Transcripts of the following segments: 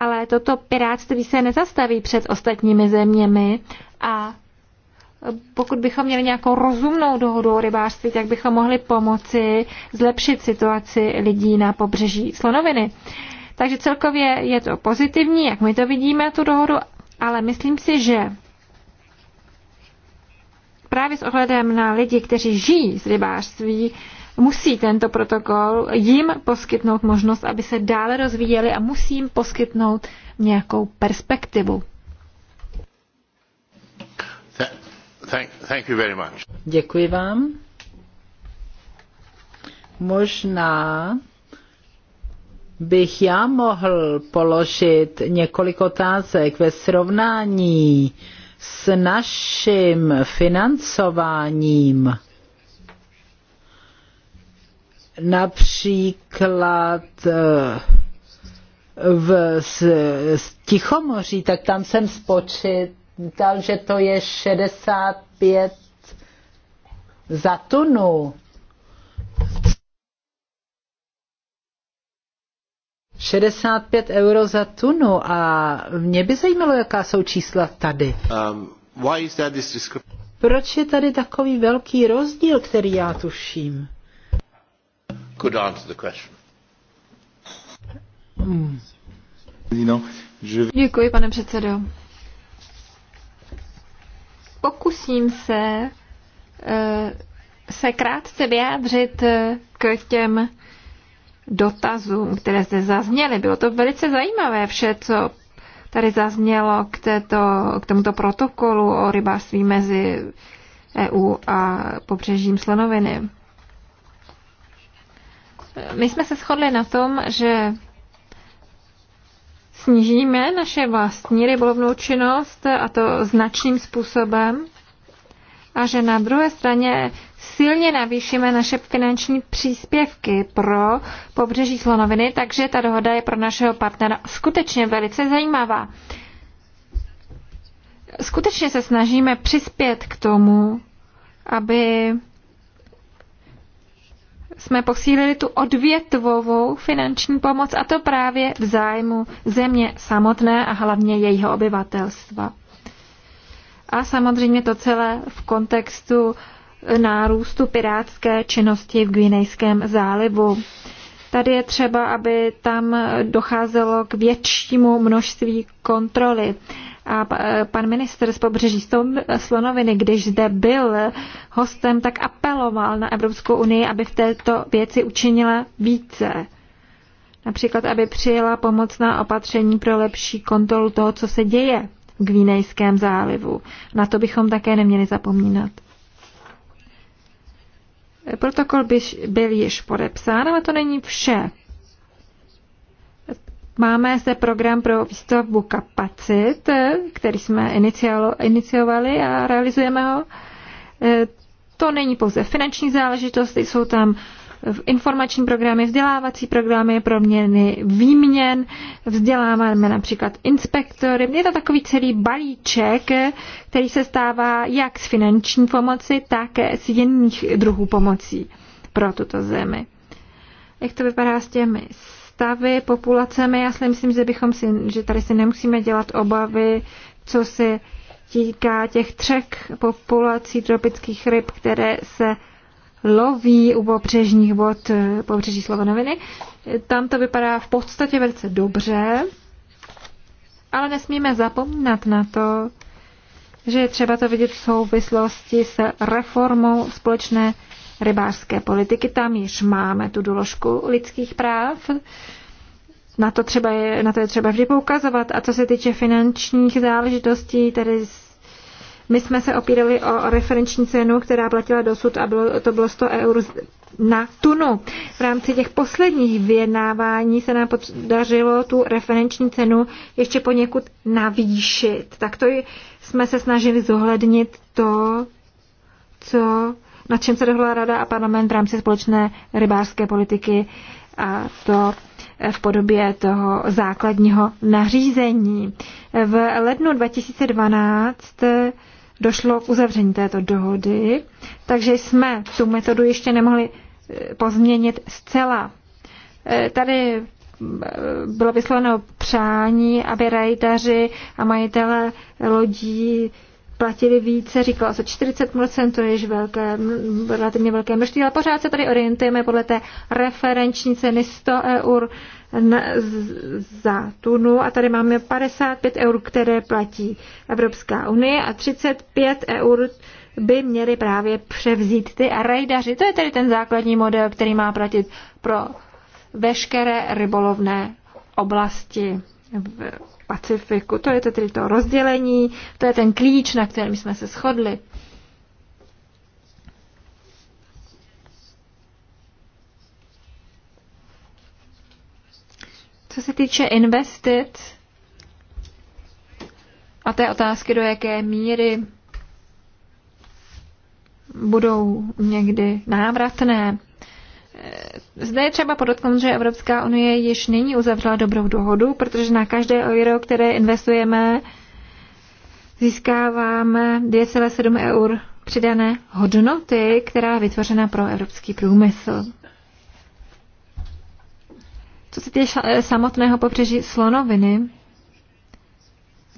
Ale toto piráctví se nezastaví před ostatními zeměmi a pokud bychom měli nějakou rozumnou dohodu o rybářství, tak bychom mohli pomoci zlepšit situaci lidí na pobřeží Slonoviny. Takže celkově je to pozitivní, jak my to vidíme, tu dohodu, ale myslím si, že právě s ohledem na lidi, kteří žijí z rybářství, musí tento protokol jim poskytnout možnost, aby se dále rozvíjeli a musí jim poskytnout nějakou perspektivu. Thank, thank you very much. Děkuji vám. Možná bych já mohl položit několik otázek ve srovnání s naším financováním například eh, v Tichomoří, tak tam jsem spočítal, že to je 65 za tunu. 65 euro za tunu a mě by zajímalo, jaká jsou čísla tady. Um, why is that this Proč je tady takový velký rozdíl, který já tuším? could answer the question. Hmm. No, Děkuji, pane předsedo. Pokusím se eh, se krátce vyjádřit eh, k těm dotazům, které zde zazněly. Bylo to velice zajímavé vše, co tady zaznělo k, této, k tomuto protokolu o rybářství mezi EU a pobřežím slonoviny. My jsme se shodli na tom, že snížíme naše vlastní rybolovnou činnost a to značným způsobem a že na druhé straně silně navýšíme naše finanční příspěvky pro pobřeží slonoviny, takže ta dohoda je pro našeho partnera skutečně velice zajímavá. Skutečně se snažíme přispět k tomu, aby jsme posílili tu odvětvovou finanční pomoc a to právě v zájmu země samotné a hlavně jejího obyvatelstva. A samozřejmě to celé v kontextu nárůstu pirátské činnosti v Gvinejském zálivu. Tady je třeba, aby tam docházelo k většímu množství kontroly a e, pan minister z pobřeží Slonoviny, když zde byl hostem, tak apeloval na Evropskou unii, aby v této věci učinila více. Například, aby přijela pomocná opatření pro lepší kontrolu toho, co se děje v Gvínejském zálivu. Na to bychom také neměli zapomínat. Protokol by byl již podepsán, ale to není vše. Máme se program pro výstavbu kapacit, který jsme iniciovali a realizujeme ho. E, to není pouze finanční záležitost, jsou tam informační programy, vzdělávací programy, proměny výměn, vzděláváme například inspektory. Je to takový celý balíček, který se stává jak z finanční pomoci, tak z jiných druhů pomocí pro tuto zemi. Jak to vypadá s těmi stavy populacemi. Já si myslím, že, bychom si, že tady si nemusíme dělat obavy, co se týká těch třech populací tropických ryb, které se loví u pobřežních vod eh, pobřeží Slovenoviny. Tam to vypadá v podstatě velice dobře, ale nesmíme zapomínat na to, že je třeba to vidět v souvislosti se reformou společné rybářské politiky. Tam již máme tu doložku lidských práv. Na to, třeba je, na to je třeba vždy poukazovat. A co se týče finančních záležitostí, tedy my jsme se opírali o referenční cenu, která platila dosud a bylo, to bylo 100 eur na tunu. V rámci těch posledních vyjednávání se nám podařilo tu referenční cenu ještě poněkud navýšit. Tak to jsme se snažili zohlednit to, co na čem se dohodla Rada a parlament v rámci společné rybářské politiky a to v podobě toho základního nařízení. V lednu 2012 došlo k uzavření této dohody, takže jsme tu metodu ještě nemohli e, pozměnit zcela. E, tady e, bylo vysloveno přání, aby rajtaři a majitele lodí platili více, říkalo se 40%, to je již velké, relativně velké množství, ale pořád se tady orientujeme podle té referenční ceny 100 eur za tunu a tady máme 55 eur, které platí Evropská unie a 35 eur by měly právě převzít ty rejdaři. To je tedy ten základní model, který má platit pro veškeré rybolovné oblasti v Pacifiku. To je to tedy to rozdělení, to je ten klíč, na kterém jsme se shodli. Co se týče investit, a té otázky, do jaké míry budou někdy návratné, Eh, zde je třeba podotknout, že Evropská unie již nyní uzavřela dobrou dohodu, protože na každé euro, které investujeme, získáváme 2,7 eur přidané hodnoty, která je vytvořena pro evropský průmysl. Co se týče eh, samotného pobřeží Slonoviny,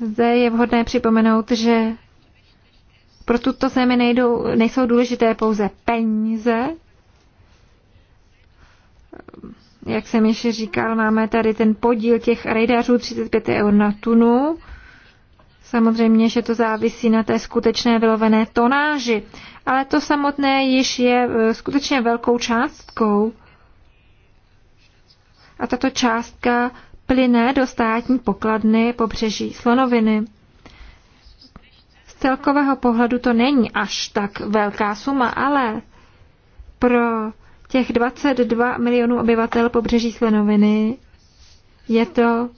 zde je vhodné připomenout, že pro tuto zemi nejdou, nejsou důležité pouze peníze, jak jsem již říkal, máme tady ten podíl těch radarů 35 eur na tunu. Samozřejmě, že to závisí na té skutečné vylovené tonáži, ale to samotné již je e, skutečně velkou částkou. A tato částka plyne do státní pokladny pobřeží slonoviny. Z celkového pohledu to není až tak velká suma, ale pro těch 22 milionů obyvatel pobřeží Slonoviny je to,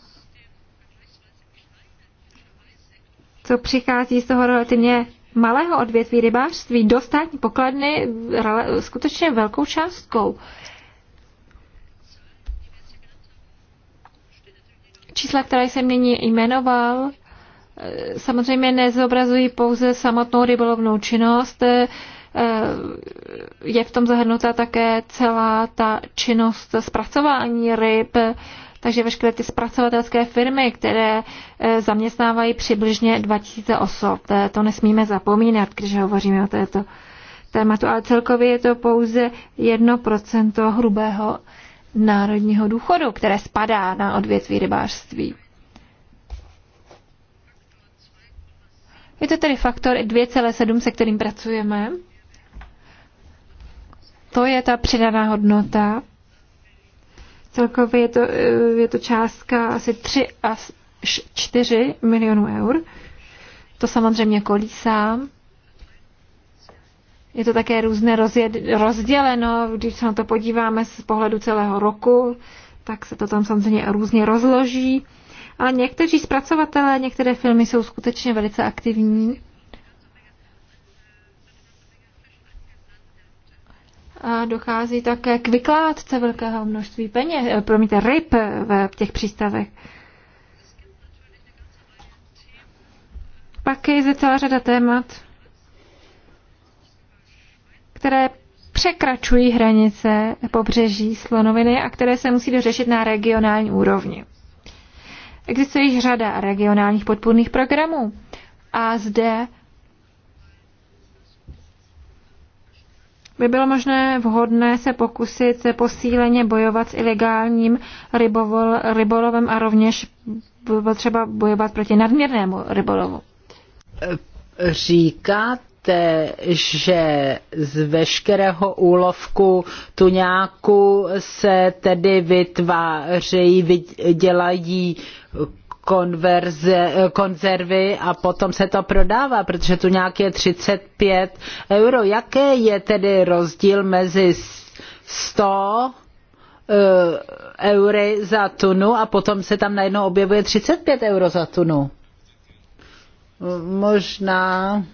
co přichází z toho relativně malého odvětví rybářství do státní pokladny skutečně velkou částkou. Čísla, která jsem nyní jmenoval, eh, samozřejmě nezobrazují pouze samotnou rybolovnou činnost, Eh, je v tom zahrnuta také celá ta činnost zpracování ryb, takže veškeré ty zpracovatelské firmy, které eh, zaměstnávají přibližně 2000 osob. Eh, to nesmíme zapomínat, když hovoříme o této tématu, ale celkově je to pouze 1% hrubého národního důchodu, které spadá na odvětví rybářství. Je to tedy faktor 2,7, se kterým pracujeme. To je ta přidaná hodnota. Celkově je to, eh, je to částka asi 3 až 4 milionů eur. To samozřejmě kolísá. Je to také různé rozděleno, když se na to podíváme z pohledu celého roku, tak se to tam samozřejmě různě rozloží. Ale někteří zpracovatelé, některé filmy jsou skutečně velice aktivní A dochází také k vykládce velkého množství peněz, eh, promiňte, ryb eh, v těch přístavech. Pak je zde celá řada témat, které překračují hranice pobřeží slonoviny a které se musí dořešit na regionální úrovni. Existuje již řada regionálních podpůrných programů a zde by bylo možné vhodné se pokusit se posíleně bojovat s ilegálním rybovol, rybolovem a rovněž bylo třeba bojovat proti nadměrnému rybolovu. Říkáte, že z veškerého úlovku tuňáku se tedy vytvářejí, dělají konverze, konzervy a potom se to prodává, protože tu nějaké 35 euro. Jaké je tedy rozdíl mezi 100 eh, eury za tunu a potom se tam najednou objevuje 35 euro za tunu? Možná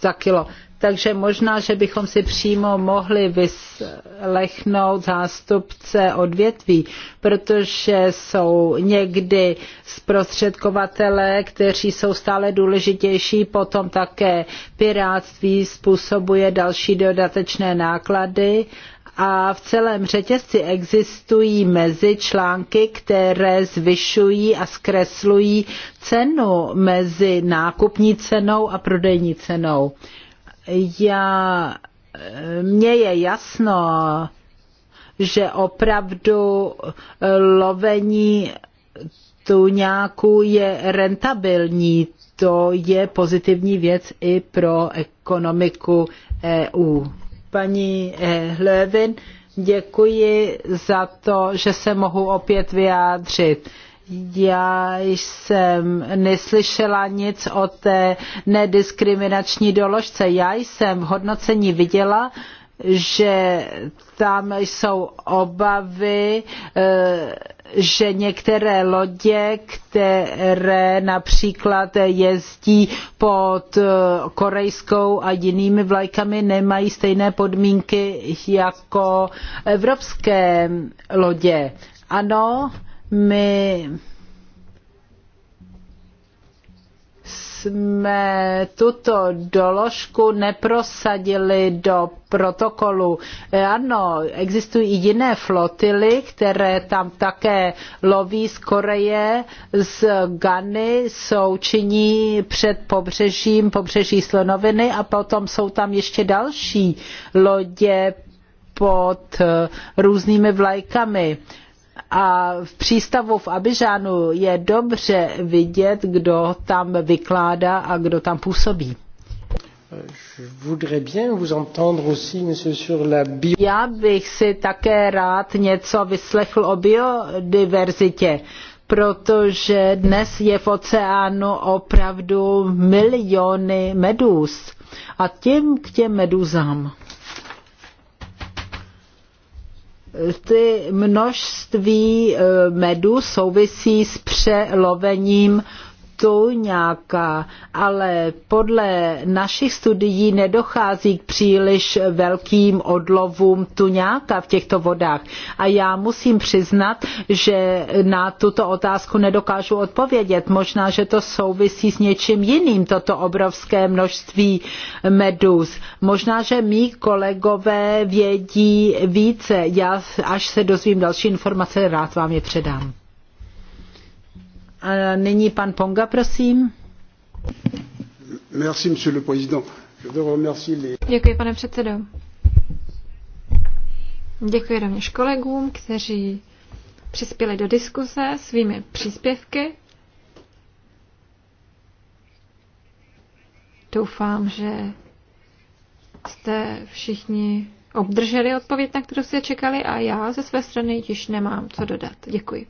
za kilo takže možná, že bychom si přímo mohli vyslechnout zástupce odvětví, protože jsou někdy zprostředkovatelé, kteří jsou stále důležitější, potom také piráctví způsobuje další dodatečné náklady a v celém řetězci existují mezi články, které zvyšují a zkreslují cenu mezi nákupní cenou a prodejní cenou. Já, mně je jasno, že opravdu eh, lovení tuňáků je rentabilní. To je pozitivní věc i pro ekonomiku EU. Paní eh, Hlövin, děkuji za to, že se mohu opět vyjádřit. Já jsem neslyšela nic o té nediskriminační doložce. Já jsem v hodnocení viděla, že tam jsou obavy, eh, že některé lodě, které například jezdí pod eh, korejskou a jinými vlajkami, nemají stejné podmínky jako evropské lodě. Ano, my jsme tuto doložku neprosadili do protokolu. E, ano, existují i jiné flotily, které tam také loví z Koreje, z Gany, jsou činí před pobřežím, pobřeží Slonoviny a potom jsou tam ještě další lodě pod e, různými vlajkami. A v přístavu v Abyžánu je dobře vidět, kdo tam vykládá a kdo tam působí. Já bych si také rád něco vyslechl o biodiverzitě, protože dnes je v oceánu opravdu miliony medůz. A tím k těm medůzám. ty množství eh, medu souvisí s přelovením to nějaká, ale podle našich studií nedochází k příliš velkým odlovům tuňáka v těchto vodách. A já musím přiznat, že na tuto otázku nedokážu odpovědět. Možná, že to souvisí s něčím jiným, toto obrovské množství meduz. Možná, že mý kolegové vědí více. Já až se dozvím další informace, rád vám je předám. Děkuji, pane předsedo. Děkuji rovněž kolegům, kteří přispěli do diskuse svými příspěvky. Doufám, že jste všichni obdrželi odpověď, na kterou jste čekali a já ze své strany již nemám co dodat. Děkuji.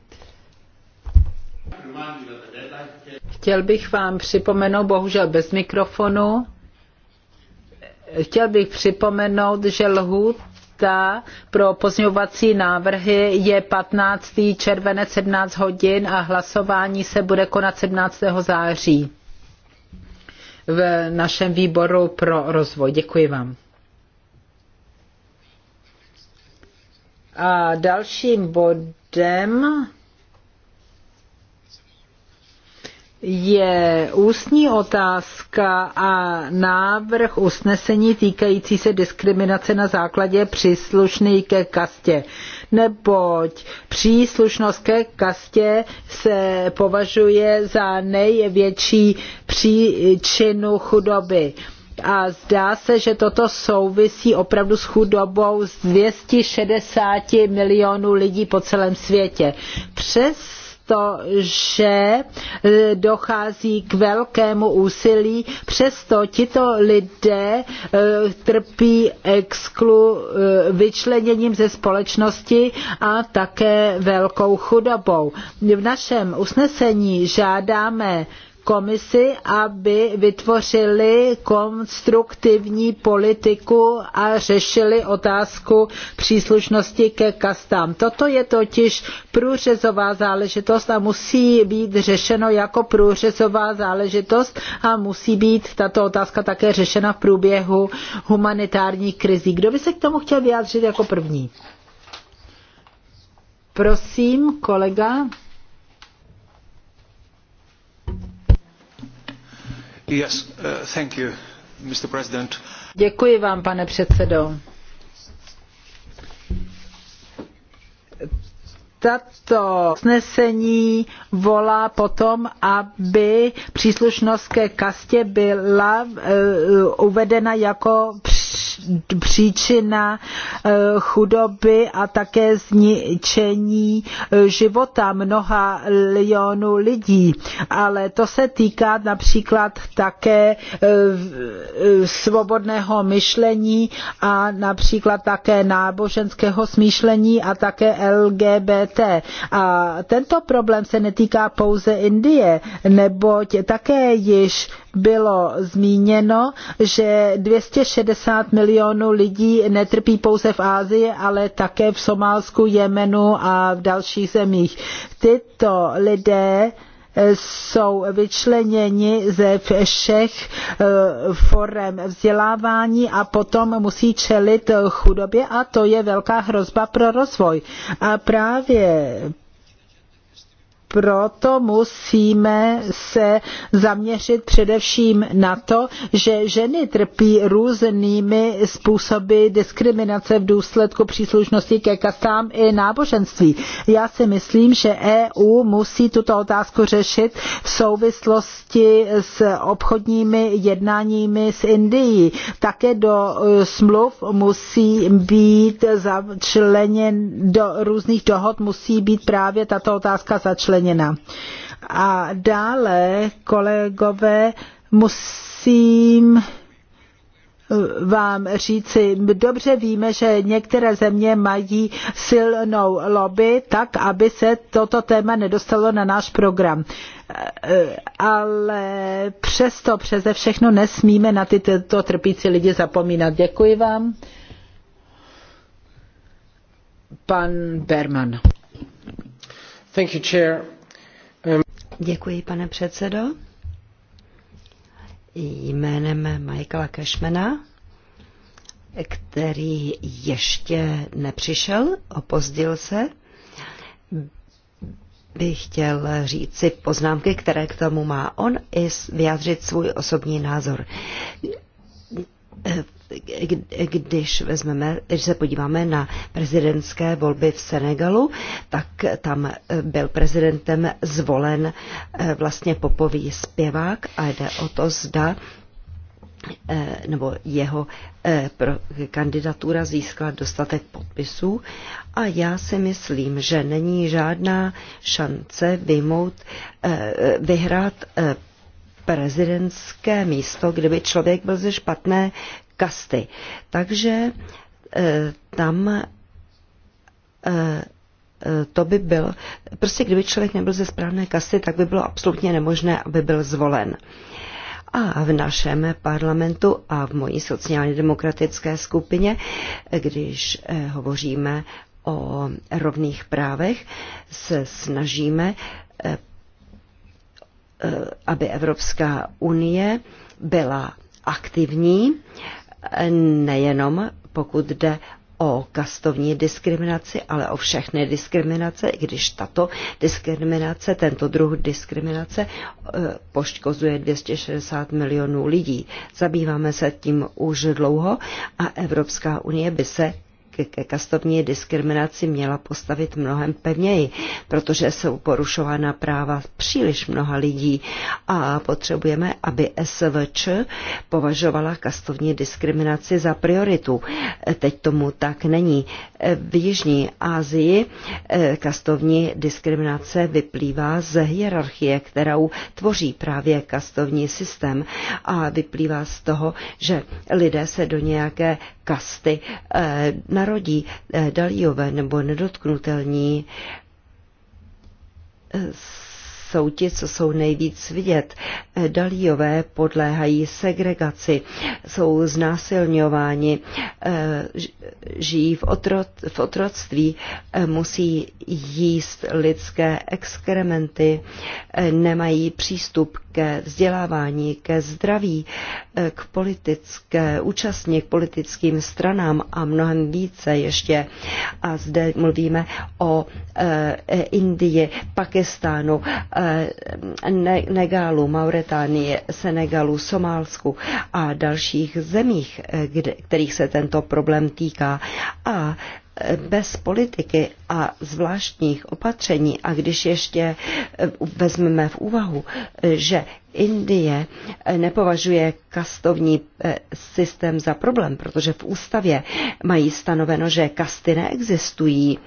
Chtěl bych vám připomenout, bohužel bez mikrofonu, chtěl bych připomenout, že lhůta pro pozňovací návrhy je 15. červenec 17 hodin a hlasování se bude konat 17. září v našem výboru pro rozvoj. Děkuji vám. A dalším bodem je ústní otázka a návrh usnesení týkající se diskriminace na základě příslušný ke kastě. Neboť příslušnost ke kastě se považuje za největší příčinu chudoby a zdá se, že toto souvisí opravdu s chudobou z 260 milionů lidí po celém světě. Přes že eh, dochází k velkému úsilí, přesto tito lidé eh, trpí exklu, eh, vyčleněním ze společnosti a také velkou chudobou. V našem usnesení žádáme komisi, aby vytvořili konstruktivní politiku a řešili otázku příslušnosti ke kastám. Toto je totiž průřezová záležitost a musí být řešeno jako průřezová záležitost a musí být tato otázka také řešena v průběhu humanitárních krizí. Kdo by se k tomu chtěl vyjádřit jako první? Prosím, kolega. Uh, Děkuji vám, pane předsedající Tato usnesení volá potom, aby příslušnost ke kastě byla eh, uvedena jako při příčina eh, chudoby a také zničení eh, života mnoha milionů lidí. Ale to se týká například také eh, svobodného myšlení a například také náboženského smýšlení a také LGBT. A tento problém se netýká pouze Indie, neboť také již bylo zmíněno, že 260 milionů lidí netrpí pouze v Ázii, ale také v Somálsku, Jemenu a v dalších zemích. Tyto lidé eh, jsou vyčleněni ze všech eh, forem vzdělávání a potom musí čelit chudobě a to je velká hrozba pro rozvoj. A právě proto musíme se zaměřit především na to, že ženy trpí různými způsoby diskriminace v důsledku příslušnosti ke kastám i náboženství. Já si myslím, že EU musí tuto otázku řešit v souvislosti s obchodními jednáními s Indií. Také do e, smluv musí být začleněn, do různých dohod musí být právě tato otázka začleněna začleněna. A dále, kolegové, musím eh, vám říci, dobře víme, že některé země mají silnou lobby, tak aby se toto téma nedostalo na náš program. Eh, ale přesto přeze všechno nesmíme na tyto trpící lidi zapomínat. Děkuji vám. Pan Berman. Um, Děkuji, pane předsedo. Jménem Michaela Cashmana, který ještě nepřišel, opozdil se, bych chtěl říci poznámky, které k tomu má on, i vyjádřit svůj osobní názor když, vezmeme, když se podíváme na prezidentské volby v Senegalu, tak tam eh, byl prezidentem zvolen eh, vlastně popový zpěvák a jde o to, zda eh, nebo jeho kandidatura získala dostatek podpisů a já si myslím, že není žádná šance vymout, vyhrát prezidentské místo, kdyby člověk byl ze špatné kasty. Takže eh, tam eh, eh, to by byl, prostě kdyby člověk nebyl ze správné kasty, tak by bylo absolutně nemožné, aby byl zvolen. A v našem parlamentu a v mojí sociálně demokratické skupině, když hovoříme o rovných právech, se snažíme, aby Evropská unie byla aktivní nejenom pokud jde o kastovní diskriminaci, ale o všechny diskriminace, i když tato diskriminace, tento druh diskriminace eh, poškozuje 260 milionů lidí. Zabýváme se tím už dlouho a Evropská unie by se ke kastovní diskriminaci měla postavit mnohem pevněji, protože jsou porušována práva příliš mnoha lidí a potřebujeme, aby SVČ považovala kastovní diskriminaci za prioritu. Teď tomu tak není. V Jižní Asii eh, kastovní diskriminace vyplývá z hierarchie, kterou tvoří právě kastovní systém a vyplývá z toho, že lidé se do nějaké kasty eh, narodí eh, dalíové nebo nedotknutelní, eh, jsou ti, co jsou nejvíc vidět. Dalíové podléhají segregaci, jsou znásilňováni, žijí v, otrot, v otroctví, musí jíst lidské exkrementy, nemají přístup ke vzdělávání, ke zdraví, eh, k politické účastní, k politickým stranám a mnohem více ještě. A zde mluvíme o eh, eh, Indii, Pakistánu, Negálu, Mauretánii, Senegalu, Somálsku a dalších zemích, kde, kterých se tento problém týká. A bez politiky a zvláštních opatření, a když ještě eh, vezmeme v úvahu, eh, že Indie eh, nepovažuje kastovní systém za problém, protože v ústavě mají stanoveno, že kasty neexistují,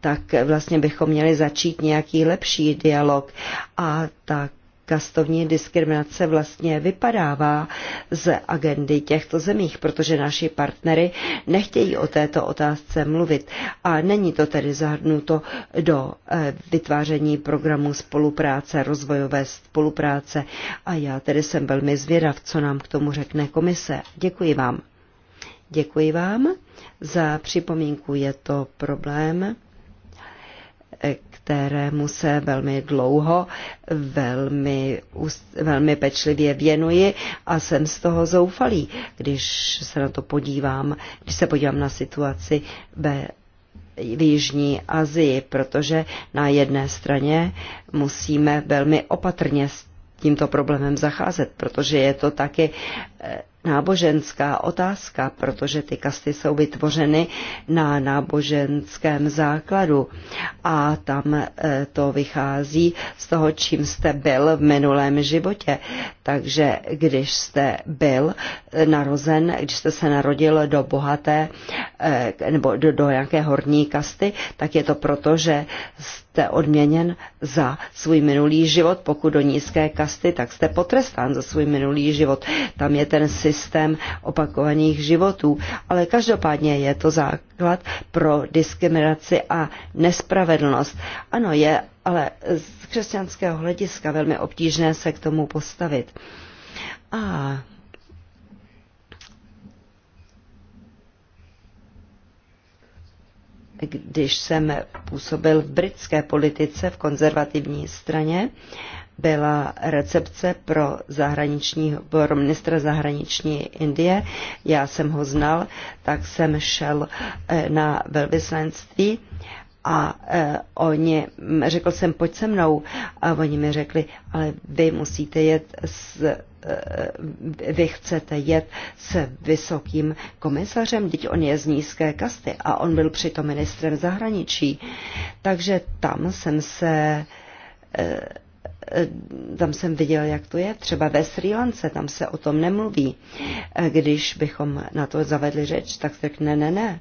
tak vlastně bychom měli začít nějaký lepší dialog a tak kastovní diskriminace vlastně vypadává z agendy těchto zemích, protože naši partnery nechtějí o této otázce mluvit a není to tedy zahrnuto do eh, vytváření programu spolupráce, rozvojové spolupráce a já tedy jsem velmi zvědav, co nám k tomu řekne komise. Děkuji vám. Děkuji vám za připomínku, je to problém kterému se velmi dlouho, velmi, velmi pečlivě věnuji a jsem z toho zoufalý, když se na to podívám, když se podívám na situaci ve v Jižní Asii, protože na jedné straně musíme velmi opatrně s tímto problémem zacházet, protože je to taky eh, náboženská otázka, protože ty kasty jsou vytvořeny na náboženském základu a tam eh, to vychází z toho, čím jste byl v minulém životě. Takže když jste byl eh, narozen, když jste se narodil do bohaté eh, nebo do, do nějaké horní kasty, tak je to proto, že jste jste odměněn za svůj minulý život, pokud do nízké kasty, tak jste potrestán za svůj minulý život. Tam je ten systém opakovaných životů, ale každopádně je to základ pro diskriminaci a nespravedlnost. Ano, je ale z křesťanského hlediska velmi obtížné se k tomu postavit. A když jsem působil v britské politice v konzervativní straně, byla recepce pro, zahraniční, pro ministra zahraniční Indie. Já jsem ho znal, tak jsem šel eh, na velvyslanství a eh, oni, řekl jsem, pojď se mnou. A oni mi řekli, ale vy musíte jet s Eh, vy chcete jet s vysokým komisařem, teď on je z nízké kasty a on byl přitom ministrem zahraničí. Takže tam jsem se eh, tam jsem viděl, jak to je. Třeba ve Sri Lance, tam se o tom nemluví. Eh, když bychom na to zavedli řeč, tak řekne ne, ne, ne.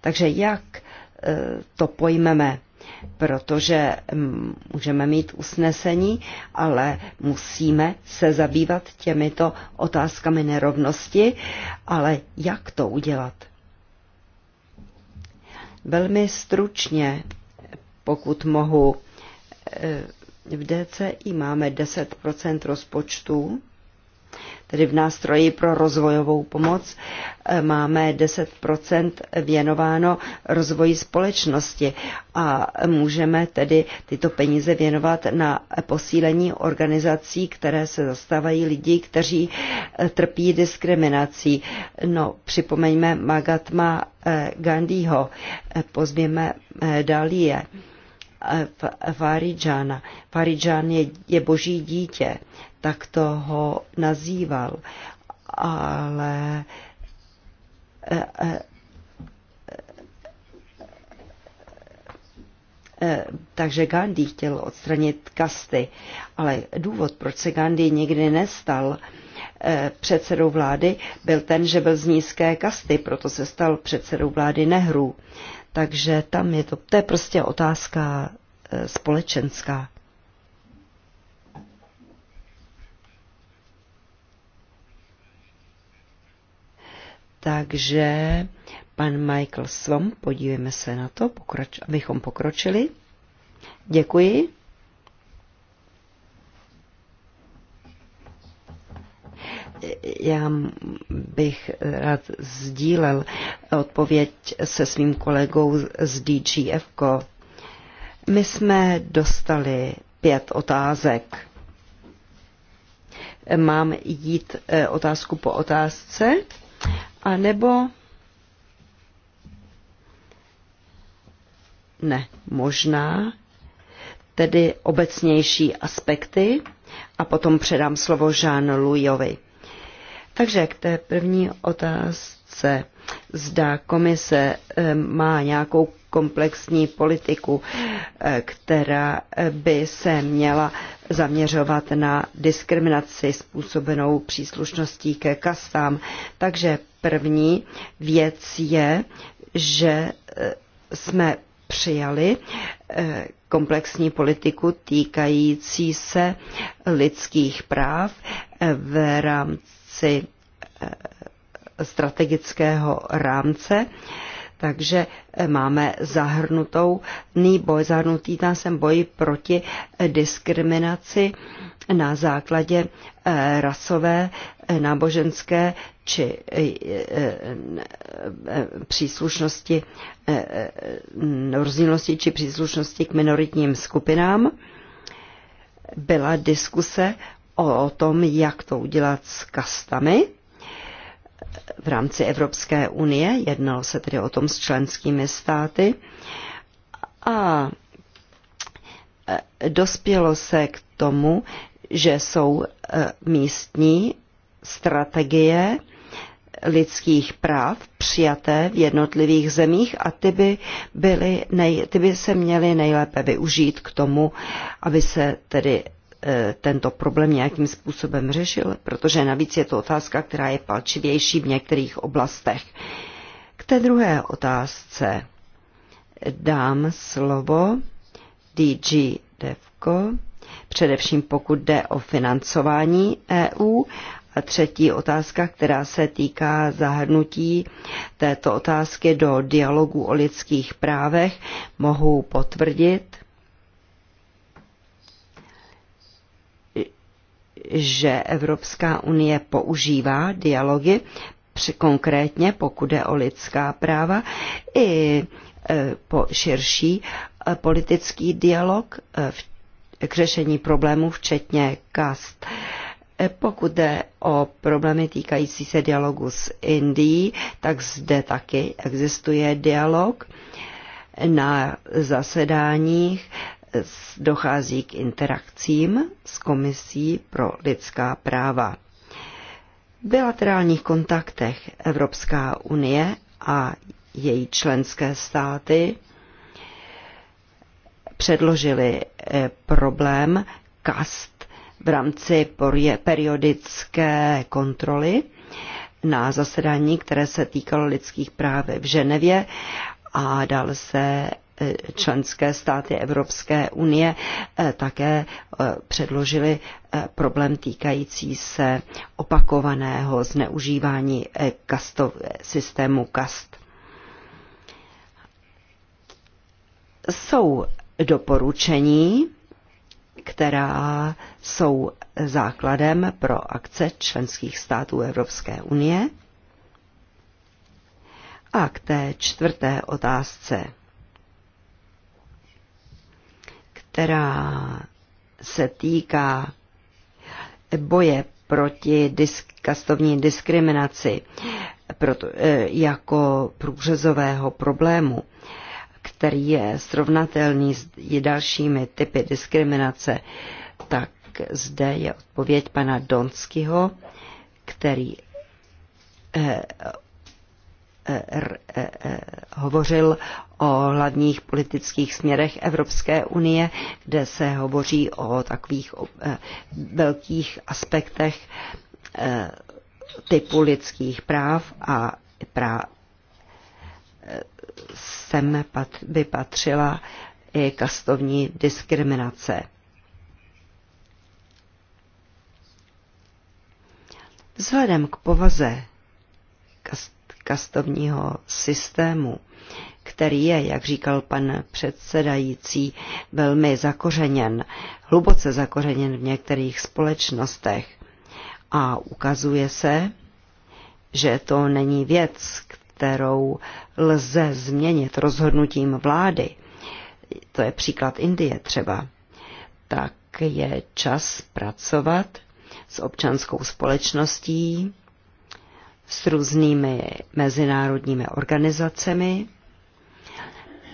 Takže jak to pojmeme? protože mm, můžeme mít usnesení, ale musíme se zabývat těmito otázkami nerovnosti, ale jak to udělat? Velmi stručně, pokud mohu, eh, v DCI máme 10 rozpočtu tedy v nástroji pro rozvojovou pomoc, e, máme 10 věnováno rozvoji společnosti a můžeme tedy tyto peníze věnovat na posílení organizací, které se zastávají lidí, kteří e, trpí diskriminací. No, připomeňme Magatma e, Gandhiho, pozvěme Dalie. Faridžána. Faridžán je, je boží dítě, tak ho nazýval. Ale e, e, e, takže Gandhi chtěl odstranit kasty, ale důvod, proč se Gandhi nikdy nestal předsedou vlády, byl ten, že byl z nízké kasty, proto se stal předsedou vlády Nehru. Takže tam je to, to je prostě otázka společenská. Takže pan Michael Svom, podívejme se na to, pokrač, abychom pokročili. Děkuji. já bych rád sdílel odpověď se svým kolegou z DGFko. My jsme dostali pět otázek. Mám jít eh, otázku po otázce a nebo ne, možná, tedy obecnější aspekty a potom předám slovo Jean Louisovi. Takže k té první otázce zda komise eh, má nějakou komplexní politiku, eh, která eh, by se měla zaměřovat na diskriminaci způsobenou příslušností ke kastám. Takže první věc je, že jsme přijali komplexní politiku týkající se lidských práv v rámci strategického rámce, takže eh, máme zahrnutouný boj, zahrnutý tam jsem boj proti eh, diskriminaci na základě eh, rasové, náboženské či příslušnosti, rozdílnosti či příslušnosti k minoritním skupinám. Byla diskuse o tom, jak to udělat s kastami v rámci Evropské unie, jednalo se tedy o tom s členskými státy a e, dospělo se k tomu, že jsou e, místní strategie lidských práv přijaté v jednotlivých zemích a ty by, byly nej, ty by se měly nejlépe využít k tomu, aby se tedy E, tento problém nějakým způsobem řešil, protože navíc je to otázka, která je palčivější v některých oblastech. K té druhé otázce dám slovo DG Devko, především pokud jde o financování EU. A třetí otázka, která se týká zahrnutí této otázky do dialogu o lidských právech, mohu potvrdit, že Evropská unie používá dialogy, konkrétně pokud jde o lidská práva, i e, po širší e, politický dialog e, k řešení problémů, včetně kast. Pokud jde o problémy týkající se dialogu s Indií, tak zde taky existuje dialog na zasedáních dochází k interakcím s Komisí pro lidská práva. V bilaterálních kontaktech Evropská unie a její členské státy předložili eh, problém kast v rámci periodické kontroly na zasedání, které se týkalo lidských práv v Ženevě a dal se E, členské státy Evropské unie e, také e, předložili problém týkající se opakovaného zneužívání kastov, systému KAST. Jsou doporučení, která jsou základem pro akce členských států Evropské unie. A k té čtvrté otázce. která se týká boje proti disk, kastovní diskriminaci proto, e, jako průřezového problému, který je srovnatelný s dalšími typy diskriminace, tak zde je odpověď pana Donskyho, který e, Eh, eh, eh, hovořil o hlavních politických směrech Evropské unie, kde se hovoří o takových velkých aspektech typu lidských práv a práv sem by patřila i kastovní diskriminace. Vzhledem k povaze kastovního systému, který je, jak říkal pan předsedající, velmi zakořeněn, hluboce zakořeněn v některých společnostech. A ukazuje se, že to není věc, kterou lze změnit rozhodnutím vlády. To je příklad Indie třeba. Tak je čas pracovat s občanskou společností, s různými mezinárodními organizacemi,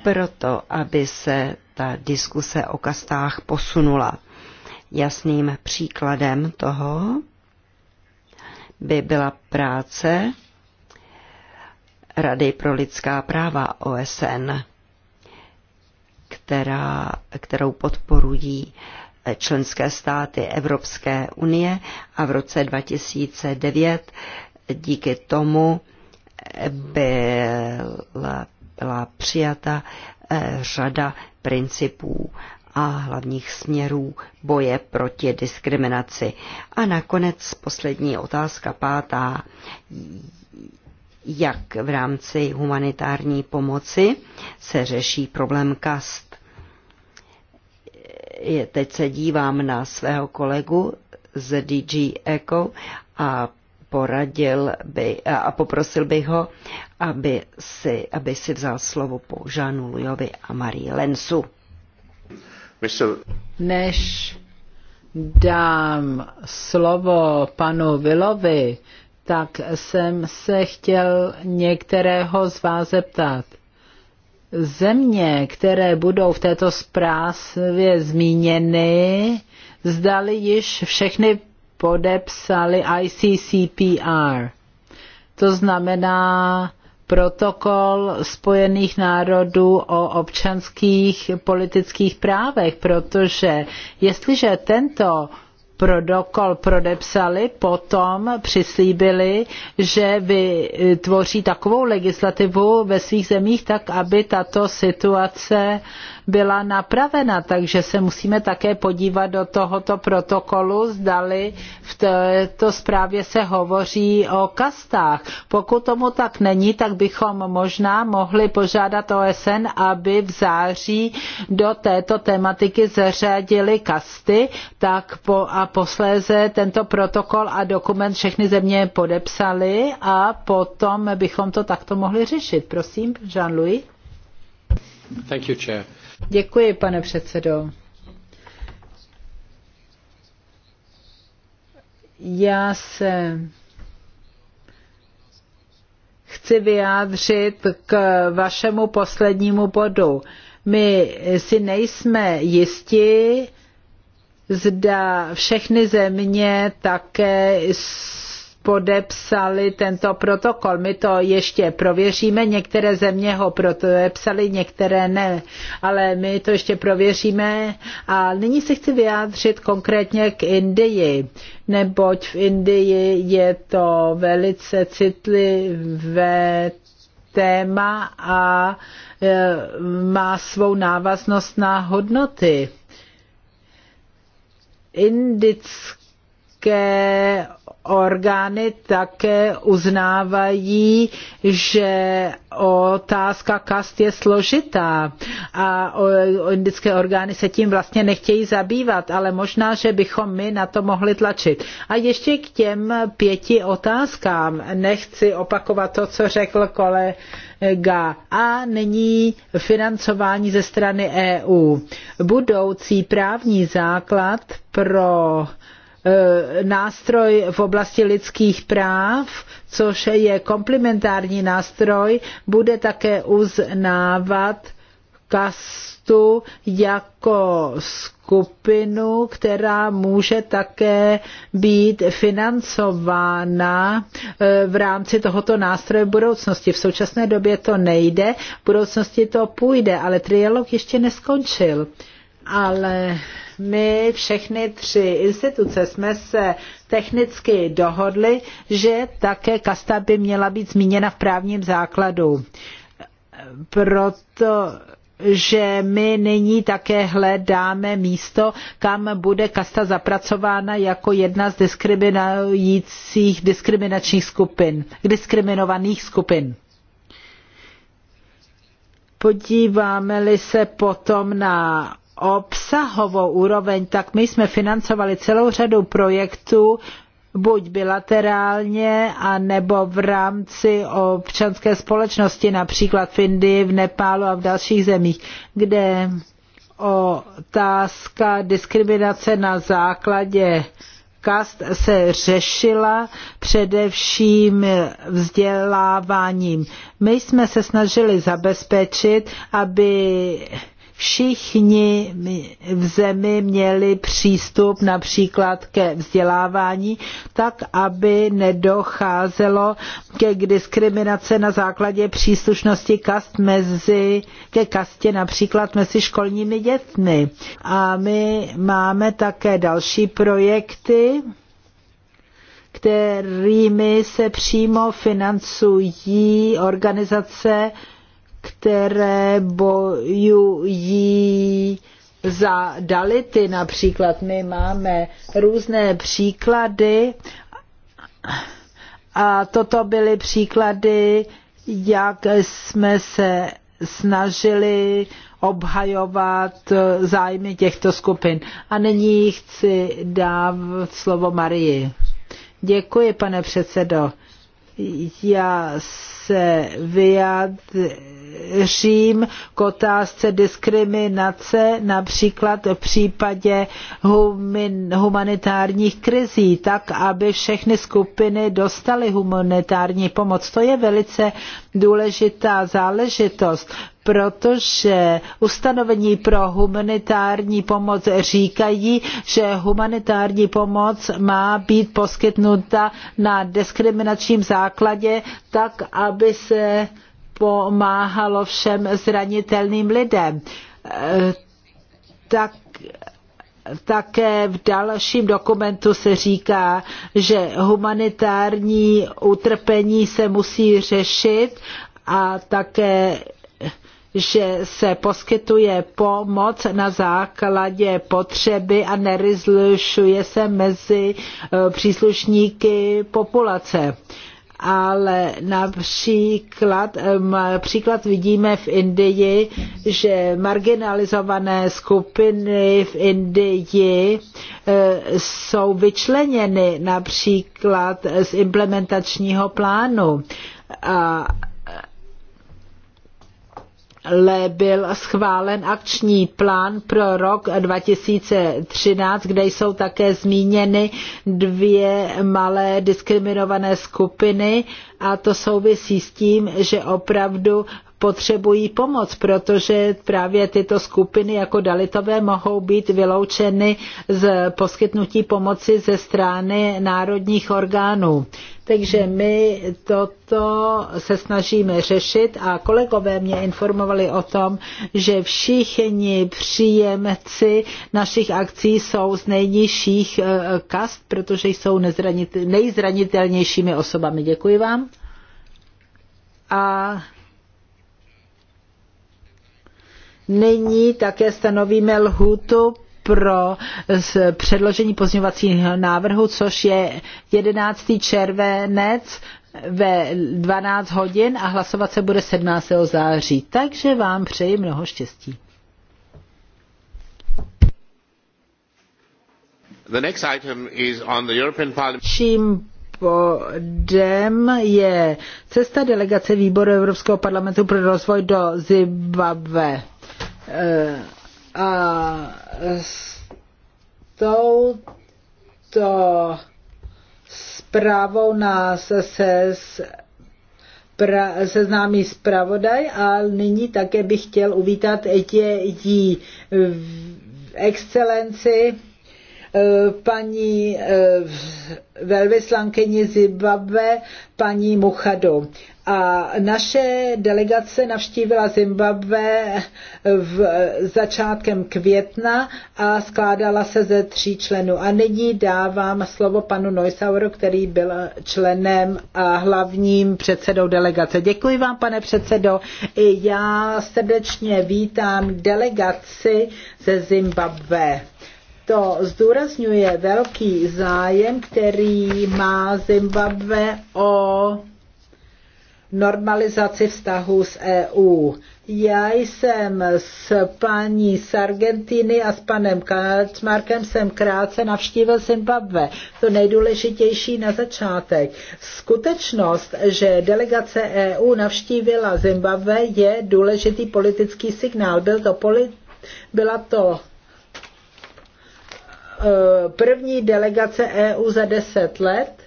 proto aby se ta diskuse o kastách posunula. Jasným příkladem toho by byla práce Rady pro lidská práva OSN, která, kterou podporují členské státy Evropské unie a v roce 2009 díky tomu eh, byla, byla přijata eh, řada principů a hlavních směrů boje proti diskriminaci. A nakonec poslední otázka pátá. Jak v rámci humanitární pomoci se řeší problém kast? Teď se dívám na svého kolegu z DG Eco a poradil by, a poprosil bych ho, aby si, aby si vzal slovo po Žánu Lujovi a Marii Lensu. Než dám slovo panu Vilovi, tak jsem se chtěl některého z vás zeptat. Země, které budou v této zprávě zmíněny, zdali již všechny podepsali ICCPR. To znamená protokol Spojených národů o občanských politických právech, protože jestliže tento protokol prodepsali, potom přislíbili, že vytvoří takovou legislativu ve svých zemích tak, aby tato situace byla napravena. Takže se musíme také podívat do tohoto protokolu, zdali v této zprávě se hovoří o kastách. Pokud tomu tak není, tak bychom možná mohli požádat OSN, aby v září do této tematiky zařadili kasty tak po, a posléze tento protokol a dokument všechny země podepsaly a potom bychom to takto mohli řešit. Prosím, Jean-Louis. Thank you, chair. Děkuji, pane předsedo. Já se chci vyjádřit k vašemu poslednímu bodu. My si nejsme jisti, zda všechny země také podepsali tento protokol. My to ještě prověříme, některé země ho podepsali, některé ne, ale my to ještě prověříme. A nyní se chci vyjádřit konkrétně k Indii, neboť v Indii je to velice citlivé téma a e, má svou návaznost na hodnoty indické Evropské orgány také uznávají, že otázka kast je složitá a indické orgány se tím vlastně nechtějí zabývat, ale možná, že bychom my na to mohli tlačit. A ještě k těm pěti otázkám. Nechci opakovat to, co řekl kolega a není financování ze strany EU. Budoucí právní základ pro E, nástroj v oblasti lidských práv, což je komplementární nástroj, bude také uznávat kastu jako skupinu, která může také být financována e, v rámci tohoto nástroje budoucnosti. V současné době to nejde, v budoucnosti to půjde, ale trialog ještě neskončil. Ale my všechny tři instituce jsme se technicky dohodli, že také kasta by měla být zmíněna v právním základu. Proto že my nyní také hledáme místo, kam bude kasta zapracována jako jedna z diskriminujících diskriminačních skupin, diskriminovaných skupin. Podíváme-li se potom na obsahovou úroveň, tak my jsme financovali celou řadu projektů, buď bilaterálně, a nebo v rámci občanské společnosti, například v Indii, v Nepálu a v dalších zemích, kde otázka diskriminace na základě kast se řešila především vzděláváním. My jsme se snažili zabezpečit, aby všichni v zemi měli přístup například ke vzdělávání, tak aby nedocházelo ke diskriminace na základě příslušnosti kast mezi, ke kastě například mezi školními dětmi. A my máme také další projekty, kterými se přímo financují organizace, které bojují za Dality například. My máme různé příklady a toto byly příklady, jak jsme se snažili obhajovat zájmy těchto skupin. A nyní chci dát slovo Marii. Děkuji, pane předsedo. Já se vyjádřím Řím k otázce diskriminace, například v případě humanitárních krizí, tak aby všechny skupiny dostaly humanitární pomoc. To je velice důležitá záležitost, protože ustanovení pro humanitární pomoc říkají, že humanitární pomoc má být poskytnuta na diskriminačním základě, tak aby se pomáhalo všem zranitelným lidem. Tak také v dalším dokumentu se říká, že humanitární utrpení se musí řešit a také že se poskytuje pomoc na základě potřeby a nerizlušuje se mezi eh, příslušníky populace ale například, příklad vidíme v Indii, že marginalizované skupiny v Indii eh, jsou vyčleněny například z implementačního plánu. A byl schválen akční plán pro rok 2013, kde jsou také zmíněny dvě malé diskriminované skupiny a to souvisí s tím, že opravdu potřebují pomoc, protože právě tyto skupiny jako dalitové mohou být vyloučeny z poskytnutí pomoci ze strany národních orgánů. Takže my toto se snažíme řešit a kolegové mě informovali o tom, že všichni příjemci našich akcí jsou z nejnižších eh, kast, protože jsou nejzranitelnějšími osobami. Děkuji vám. A Nyní také stanovíme lhůtu pro předložení pozměňovacích návrhu, což je 11. červenec ve 12 hodin a hlasovat se bude 17. září. Takže vám přeji mnoho štěstí. Dalším bodem je cesta delegace výboru Evropského parlamentu pro rozvoj do Zimbabwe. Eh, a s touto zprávou nás se pra, seznámí zpravodaj a nyní také bych chtěl uvítat tě, v excelenci Eh, paní eh, velvyslankyni Zimbabwe, paní Muchadu. A naše delegace navštívila Zimbabwe eh, v začátkem května a skládala se ze tří členů. A nyní dávám slovo panu Neusauru, který byl členem a hlavním předsedou delegace. Děkuji vám, pane předsedo. I já srdečně vítám delegaci ze Zimbabwe to zdůrazňuje velký zájem, který má Zimbabwe o normalizaci vztahu s EU. Já jsem s paní Sargentiny a s panem Kacmarkem jsem krátce navštívil Zimbabwe. To nejdůležitější na začátek. Skutečnost, že delegace EU navštívila Zimbabwe, je důležitý politický signál. Byl to polit, byla to Eh, první delegace EU za deset let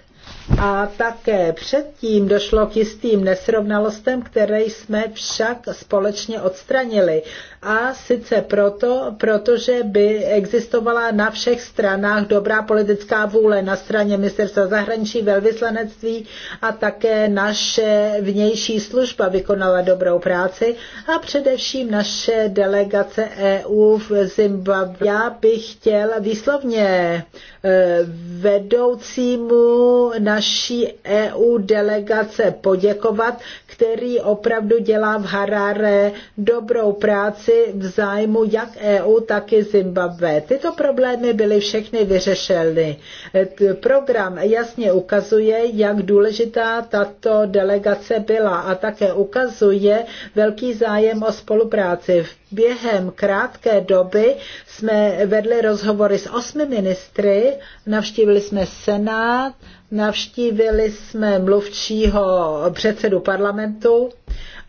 a také předtím došlo k jistým nesrovnalostem, které jsme však společně odstranili. A sice proto, protože by existovala na všech stranách dobrá politická vůle na straně ministerstva zahraničí, velvyslanectví a také naše vnější služba vykonala dobrou práci a především naše delegace EU v Zimbabwe. Já bych chtěl výslovně eh, vedoucímu na naší EU delegace poděkovat, který opravdu dělá v Harare dobrou práci v zájmu jak EU, tak i Zimbabwe. Tyto problémy byly všechny vyřešeny. E, program jasně ukazuje, jak důležitá tato delegace byla a také ukazuje velký zájem o spolupráci. Během krátké doby jsme vedli rozhovory s osmi ministry, navštívili jsme Senát, Navštívili jsme mluvčího předsedu parlamentu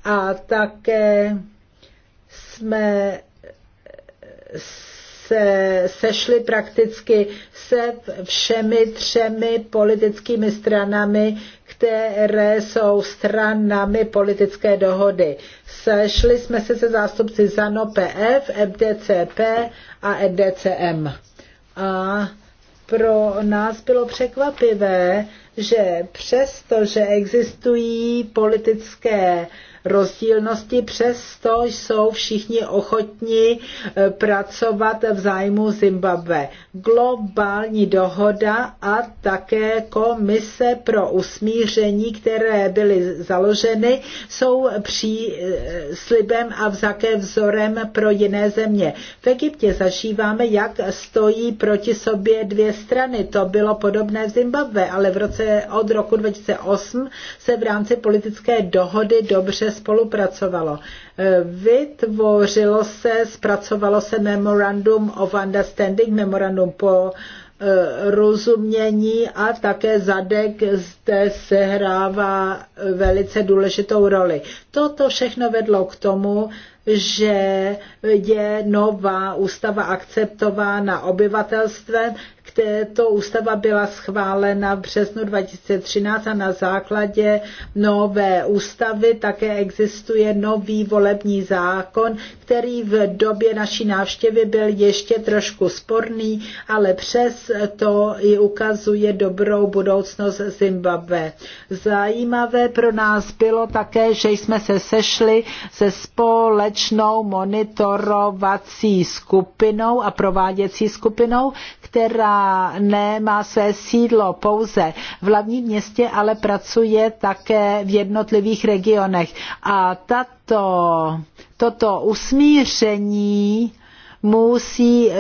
a také jsme se sešli prakticky se všemi třemi politickými stranami, které jsou stranami politické dohody. Sešli jsme se se zástupci ZANO PF, FDCP a FDCM. A pro nás bylo překvapivé, že přesto, že existují politické rozdílnosti, přesto jsou všichni ochotní eh, pracovat v zájmu Zimbabwe. Globální dohoda a také komise pro usmíření, které byly založeny, jsou příslibem eh, a vzaké vzorem pro jiné země. V Egyptě zažíváme, jak stojí proti sobě dvě strany. To bylo podobné v Zimbabwe, ale v roce, od roku 2008 se v rámci politické dohody dobře spolupracovalo. E, vytvořilo se, zpracovalo se Memorandum of Understanding, Memorandum po e, rozumění a také zadek zde sehrává velice důležitou roli. Toto všechno vedlo k tomu, že je nová ústava akceptována obyvatelstvem, této ústava byla schválena v březnu 2013 a na základě nové ústavy také existuje nový volební zákon, který v době naší návštěvy byl ještě trošku sporný, ale přes to i ukazuje dobrou budoucnost Zimbabwe. Zajímavé pro nás bylo také, že jsme se sešli se společnou monitorovací skupinou a prováděcí skupinou, která má, nemá své sídlo pouze v hlavním městě, ale pracuje také v jednotlivých regionech. A tato, toto usmíření musí e,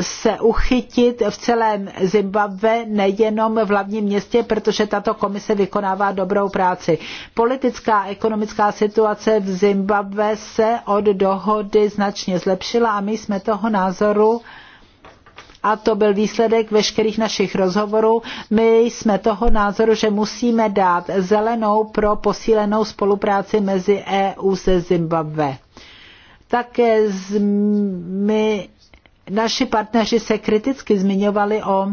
se uchytit v celém Zimbabwe, nejenom v hlavním městě, protože tato komise vykonává dobrou práci. Politická a ekonomická situace v Zimbabwe se od dohody značně zlepšila a my jsme toho názoru, a to byl výsledek veškerých našich rozhovorů. My jsme toho názoru, že musíme dát zelenou pro posílenou spolupráci mezi EU se Zimbabwe. Také z, my, naši partneři se kriticky zmiňovali o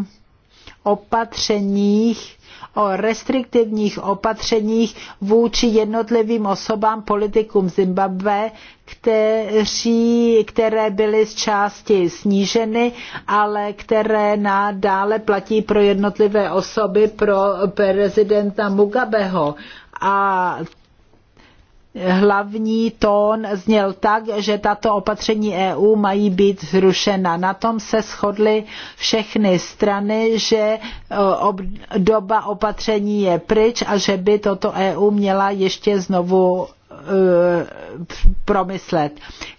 opatřeních o restriktivních opatřeních vůči jednotlivým osobám politikům Zimbabwe, kteří, které byly z části sníženy, ale které nadále platí pro jednotlivé osoby pro prezidenta Mugabeho. A hlavní tón zněl tak, že tato opatření EU mají být zrušena. Na tom se shodly všechny strany, že e, doba opatření je pryč a že by toto EU měla ještě znovu Eh, promyslet.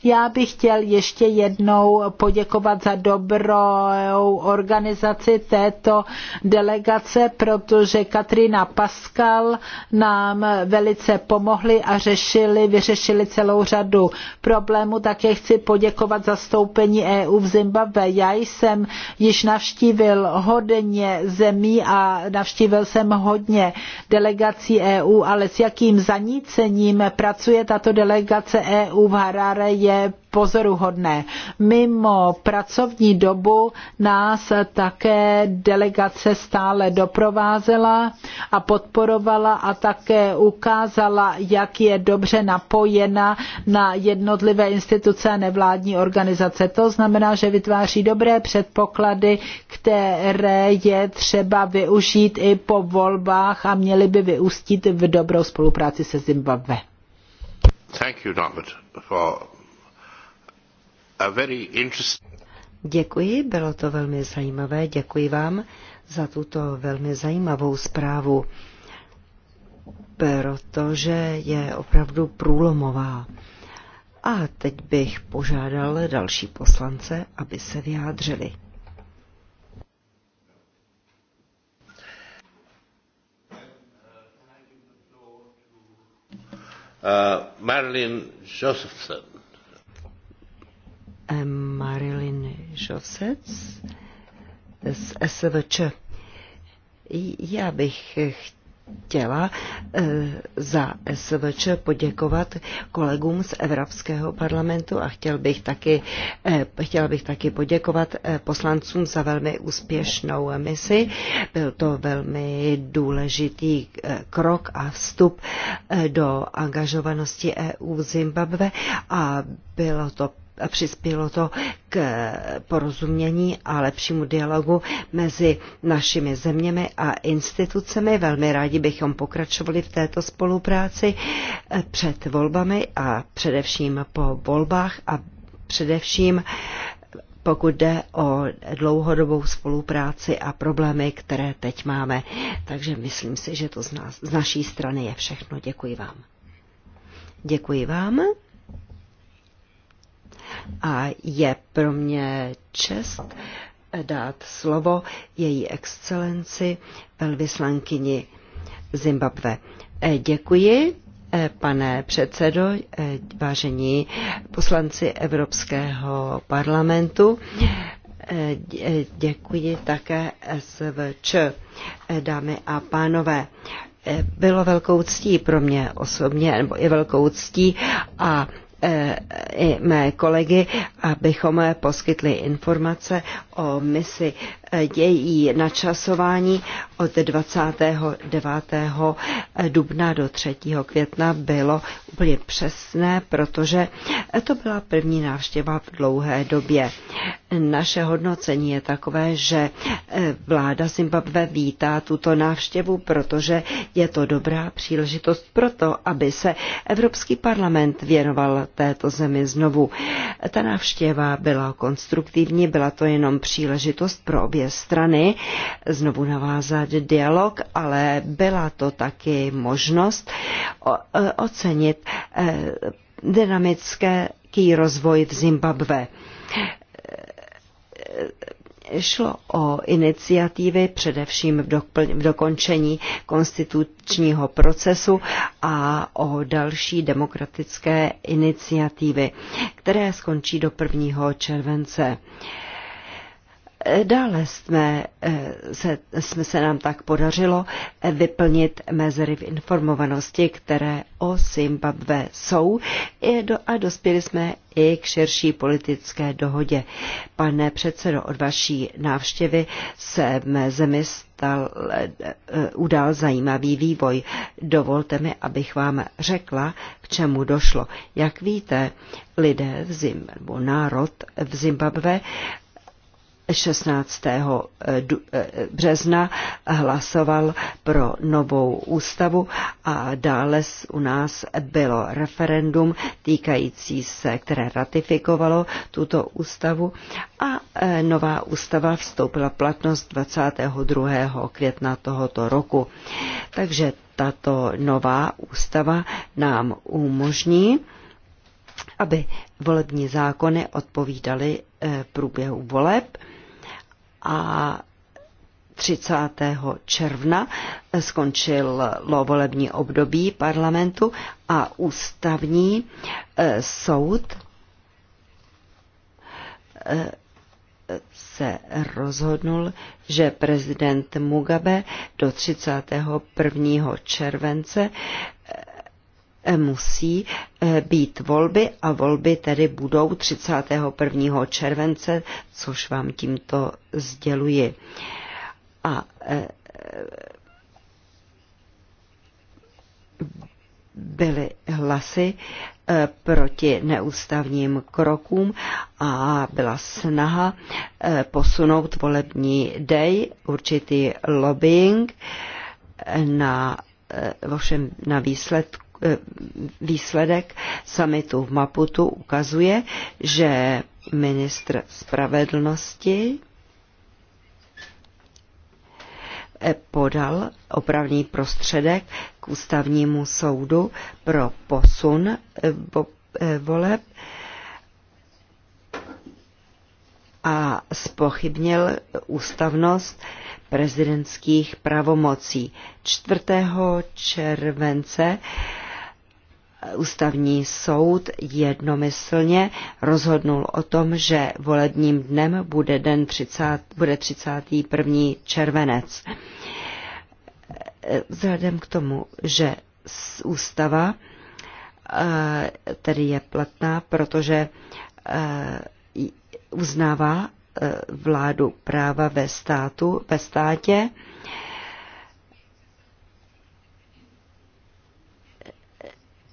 Já bych chtěl ještě jednou poděkovat za dobrou organizaci této delegace, protože Katrina Pascal nám velice pomohli a řešili, vyřešili celou řadu problémů. Také chci poděkovat za stoupení EU v Zimbabwe. Já jsem již navštívil hodně zemí a navštívil jsem hodně delegací EU, ale s jakým zanícením pracuje tato delegace EU v Harare, je pozoruhodné. Mimo pracovní dobu nás také delegace stále doprovázela a podporovala a také ukázala, jak je dobře napojena na jednotlivé instituce a nevládní organizace. To znamená, že vytváří dobré předpoklady, které je třeba využít i po volbách a měly by vyústit v dobrou spolupráci se Zimbabwe. Děkuji, bylo to velmi zajímavé. Děkuji vám za tuto velmi zajímavou zprávu, protože je opravdu průlomová. A teď bych požádal další poslance, aby se vyjádřili. Uh, Marilyn Josephson. Eh, Marilyn Josec z SVČ. Já bych chtěla chtěla eh, za SVČ poděkovat kolegům z Evropského parlamentu a chtěl bych taky, eh, chtěla bych taky poděkovat eh, poslancům za velmi úspěšnou misi. Byl to velmi důležitý krok a vstup do angažovanosti EU v Zimbabve a bylo to přispělo to k porozumění a lepšímu dialogu mezi našimi zeměmi a institucemi. Velmi rádi bychom pokračovali v této spolupráci před volbami a především po volbách a především pokud jde o dlouhodobou spolupráci a problémy, které teď máme. Takže myslím si, že to z, nás, z naší strany je všechno. Děkuji vám. Děkuji vám a je pro mě čest dát slovo její excelenci velvyslankyni Zimbabwe. E, děkuji, e, pane předsedo, e, vážení poslanci Evropského parlamentu. Děkuji také SVČ, dámy a pánové bylo velkou ctí pro mě osobně, nebo je velkou ctí a Eh, i mé kolegy, abychom poskytli informace o misi její načasování od 29. dubna do 3. května bylo úplně přesné, protože to byla první návštěva v dlouhé době. Naše hodnocení je takové, že eh, vláda Zimbabwe vítá tuto návštěvu, protože je to dobrá příležitost pro to, aby se Evropský parlament věnoval této zemi znovu. Ta návštěva byla konstruktivní, byla to jenom příležitost pro obě obě strany znovu navázat dialog, ale byla to taky možnost e, ocenit e, dynamický rozvoj v Zimbabve e, šlo o iniciativy především v, v dokončení konstitučního procesu a o další demokratické iniciativy, které skončí do 1. července. Uh, Dále jsme eh, se, jsme se nám tak podařilo eh, vyplnit mezery v informovanosti, které o Zimbabwe jsou a dospěli jsme i k širší politické dohodě. Pane předsedo, od vaší návštěvy se zemi stal, eh, udal zajímavý vývoj. Dovolte mi, abych vám řekla, k čemu došlo. Jak víte, lidé v Zimbabwe, národ v Zimbabwe 16. Eh, eh, března hlasoval pro novou ústavu a dále u nás bylo referendum týkající se, které ratifikovalo tuto ústavu a eh, nová ústava vstoupila v platnost 22. května tohoto roku. Takže tato nová ústava nám umožní, aby volební zákony odpovídaly průběhu voleb a 30. června skončil lovolební období parlamentu a ústavní eh, soud eh, se rozhodnul, že prezident Mugabe do 31. července eh, E, musí e, být volby a volby tedy budou 31. července, což vám tímto sděluji. A e, byly hlasy proti neústavním krokům a byla snaha posunout volební dej, určitý lobbying na, ovšem na výsledku E, výsledek samitu v Maputu ukazuje, že ministr spravedlnosti e, podal opravný prostředek k ústavnímu soudu pro posun e, voleb a spochybnil ústavnost prezidentských pravomocí. 4. července ústavní soud jednomyslně rozhodnul o tom, že volebním dnem bude, den 30, bude 31. červenec. Vzhledem k tomu, že ústava eh, tedy je platná, protože eh, uznává eh, vládu práva ve státu, ve státě,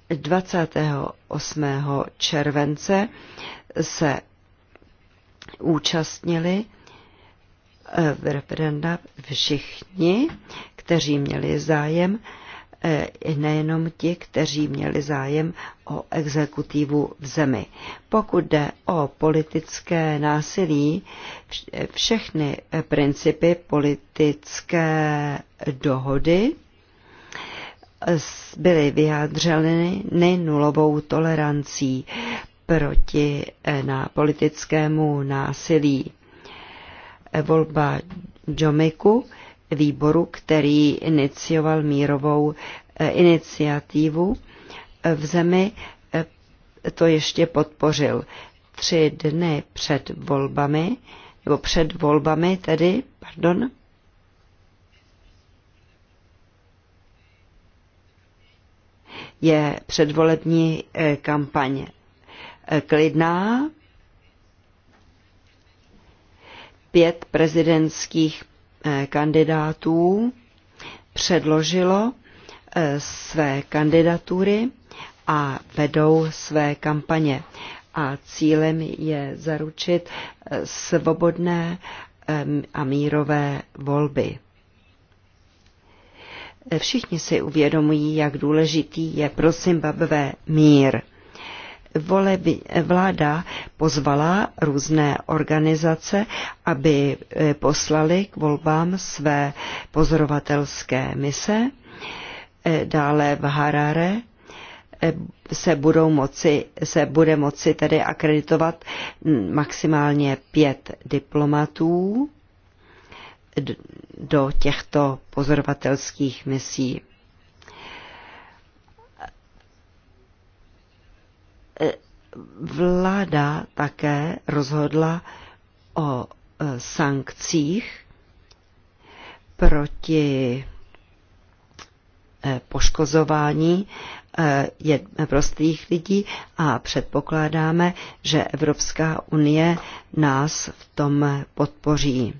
28. července se účastnili eh, v referenda všichni, kteří měli zájem, eh, nejenom ti, kteří měli zájem o exekutivu v zemi. Pokud jde o politické násilí, všechny eh, principy politické dohody byly vyjádřeny nenulovou tolerancí proti eh, na politickému násilí. Eh, volba Jomiku, výboru, který inicioval mírovou eh, iniciativu v zemi, to ještě podpořil. Tři dny před volbami, nebo před volbami tedy, pardon, je předvolební eh, kampaně eh, klidná. Pět prezidentských eh, kandidátů předložilo své kandidatury a vedou své kampaně. A cílem je zaručit svobodné a mírové volby. Všichni si uvědomují, jak důležitý je pro Zimbabwe mír. Voleby, vláda pozvala různé organizace, aby eh, poslali k volbám své pozorovatelské mise. Eh, dále v Harare eh, se, budou moci, se bude moci tedy akreditovat hm, maximálně pět diplomatů do těchto pozorovatelských misí. E, vláda také rozhodla o e, sankcích proti e, poškozování prostých lidí a předpokládáme, že Evropská unie nás v tom podpoří.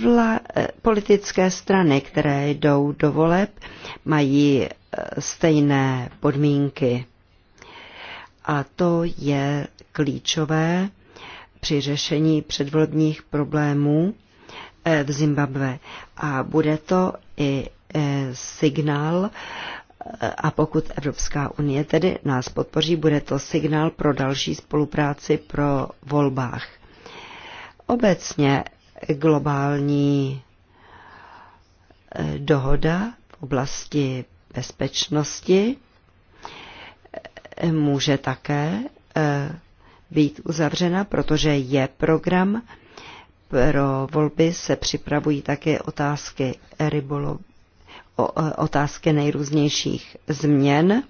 Vla, eh, politické strany, které jdou do voleb, mají eh, stejné podmínky. A to je klíčové při řešení předvolebních problémů eh, v Zimbabwe. A bude to i signál, a pokud Evropská unie tedy nás podpoří, bude to signál pro další spolupráci pro volbách. Obecně globální eh, dohoda v oblasti bezpečnosti eh, může také eh, být uzavřena, protože je program pro volby se připravují také otázky rybolov, otázky nejrůznějších změn.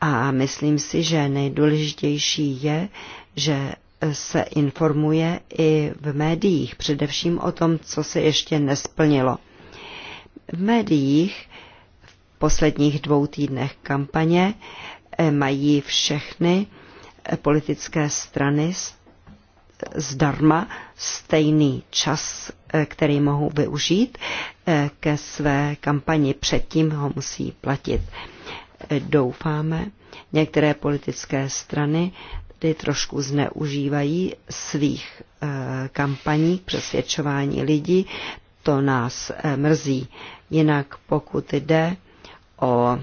A myslím si, že nejdůležitější je, že se informuje i v médiích, především o tom, co se ještě nesplnilo. V médiích v posledních dvou týdnech kampaně eh, mají všechny eh, politické strany zdarma stejný čas, eh, který mohou využít ke své kampani. Předtím ho musí platit. Doufáme, některé politické strany kdy trošku zneužívají svých eh, kampaní k přesvědčování lidí. To nás eh, mrzí. Jinak pokud jde o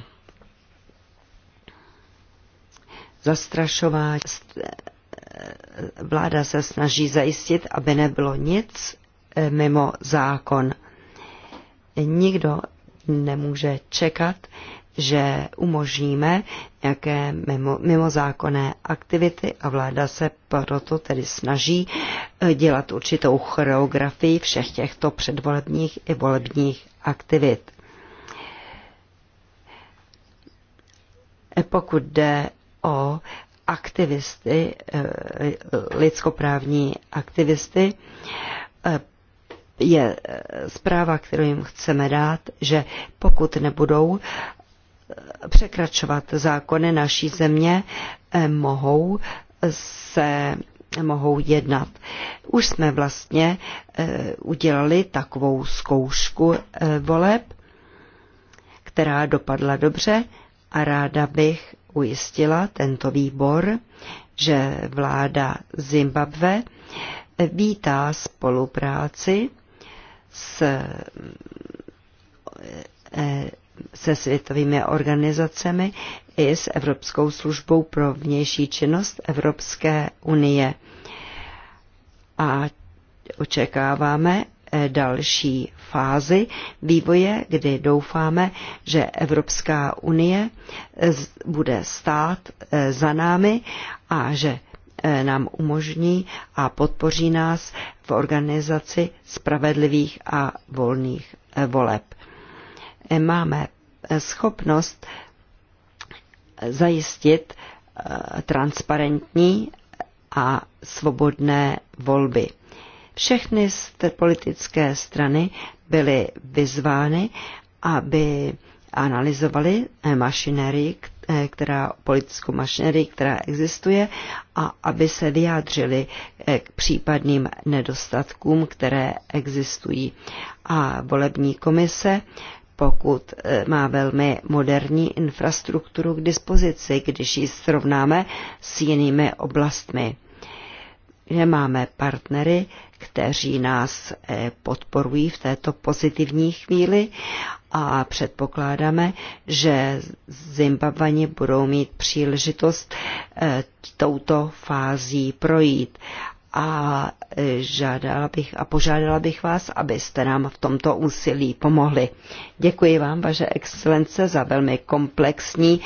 zastrašování, eh, vláda se snaží zajistit, aby nebylo nic mimo zákon. Nikdo nemůže čekat, že umožníme nějaké mimo, mimozákonné aktivity a vláda se proto tedy snaží eh, dělat určitou choreografii všech těchto předvolebních i volebních aktivit. Eh, pokud jde o aktivisty, eh, lidskoprávní aktivisty, je zpráva, kterou jim chceme dát, že pokud nebudou překračovat zákony naší země, eh, mohou se mohou jednat. Už jsme vlastně eh, udělali takovou zkoušku eh, voleb, která dopadla dobře a ráda bych ujistila tento výbor, že vláda Zimbabwe vítá spolupráci s se světovými organizacemi i s Evropskou službou pro vnější činnost Evropské unie. A očekáváme eh, další fázi vývoje, kdy doufáme, že Evropská unie eh, bude stát eh, za námi a že nám umožní a podpoří nás v organizaci spravedlivých a volných voleb máme eh, schopnost zajistit eh, transparentní a svobodné volby. Všechny politické strany byly vyzvány, aby analyzovali eh, mašinerii, která, politickou mašinerii, která existuje a aby se vyjádřili k případným nedostatkům, které existují. A volební komise pokud eh, má velmi moderní infrastrukturu k dispozici, když ji srovnáme s jinými oblastmi. Nemáme partnery, kteří nás eh, podporují v této pozitivní chvíli a předpokládáme, že Zimbabvani budou mít příležitost eh, touto fází projít a e, žádala bych a požádala bych vás, abyste nám v tomto úsilí pomohli. Děkuji vám, vaše excelence, za velmi komplexní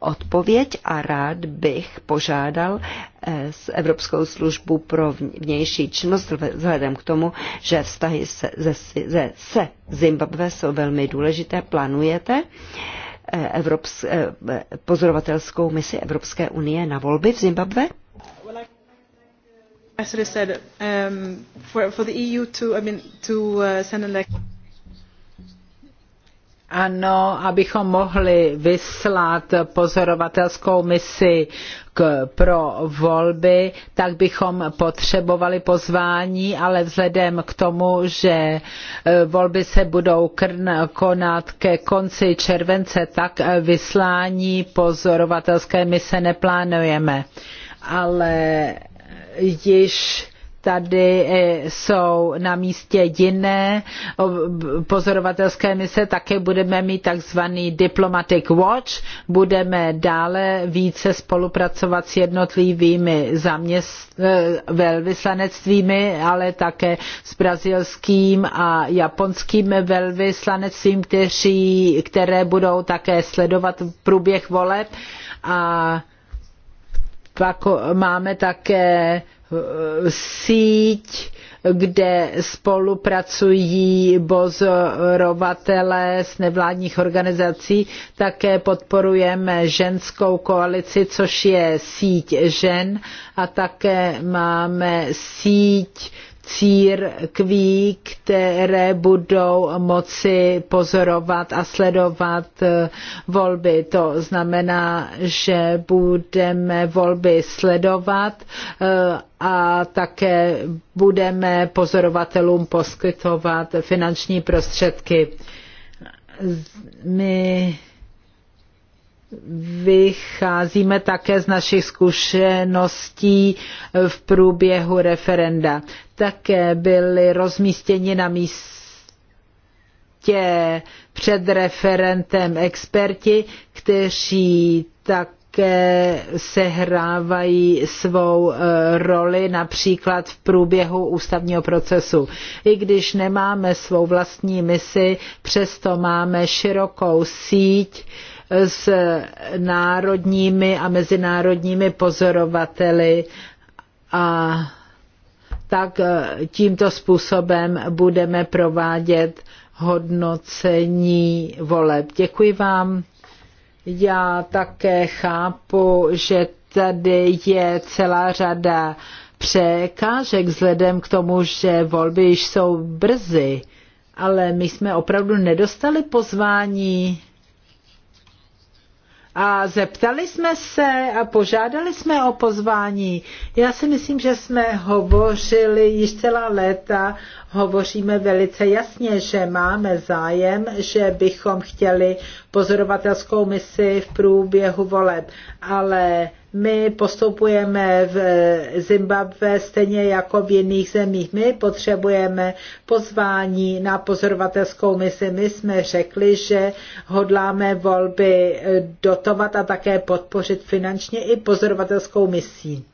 odpověď a rád bych požádal e, s Evropskou službu pro vnější činnost vzhledem k tomu, že vztahy se, se, se, se Zimbabwe jsou velmi důležité. Plánujete e, Evrops, pozorovatelskou misi Evropské unie na volby v Zimbabwe? Ambassador said um, for, for the EU to, I mean, to uh, send a Ano, abychom mohli vyslat pozorovatelskou misi k, pro volby, tak bychom potřebovali pozvání, ale vzhledem k tomu, že eh, volby se budou krn, konat ke konci července, tak eh, vyslání pozorovatelské mise neplánujeme. Ale již tady eh, jsou na místě jiné eh, pozorovatelské mise, také budeme mít takzvaný Diplomatic Watch, budeme dále více spolupracovat s jednotlivými zaměst... Eh, velvyslanectvími, ale také s brazilským a japonským velvyslanectvím, kteří, které budou také sledovat průběh voleb a pak máme také síť, kde spolupracují bozorovatelé z nevládních organizací. Také podporujeme ženskou koalici, což je síť žen a také máme síť církví, které budou moci pozorovat a sledovat eh, volby. To znamená, že budeme volby sledovat eh, a také budeme pozorovatelům poskytovat finanční prostředky. My vycházíme také z našich zkušeností v průběhu referenda. Také byli rozmístěni na místě před referentem experti, kteří tak také sehrávají svou eh, roli například v průběhu ústavního procesu. I když nemáme svou vlastní misi, přesto máme širokou síť s národními a mezinárodními pozorovateli a tak e, tímto způsobem budeme provádět hodnocení voleb. Děkuji vám. Já také chápu, že tady je celá řada překážek vzhledem k tomu, že volby již jsou brzy, ale my jsme opravdu nedostali pozvání a zeptali jsme se a požádali jsme o pozvání. Já si myslím, že jsme hovořili již celá léta, hovoříme velice jasně, že máme zájem, že bychom chtěli pozorovatelskou misi v průběhu voleb, ale my postupujeme v Zimbabwe stejně jako v jiných zemích. My potřebujeme pozvání na pozorovatelskou misi. My jsme řekli, že hodláme volby dotovat a také podpořit finančně i pozorovatelskou misí.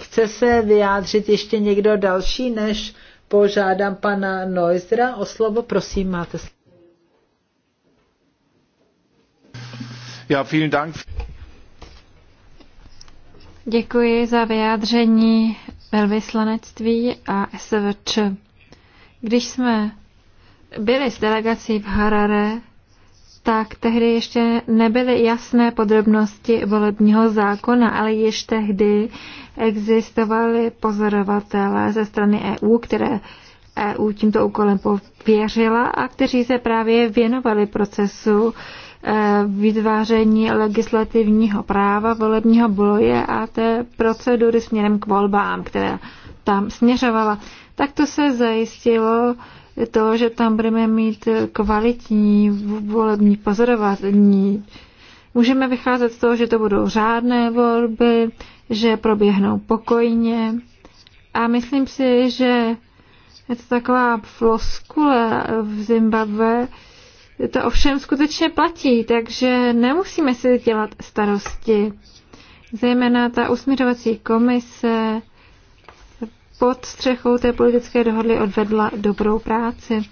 Chce se vyjádřit ještě někdo další, než požádám pana Noizdra o slovo. Prosím, máte slovo. Ja, vielen Dank. Děkuji za vyjádření velvyslanectví a SVČ. Když jsme byli s delegací v Harare, tak tehdy ještě nebyly jasné podrobnosti volebního zákona, ale již tehdy existovaly pozorovatelé ze strany EU, které EU tímto úkolem pověřila a kteří se právě věnovali procesu Eh, vytváření legislativního práva, volebního boje a té procedury směrem k volbám, které tam směřovala. Tak to se zajistilo to, že tam budeme mít kvalitní volební pozorování. Můžeme vycházet z toho, že to budou řádné volby, že proběhnou pokojně. A myslím si, že je to taková floskule v Zimbabwe, to ovšem skutečně platí, takže nemusíme si dělat starosti. Zejména ta usmířovací komise pod střechou té politické dohody odvedla dobrou práci.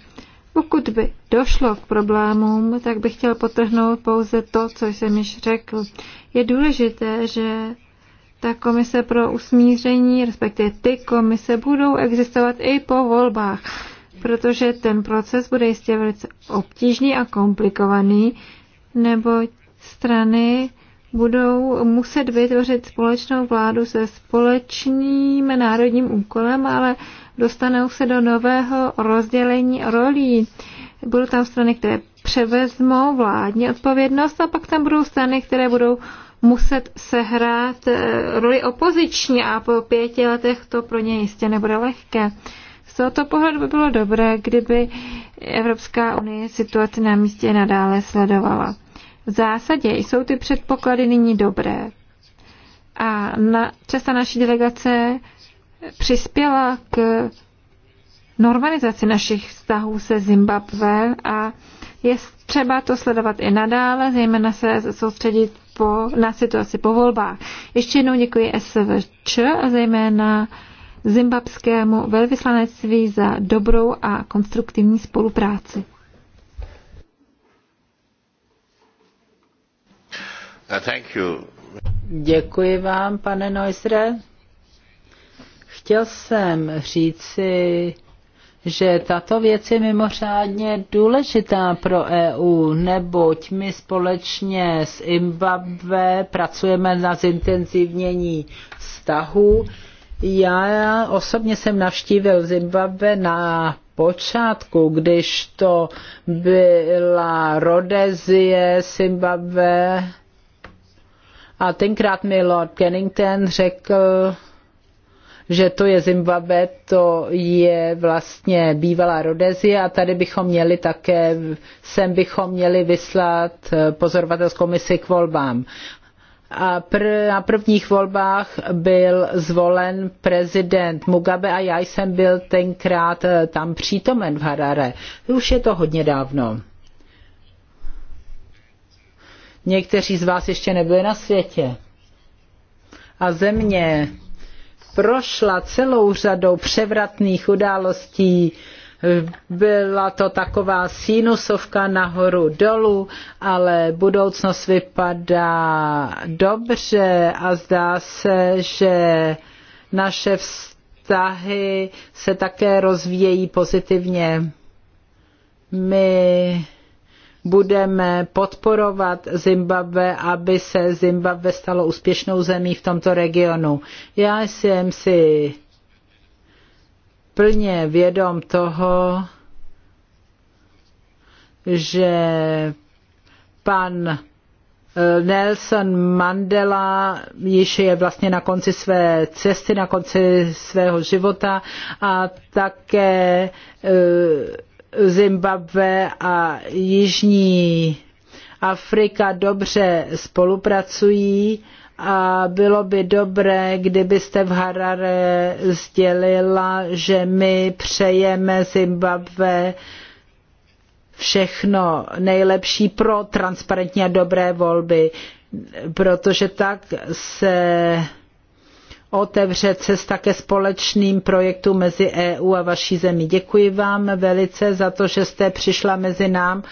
Pokud by došlo k problémům, tak bych chtěl potrhnout pouze to, co jsem již řekl. Je důležité, že ta komise pro usmíření, respektive ty komise, budou existovat i po volbách protože ten proces bude jistě velice obtížný a komplikovaný, nebo strany budou muset vytvořit společnou vládu se společným národním úkolem, ale dostanou se do nového rozdělení rolí. Budou tam strany, které převezmou vládní odpovědnost a pak tam budou strany, které budou muset sehrát eh, roli opoziční a po pěti letech to pro ně jistě nebude lehké tohoto pohledu by bylo dobré, kdyby Evropská unie situaci na místě nadále sledovala. V zásadě jsou ty předpoklady nyní dobré. A na, česta naší delegace přispěla k normalizaci našich vztahů se Zimbabwe a je třeba to sledovat i nadále, zejména se soustředit po, na situaci po volbách. Ještě jednou děkuji SVČ a zejména zimbabskému velvyslanectví za dobrou a konstruktivní spolupráci. Uh, Děkuji vám, pane Neusre. Chtěl jsem říci, že tato věc je mimořádně důležitá pro EU, neboť my společně s Imbabve pracujeme na zintenzivnění vztahu já osobně jsem navštívil Zimbabwe na počátku, když to byla Rodezie, Zimbabwe. A tenkrát mi Lord Kennington řekl, že to je Zimbabwe, to je vlastně bývalá Rodezie a tady bychom měli také, sem bychom měli vyslat pozorovatelskou misi k volbám a pr- na prvních volbách byl zvolen prezident Mugabe a já jsem byl tenkrát eh, tam přítomen v Harare. Už je to hodně dávno. Někteří z vás ještě nebyli na světě. A země prošla celou řadou převratných událostí, byla to taková sinusovka nahoru dolů, ale budoucnost vypadá dobře a zdá se, že naše vztahy se také rozvíjejí pozitivně. My budeme podporovat Zimbabwe, aby se Zimbabwe stalo úspěšnou zemí v tomto regionu. Já jsem si plně vědom toho, že pan eh, Nelson Mandela již je vlastně na konci své cesty, na konci svého života a také eh, Zimbabwe a Jižní Afrika dobře spolupracují a bylo by dobré, kdybyste v Harare sdělila, že my přejeme Zimbabwe všechno nejlepší pro transparentní a dobré volby, protože tak se otevře cesta ke společným projektům mezi EU a vaší zemí. Děkuji vám velice za to, že jste přišla mezi nám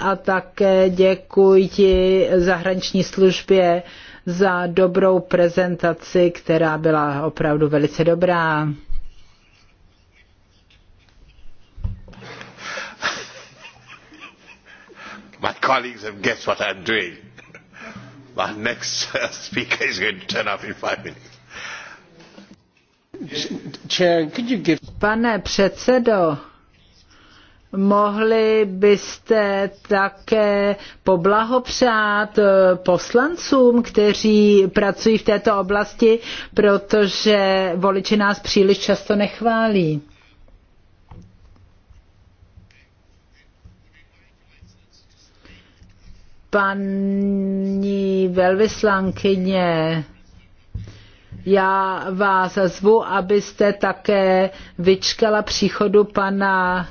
a také děkuji zahraniční službě za dobrou prezentaci, která byla opravdu velice dobrá. My colleagues have guessed what I'm doing. My next speaker is going to turn up in five minutes. Pane předsedo, Mohli byste také poblahopřát eh, poslancům, kteří pracují v této oblasti, protože voliči nás příliš často nechválí. Paní velvyslankyně, já vás zvu, abyste také vyčkala příchodu pana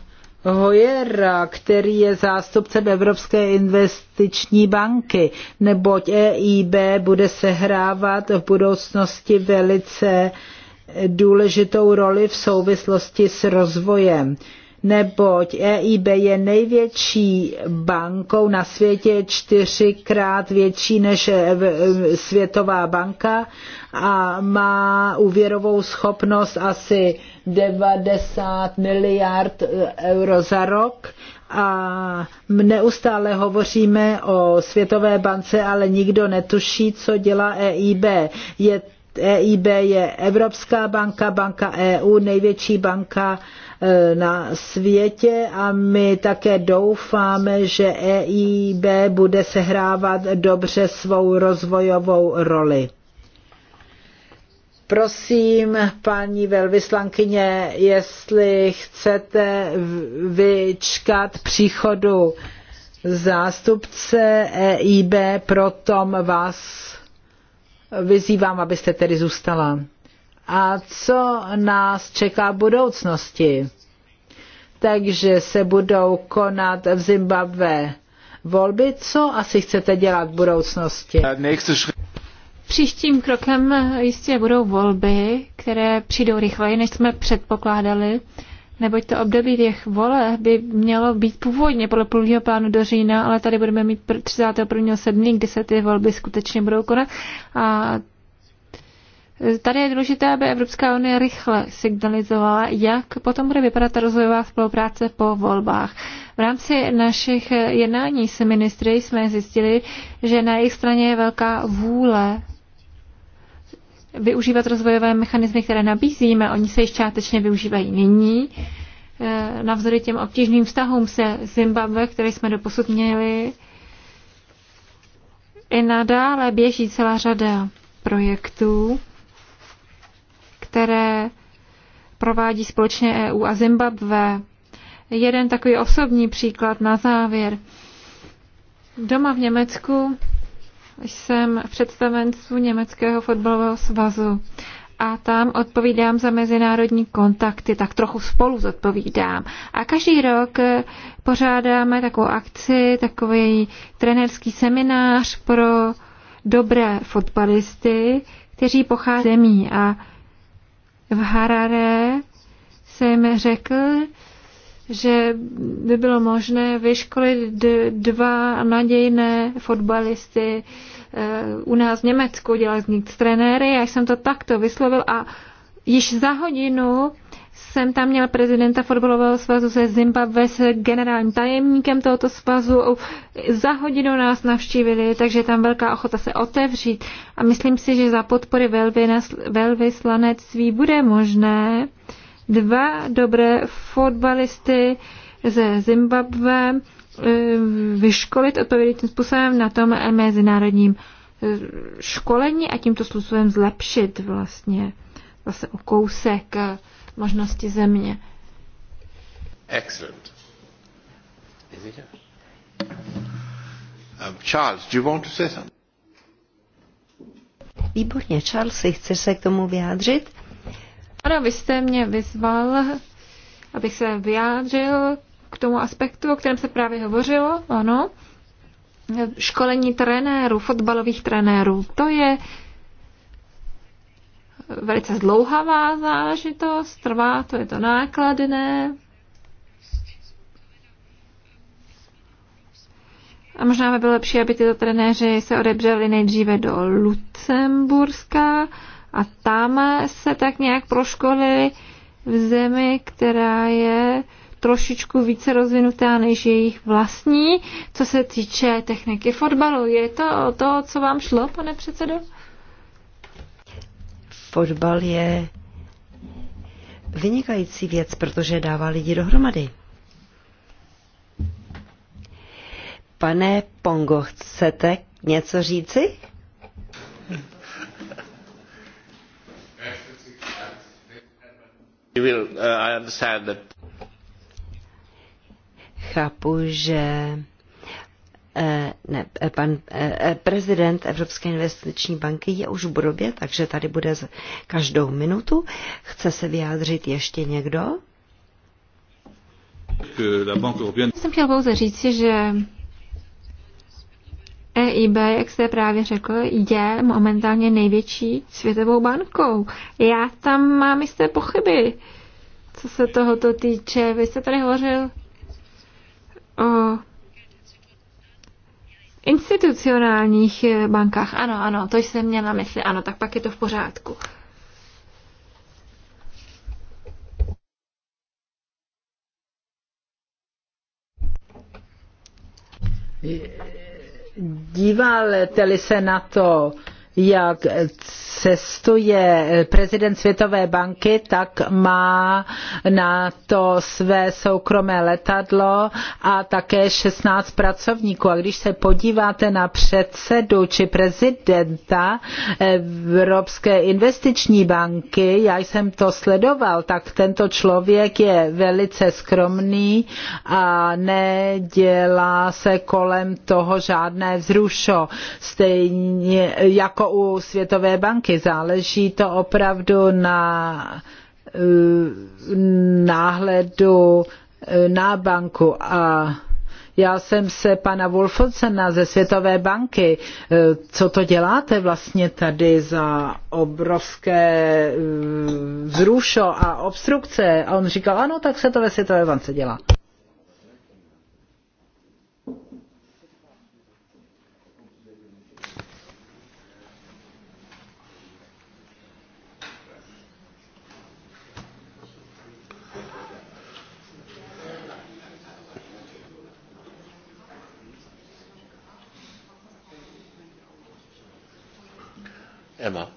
Hojera, který je zástupcem Evropské investiční banky, neboť EIB bude sehrávat v budoucnosti velice důležitou roli v souvislosti s rozvojem neboť EIB je největší bankou na světě, čtyřikrát větší než e, e, Světová banka a má úvěrovou schopnost asi 90 miliard e, euro za rok a neustále hovoříme o Světové bance, ale nikdo netuší, co dělá EIB. Je, EIB je Evropská banka, banka EU, největší banka Eh, na světě a my také doufáme, že EIB bude sehrávat dobře svou rozvojovou roli. Prosím, paní velvyslankyně, jestli chcete vyčkat příchodu zástupce EIB, proto vás vyzývám, abyste tedy zůstala a co nás čeká v budoucnosti. Takže se budou konat v Zimbabwe volby. Co asi chcete dělat v budoucnosti? Příštím krokem jistě budou volby, které přijdou rychleji, než jsme předpokládali, neboť to období těch voleb by mělo být původně podle původního plánu do října, ale tady budeme mít 31.7., kdy se ty volby skutečně budou konat a Tady je důležité, aby Evropská unie rychle signalizovala, jak potom bude vypadat ta rozvojová spolupráce po volbách. V rámci našich jednání s ministry jsme zjistili, že na jejich straně je velká vůle využívat rozvojové mechanismy, které nabízíme. Oni se již částečně využívají nyní. Eh, Navzory těm obtížným vztahům se Zimbabwe, které jsme doposud měli, i nadále běží celá řada projektů, které provádí společně EU a Zimbabwe. Jeden takový osobní příklad na závěr. Doma v Německu jsem v představenstvu Německého fotbalového svazu a tam odpovídám za mezinárodní kontakty, tak trochu spolu zodpovídám. A každý rok eh, pořádáme takovou akci, takový trenerský seminář pro dobré fotbalisty, kteří pochází zemí a v Harare jsem řekl, že by bylo možné vyškolit dva nadějné fotbalisty eh, u nás v Německu, dělat z nich trenéry. Já jsem to takto vyslovil a již za hodinu jsem tam měl prezidenta fotbalového svazu ze Zimbabwe s generálním tajemníkem tohoto svazu. Za hodinu nás navštívili, takže tam velká ochota se otevřít. A myslím si, že za podpory velvyslanectví bude možné dva dobré fotbalisty ze Zimbabwe eh, vyškolit odpovědným způsobem na tom mezinárodním eh, školení a tímto způsobem zlepšit vlastně zase o kousek eh, možnosti země. Excellent. Is it um, Charles, do you want to say something? Výborně, Charlesy, chceš se k tomu vyjádřit? Ano, vy jste mě vyzval, abych se vyjádřil k tomu aspektu, o kterém se právě hovořilo, ano. Školení trenérů, fotbalových trenérů, to je velice zdlouhavá záležitost, trvá to, je to nákladné. A možná by bylo lepší, aby tyto trenéři se odebřeli nejdříve do Lucemburska a tam se tak nějak proškolili v zemi, která je trošičku více rozvinutá než jejich vlastní, co se týče techniky fotbalu. Je to to, co vám šlo, pane předsedo? fotbal je vynikající věc, protože dává lidi dohromady. Pane Pongo, chcete něco říci? Uh, Chápu, že Eh, ne, eh, pan eh, prezident Evropské investiční banky je už v budově, takže tady bude každou minutu. Chce se vyjádřit ještě někdo? Já Jsem chtěl pouze říct, že EIB, jak jste právě řekl, je momentálně největší světovou bankou. Já tam mám jisté pochyby, co se tohoto týče. Vy jste tady hovořil o institucionálních eh, bankách. Ano, ano, to jsem měla na mysli. Ano, tak pak je to v pořádku. Díváte-li se na to, jak cestuje prezident Světové banky, tak má na to své soukromé letadlo a také 16 pracovníků. A když se podíváte na předsedu či prezidenta Evropské investiční banky, já jsem to sledoval, tak tento člověk je velice skromný a nedělá se kolem toho žádné vzrušo. Stejně jako u Světové banky. Záleží to opravdu na eh, náhledu eh, na banku a já jsem se pana Wolfocena ze Světové banky, eh, co to děláte vlastně tady za obrovské vzrušo a obstrukce? A on říkal, ano, tak se to ve Světové bance dělá. ema.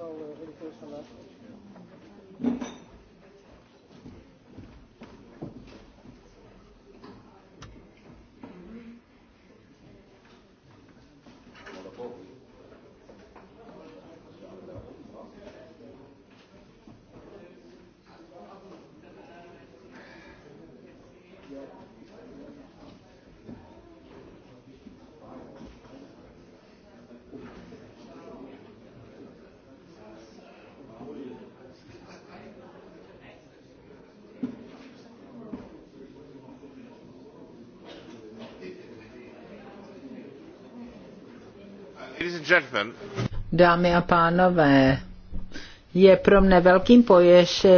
so uh, very close on that. Dámy a pánové, je pro mne velkým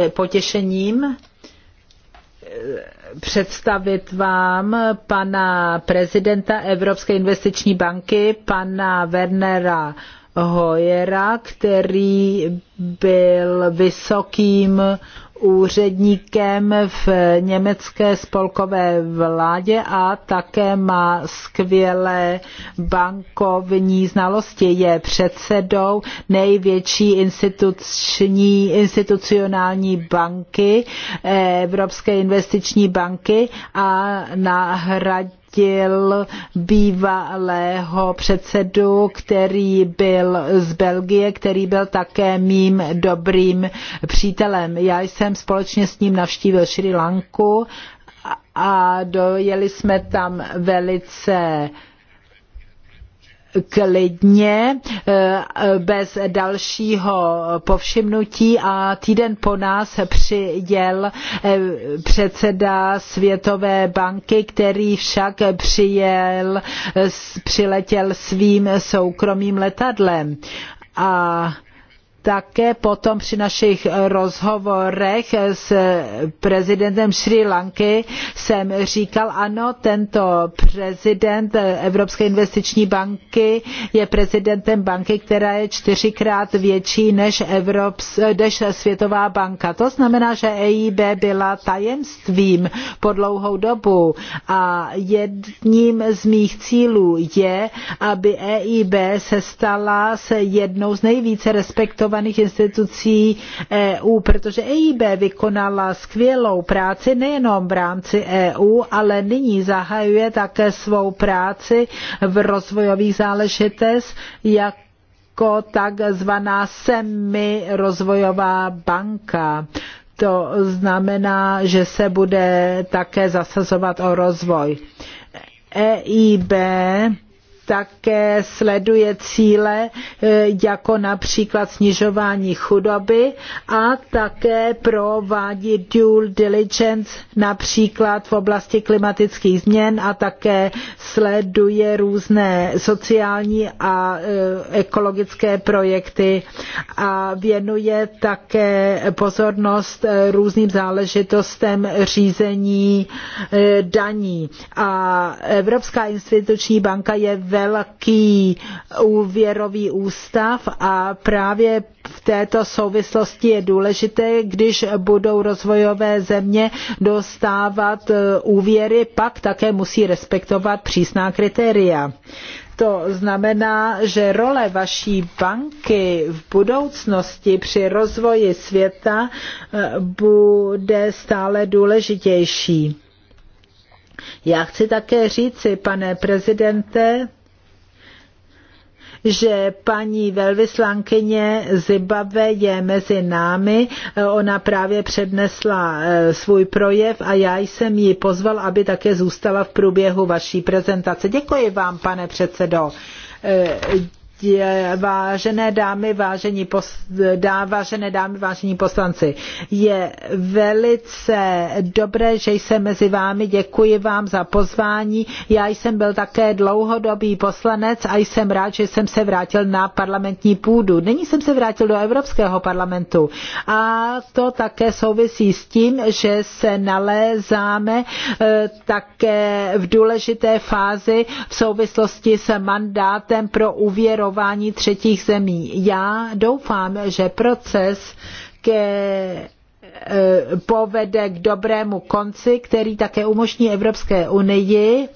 potěšením eh, představit vám pana prezidenta Evropské investiční banky, pana Wernera Hojera, který byl vysokým úředníkem v německé spolkové vládě a také má skvělé bankovní znalosti. Je předsedou největší instituční, institucionální banky, Evropské investiční banky a nahradí vrátil bývalého předsedu, který byl z Belgie, který byl také mým dobrým přítelem. Já jsem společně s ním navštívil Šri Lanku a dojeli jsme tam velice klidně, eh, bez dalšího povšimnutí a týden po nás přijel eh, předseda Světové banky, který však přijel, přiletěl svým soukromým letadlem. A také potom při našich rozhovorech s prezidentem Sri Lanky jsem říkal, ano, tento prezident Evropské investiční banky je prezidentem banky, která je čtyřikrát větší než, Evrops, než Světová banka. To znamená, že EIB byla tajemstvím po dlouhou dobu a jedním z mých cílů je, aby EIB se stala se jednou z nejvíce respektovaných reformovaných institucí EU, protože EIB vykonala skvělou práci nejenom v rámci EU, ale nyní zahajuje také svou práci v rozvojových záležitostech, jak jako takzvaná semi rozvojová banka. To znamená, že se bude také zasazovat o rozvoj. EIB také sleduje cíle e, jako například snižování chudoby a také provádí dual diligence například v oblasti klimatických změn a také sleduje různé sociální a e, ekologické projekty a věnuje také pozornost e, různým záležitostem řízení daní. A Evropská instituční banka je velký úvěrový ústav a právě v této souvislosti je důležité, když budou rozvojové země dostávat eh, úvěry, pak také musí respektovat přísná kritéria. To znamená, že role vaší banky v budoucnosti při rozvoji světa eh, bude stále důležitější. Já chci také říci, pane prezidente, že paní velvyslankyně Zibave je mezi námi. E, ona právě přednesla e, svůj projev a já jsem ji pozval, aby také zůstala v průběhu vaší prezentace. Děkuji vám, pane předsedo e, vážené dámy, vážení pos, dá, vážené dámy, vážení poslanci. Je velice dobré, že jsem mezi vámi. Děkuji vám za pozvání. Já jsem byl také dlouhodobý poslanec a jsem rád, že jsem se vrátil na parlamentní půdu. Nyní jsem se vrátil do Evropského parlamentu. A to také souvisí s tím, že se nalézáme eh, také v důležité fázi v souvislosti s mandátem pro úvěru podporování třetích zemí. Já doufám, že proces ke e, povede k dobrému konci, který také umožní Evropské unii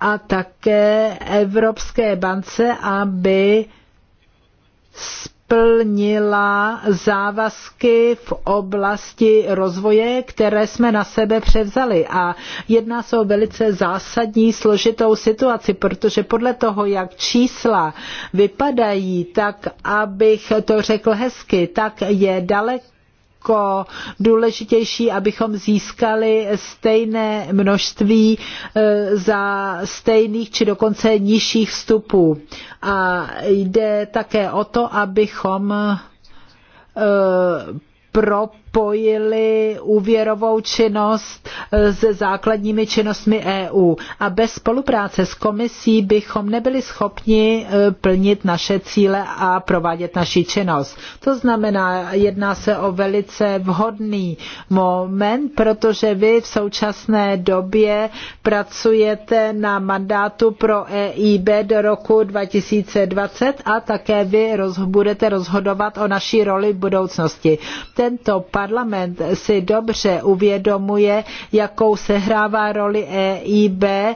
a také Evropské bance, aby plnila závazky v oblasti rozvoje, které jsme na sebe převzali. A jedná se o velice zásadní složitou situaci, protože podle toho, jak čísla vypadají, tak abych to řekl hezky, tak je daleko daleko důležitější, abychom získali stejné množství eh, za stejných či dokonce nižších vstupů. A jde také o to, abychom eh, pro spojili úvěrovou činnost eh, se základními činnostmi EU. A bez spolupráce s komisí bychom nebyli schopni eh, plnit naše cíle a provádět naši činnost. To znamená, jedná se o velice vhodný moment, protože vy v současné době pracujete na mandátu pro EIB do roku 2020 a také vy roz, budete rozhodovat o naší roli v budoucnosti. Tento pan parlament si dobře uvědomuje, jakou sehrává roli EIB eh,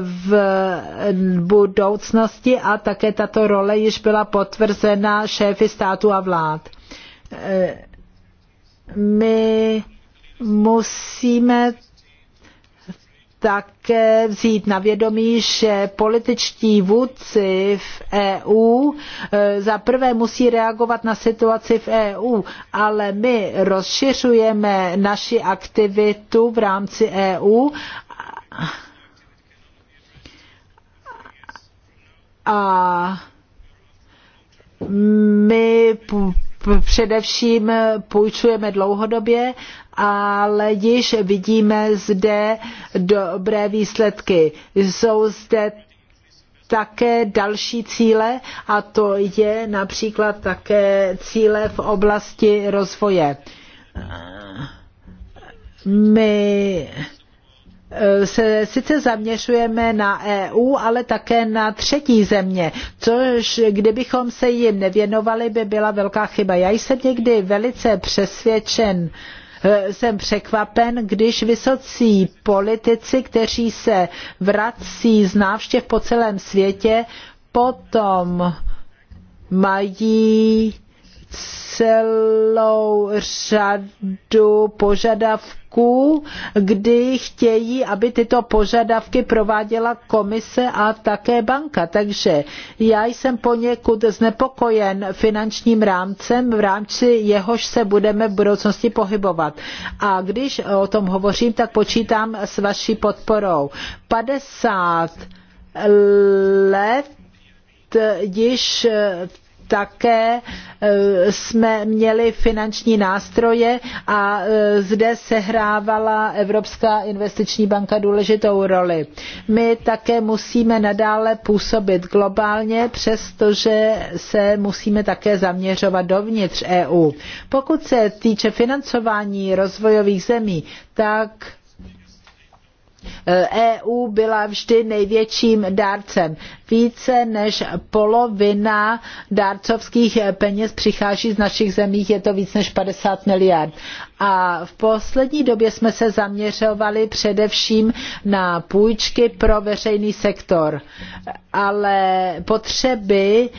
v budoucnosti a také tato role již byla potvrzena šéfy státu a vlád. Eh, my musíme také vzít na vědomí, že političtí vůdci v EU e, za prvé musí reagovat na situaci v EU, ale my rozšiřujeme naši aktivitu v rámci EU a my především půjčujeme dlouhodobě, ale již vidíme zde dobré výsledky. Jsou zde také další cíle a to je například také cíle v oblasti rozvoje. My Eh, se sice zaměřujeme na EU, ale také na třetí země, což kdybychom se jim nevěnovali, by byla velká chyba. Já jsem někdy velice přesvědčen, eh, jsem překvapen, když vysocí politici, kteří se vrací z návštěv po celém světě, potom mají celou řadu požadavků, kdy chtějí, aby tyto požadavky prováděla komise a také banka. Takže já jsem poněkud znepokojen finančním rámcem, v rámci jehož se budeme v budoucnosti pohybovat. A když o tom hovořím, tak počítám s vaší podporou. 50 let již také e, jsme měli finanční nástroje a e, zde sehrávala Evropská investiční banka důležitou roli. My také musíme nadále působit globálně, přestože se musíme také zaměřovat dovnitř EU. Pokud se týče financování rozvojových zemí, tak EU eh, e byla vždy největším dárcem. Více než polovina dárcovských peněz přichází z našich zemí, je to víc než 50 miliard. A v poslední době jsme se zaměřovali především na půjčky pro veřejný sektor, ale potřeby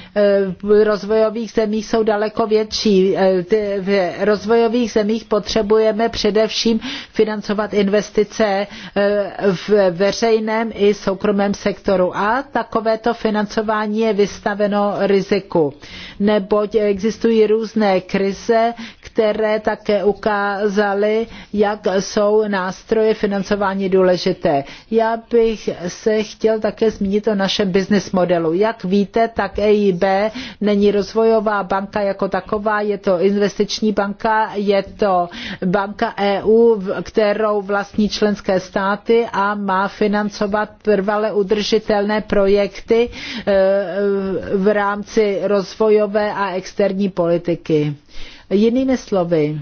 v eh, rozvojových zemích jsou daleko větší. Eh, v rozvojových zemích potřebujeme především financovat investice eh, v veřejném i soukromém sektoru a takovéto financování je vystaveno riziku, neboť existují různé krize, které také ukázaly, jak jsou nástroje financování důležité. Já bych se chtěl také zmínit o našem business modelu. Jak víte, tak EIB není rozvojová banka jako taková, je to investiční banka, je to banka EU, kterou vlastní členské státy a má financovat trvale udržitelné projekty e, v rámci rozvojové a externí politiky. Jinými slovy,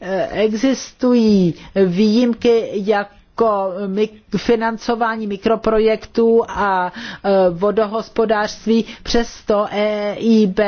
eh, existují výjimky, jak jako financování mikroprojektů a e, vodohospodářství, přesto EIB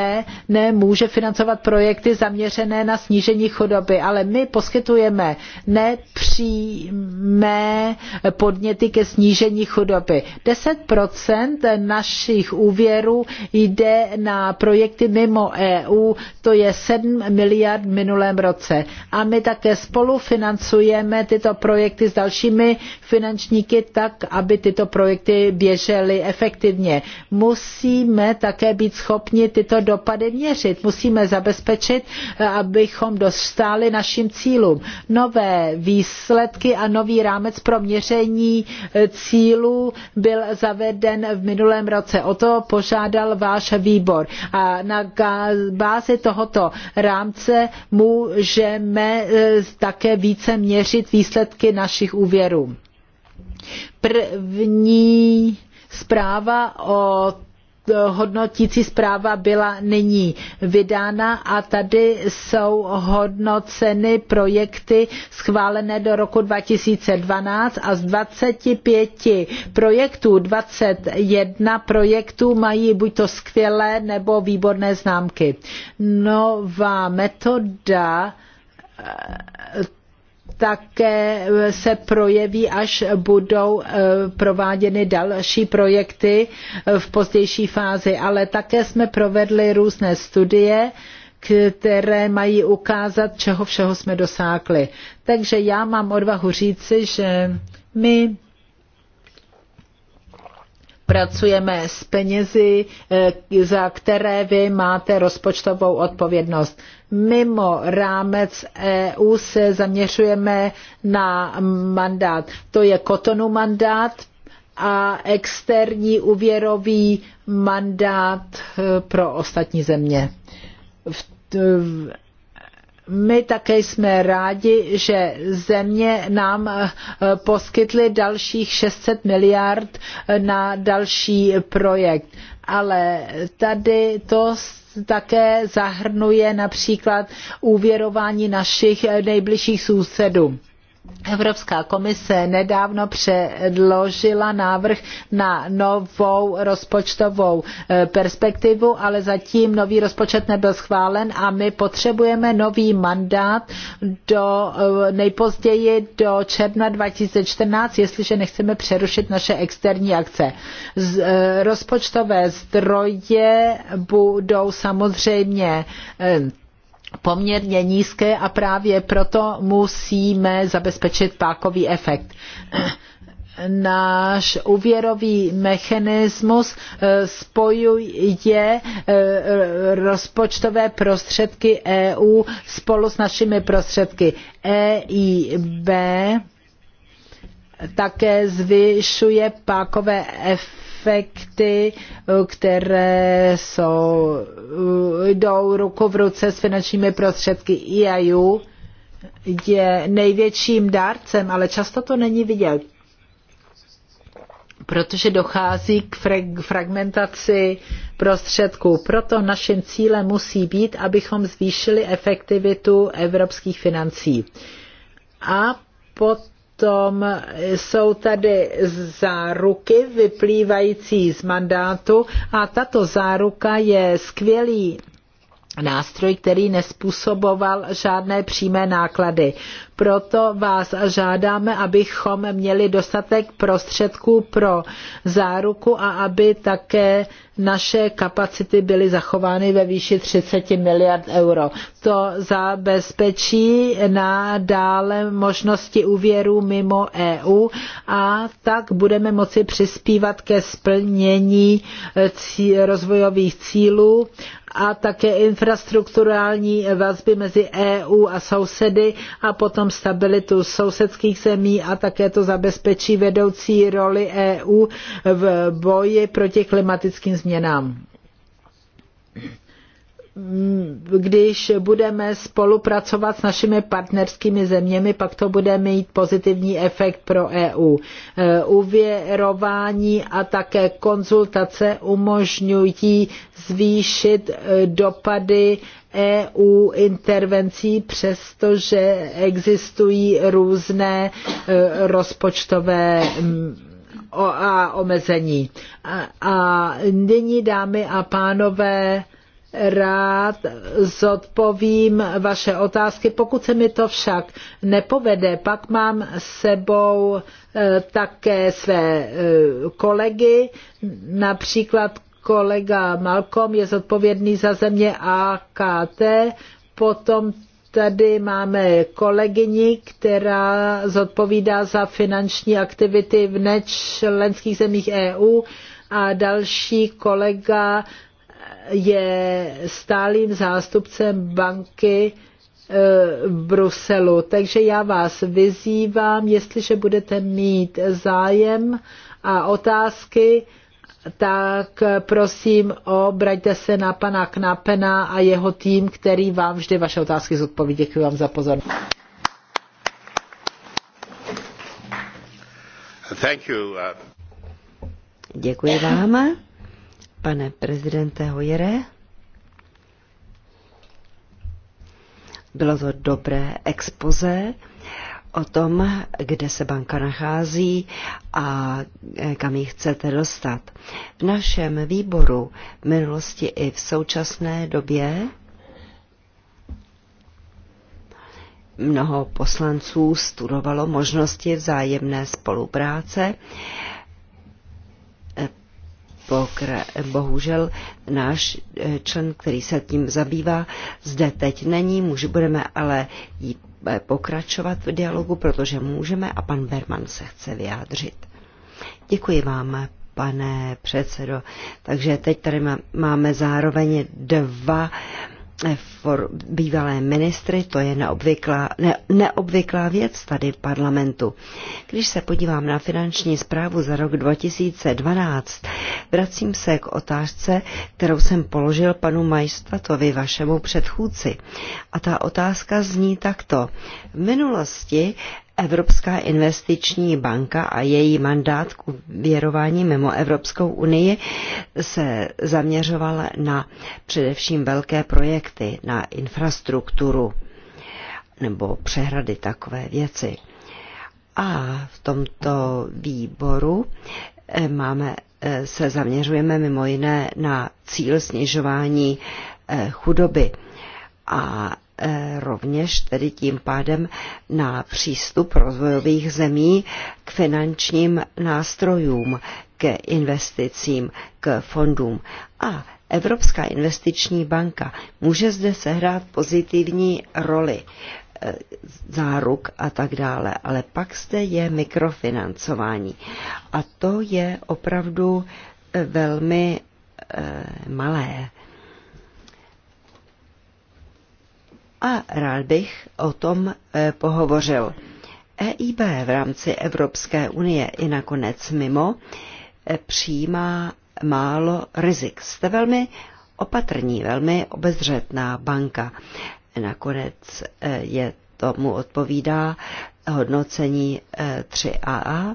nemůže financovat projekty zaměřené na snížení chudoby, ale my poskytujeme nepřímé podněty ke snížení chudoby. 10% našich úvěrů jde na projekty mimo EU, to je 7 miliard v minulém roce. A my také spolufinancujeme tyto projekty s dalšími jinými finančníky tak, aby tyto projekty běžely efektivně. Musíme také být schopni tyto dopady měřit. Musíme zabezpečit, eh, abychom dostali našim cílům. Nové výsledky a nový rámec pro měření eh, cílů byl zaveden v minulém roce. O to požádal váš výbor. A na bázi tohoto rámce můžeme eh, také více měřit výsledky našich úvěrů. První zpráva o hodnotící zpráva byla nyní vydána a tady jsou hodnoceny projekty schválené do roku 2012 a z 25 projektů 21 projektů mají buď to skvělé nebo výborné známky. Nová metoda také eh, se projeví, až budou eh, prováděny další projekty eh, v pozdější fázi. Ale také jsme provedli různé studie, které mají ukázat, čeho všeho jsme dosákli. Takže já mám odvahu říci, že my pracujeme s penězi, za které vy máte rozpočtovou odpovědnost mimo rámec EU se zaměřujeme na mandát. To je kotonu mandát a externí úvěrový mandát eh, pro ostatní země. My také jsme rádi, že země nám eh, poskytly dalších 600 miliard eh, na další projekt. Ale tady to také zahrnuje například úvěrování našich nejbližších sousedů. Evropská komise nedávno předložila návrh na novou rozpočtovou eh, perspektivu, ale zatím nový rozpočet nebyl schválen a my potřebujeme nový mandát do eh, nejpozději do června 2014, jestliže nechceme přerušit naše externí akce. Z, eh, rozpočtové zdroje budou samozřejmě poměrně nízké a právě proto musíme zabezpečit pákový efekt náš úvěrový mechanismus eh, spojuje eh, rozpočtové prostředky EU spolu s našimi prostředky EIB také zvyšuje pákové efekty efekty, které jsou, jdou ruku v ruce s finančními prostředky EIU, je největším dárcem, ale často to není vidět, protože dochází k fragmentaci prostředků. Proto naším cílem musí být, abychom zvýšili efektivitu evropských financí. A pot Potom jsou tady záruky vyplývající z mandátu a tato záruka je skvělý nástroj, který nespůsoboval žádné přímé náklady. Proto vás žádáme, abychom měli dostatek prostředků pro záruku a aby také naše kapacity byly zachovány ve výši 30 miliard euro. To zabezpečí na dále možnosti úvěru mimo EU a tak budeme moci přispívat ke splnění rozvojových cílů a také infrastrukturální vazby mezi EU a sousedy a potom nejenom stabilitu sousedských zemí a také to zabezpečí vedoucí roli EU v boji proti klimatickým změnám když budeme spolupracovat s našimi partnerskými zeměmi, pak to bude mít pozitivní efekt pro EU. E, uvěrování a také konzultace umožňují zvýšit e, dopady EU intervencí, přestože existují různé e, rozpočtové a omezení. A nyní, dámy a pánové, rád zodpovím vaše otázky. Pokud se mi to však nepovede, pak mám s sebou eh, také své eh, kolegy, například kolega Malcolm je zodpovědný za země AKT, potom tady máme kolegyni, která zodpovídá za finanční aktivity v nečlenských zemích EU a další kolega je stálým zástupcem banky e, v Bruselu. Takže já vás vyzývám, jestliže budete mít zájem a otázky, tak prosím obraťte se na pana Knapena a jeho tým, který vám vždy vaše otázky zodpoví. Děkuji vám za pozornost. Thank you. Uh, Děkuji vám. Pane prezidente Hojere, bylo to dobré expoze o tom, kde se banka nachází a kam ji chcete dostat. V našem výboru v minulosti i v současné době mnoho poslanců studovalo možnosti vzájemné spolupráce Pokra, bohužel náš eh, člen, který se tím zabývá, zde teď není, může, budeme ale jít eh, pokračovat v dialogu, protože můžeme a pan Berman se chce vyjádřit. Děkuji vám, pane předsedo. Takže teď tady máme zároveň dva for bývalé ministry, to je neobvyklá, ne, neobvyklá věc tady v parlamentu. Když se podívám na finanční zprávu za rok 2012, vracím se k otázce, kterou jsem položil panu Majstatovi, vašemu předchůdci. A ta otázka zní takto. V minulosti Evropská investiční banka a její mandát k věrování mimo Evropskou unii se zaměřoval na především velké projekty, na infrastrukturu nebo přehrady takové věci. A v tomto výboru eh, máme, eh, se zaměřujeme mimo jiné na cíl snižování eh, chudoby. A Eh, rovněž tedy tím pádem na přístup rozvojových zemí k finančním nástrojům, k investicím, k fondům. A Evropská investiční banka může zde sehrát pozitivní roli eh, záruk a tak dále, ale pak zde je mikrofinancování. A to je opravdu eh, velmi malé a rád bych o tom eh, pohovořil. EIB v rámci Evropské unie i nakonec mimo eh, přijímá málo rizik. Jste velmi opatrní, velmi obezřetná banka. Nakonec eh, je tomu odpovídá hodnocení 3AA,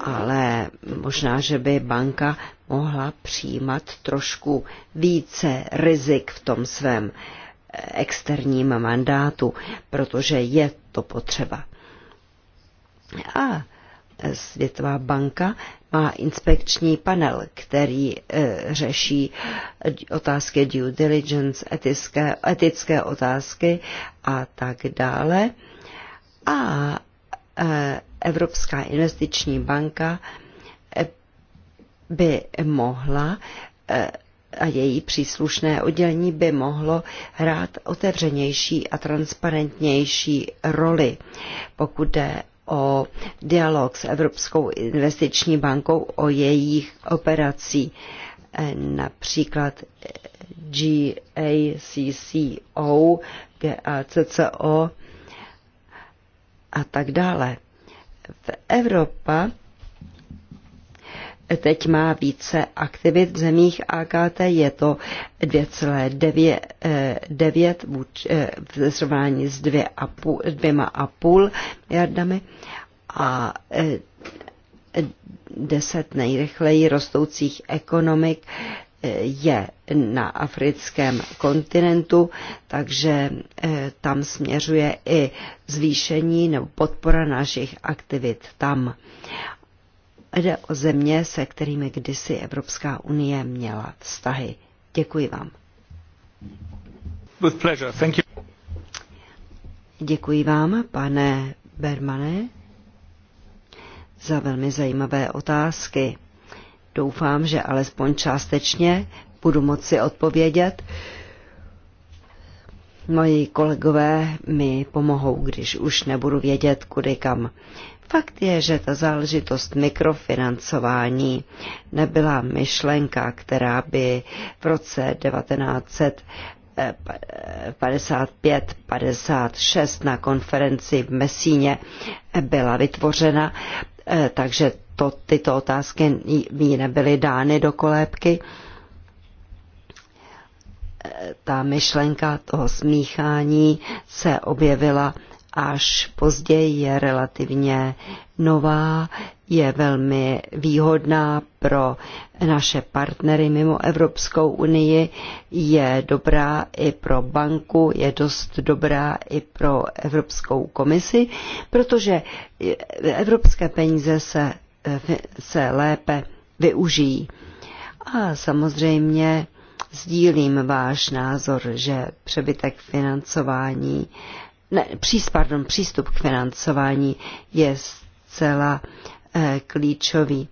ale možná, že by banka mohla přijímat trošku více rizik v tom svém externím mandátu, protože je to potřeba. A Světová banka má inspekční panel, který e, řeší otázky due diligence, etické, etické otázky a tak dále. A e, Evropská investiční banka eh, by mohla e, a její příslušné oddělení by mohlo hrát otevřenější a transparentnější roli, pokud jde o dialog s Evropskou investiční bankou o jejich operací. Například GACCO, GACCO a tak dále. V Evropa teď má více aktivit v zemích AKT, je to 2,9 eh, eh, v srovnání s 2,5 miliardami a 10 eh, nejrychleji rostoucích ekonomik je na africkém kontinentu, takže tam směřuje i zvýšení nebo podpora našich aktivit tam jde o země, se kterými kdysi Evropská unie měla vztahy. Děkuji vám. With pleasure. Thank you. Děkuji vám, pane Bermane, za velmi zajímavé otázky. Doufám, že alespoň částečně budu moci odpovědět. Moji kolegové mi pomohou, když už nebudu vědět, kudy kam. Fakt je, že ta záležitost mikrofinancování nebyla myšlenka, která by v roce 1900 55-56 eh, eh, na konferenci v Mesíně eh, byla vytvořena, takže to, tyto otázky mi nebyly dány do kolébky. Ta myšlenka toho smíchání se objevila až později je relativně nová, je velmi výhodná pro naše partnery mimo Evropskou unii, je dobrá i pro banku, je dost dobrá i pro Evropskou komisi, protože evropské peníze se, se lépe využijí. A samozřejmě sdílím váš názor, že přebytek financování ne, přís, pardon, přístup k financování je zcela e, klíčový.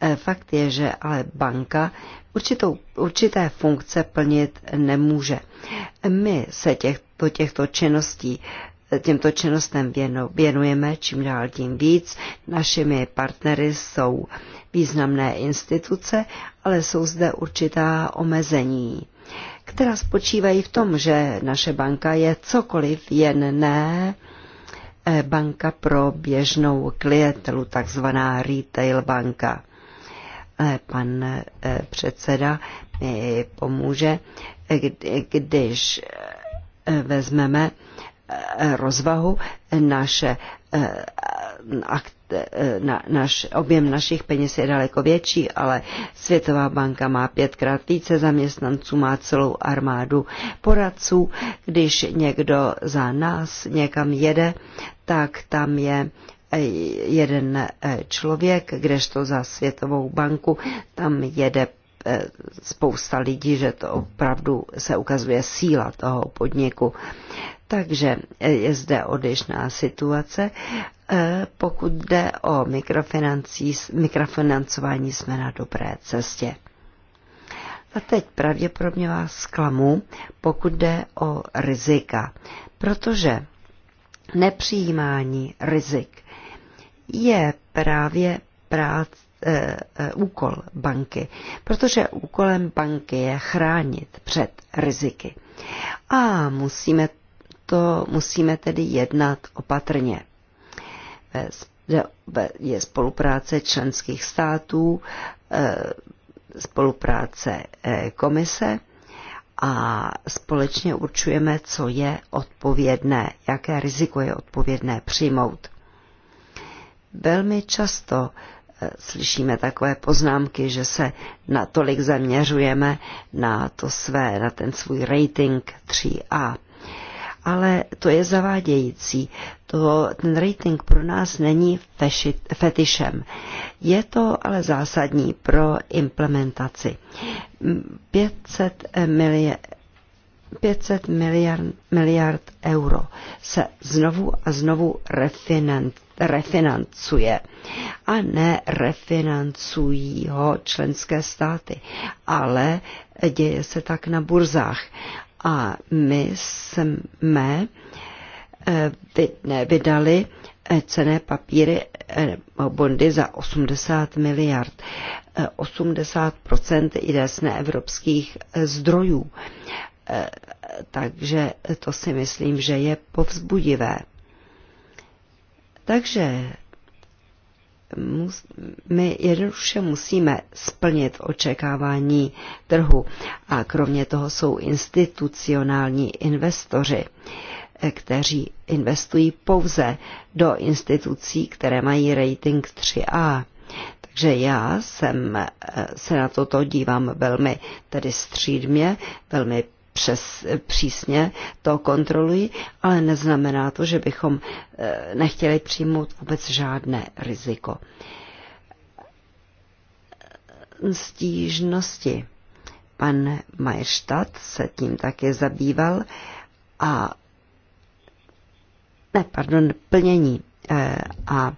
E, fakt je, že ale banka určitou, určité funkce plnit nemůže. My se těchto, těchto činností těmto činnostem věnujeme čím dál tím víc. Našimi partnery jsou významné instituce, ale jsou zde určitá omezení která spočívají v tom, že naše banka je cokoliv jen ne eh, banka pro běžnou klientelu, takzvaná retail banka. Eh, pan eh, předseda mi pomůže, když vezmeme rozvahu naše Eh, eh, na, naš, objem našich peněz je daleko větší, ale Světová banka má pětkrát více zaměstnanců, má celou armádu poradců. Když někdo za nás někam jede, tak tam je eh, jeden člověk, kdežto za Světovou banku tam jede spousta lidí, že to opravdu se ukazuje síla toho podniku. Takže je zde odlišná situace. E, pokud jde o mikrofinancování, jsme na dobré cestě. A teď pravděpodobně vás zklamu, pokud jde o rizika, protože nepřijímání rizik je právě prác, e, e, úkol banky, protože úkolem banky je chránit před riziky. A musíme proto musíme tedy jednat opatrně. Je spolupráce členských států, e, spolupráce e, komise a společně určujeme, co je odpovědné, jaké riziko je odpovědné přijmout. Velmi často e, slyšíme takové poznámky, že se natolik zaměřujeme na, to své, na ten svůj rating 3A ale to je zavádějící. To, ten rating pro nás není fešit, fetišem. Je to ale zásadní pro implementaci. 500 miliard 500 miliard, miliard euro se znovu a znovu refinancuje a ne refinancují ho členské státy, ale eh, děje se tak na burzách a my jsme eh, vydali eh, cené papíry eh, bondy za 80 miliard. 80 jde z neevropských zdrojů. Takže to si myslím, že je povzbudivé. Takže my jednoduše musíme splnit očekávání trhu. A kromě toho jsou institucionální investoři, eh, kteří investují pouze do institucí, které mají rating 3A. Takže já jsem eh, se na toto dívám velmi tedy střídmě, velmi přes přísně to kontrolují, ale neznamená to, že bychom eh, nechtěli přijmout vůbec žádné riziko. Stížnosti. Pan Majštad se tím také zabýval a ne, pardon, plnění eh, a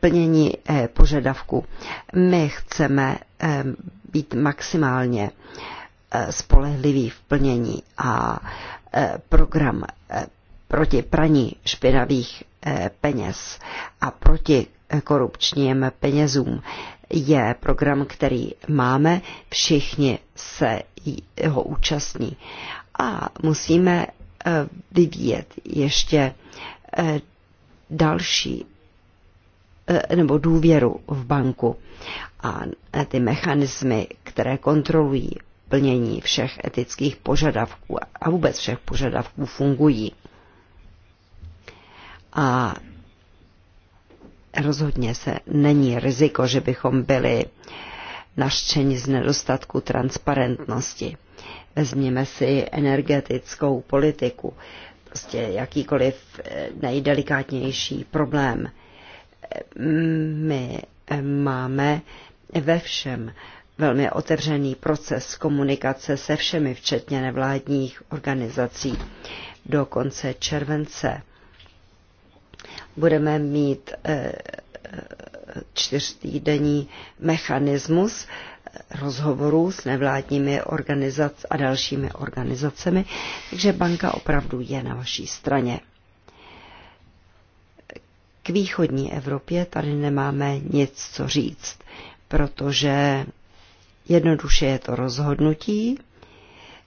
plnění eh, požadavku. My chceme být maximálně Eh, spolehlivý v plnění a eh, program eh, proti praní špinavých peněz a proti korupčním penězům je program, který máme, všichni se ho účastní. A musíme vyvíjet ještě další nebo důvěru v banku a ty mechanismy, které kontrolují plnění všech etických požadavků a vůbec všech požadavků fungují. A rozhodně se není riziko, že bychom byli naštěni z nedostatku transparentnosti. Vezměme si energetickou politiku, prostě jakýkoliv eh, nejdelikátnější problém. Eh, my eh, máme ve všem velmi otevřený proces komunikace se všemi, včetně nevládních organizací. Do konce července budeme mít eh, čtyřtýdenní mechanismus eh, rozhovorů s nevládními organizac a dalšími organizacemi, takže banka opravdu je na vaší straně. K východní Evropě tady nemáme nic co říct, protože Jednoduše je to rozhodnutí,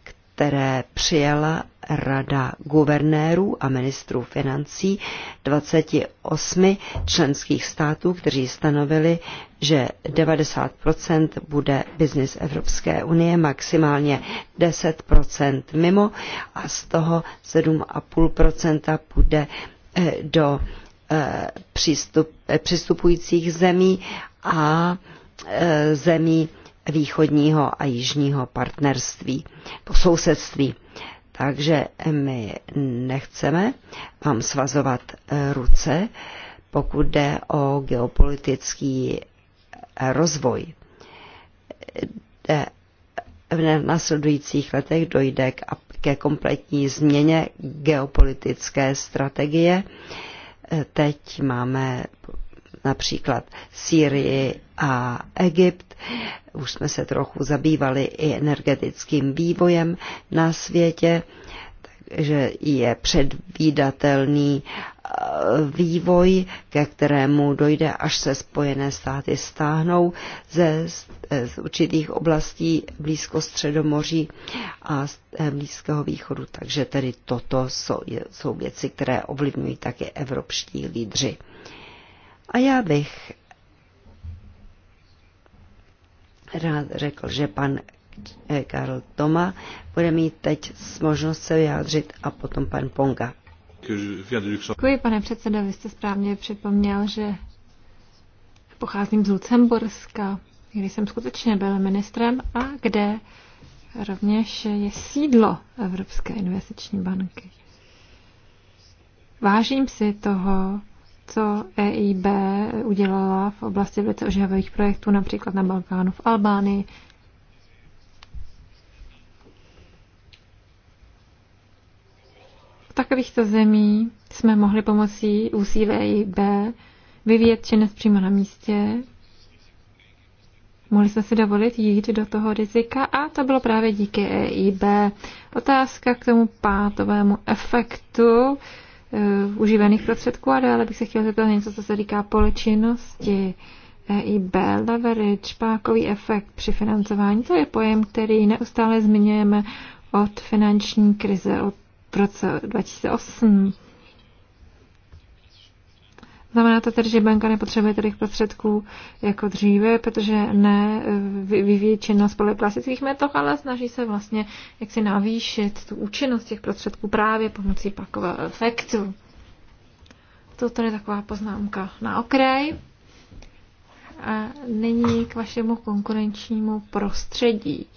které přijala Rada guvernérů a ministrů financí 28 členských států, kteří stanovili, že 90 bude biznis Evropské unie, maximálně 10 mimo a z toho 7,5 bude eh, do eh, eh, přistupujících zemí a zemí východního a jižního partnerství, sousedství. Takže my nechceme vám svazovat eh, ruce, pokud jde o geopolitický eh, rozvoj. Eh, v následujících letech dojde k, ke kompletní změně geopolitické strategie. Teď máme například Sýrii a Egypt. Už jsme se trochu zabývali i energetickým vývojem na světě, takže je předvídatelný eh, vývoj, ke kterému dojde, až se Spojené státy stáhnou ze, eh, z určitých oblastí blízko Středomoří a eh, Blízkého východu. Takže tedy toto jsou, jsou věci, které ovlivňují také evropští lídři. A já bych rád řekl, že pan eh, Karl Toma bude mít teď možnost se vyjádřit a potom pan Ponga. Děkuji, pane předsedo, vy jste správně připomněl, že pocházím z Lucemburska, kdy jsem skutečně byl ministrem a kde rovněž je sídlo Evropské investiční banky. Vážím si toho, co EIB udělala v oblasti velice ožehavých projektů, například na Balkánu v Albánii. V takovýchto zemí jsme mohli pomocí úsilí EIB vyvíjet činnost přímo na místě. Mohli jsme si dovolit jít do toho rizika a to bylo právě díky EIB. Otázka k tomu pátovému efektu uh, užívaných prostředků a dále bych se chtěla zeptat něco, co se říká polečinnosti. EIB, leverage, pákový efekt při financování, to je pojem, který neustále zmiňujeme od finanční krize od roce 2008. Znamená to tedy, že banka nepotřebuje tolik prostředků jako dříve, protože ne vyvíjí činnost podle klasických metod, ale snaží se vlastně jak si navýšit tu účinnost těch prostředků právě pomocí pakového efektu. To tady je taková poznámka na okraj. A nyní k vašemu konkurenčnímu prostředí.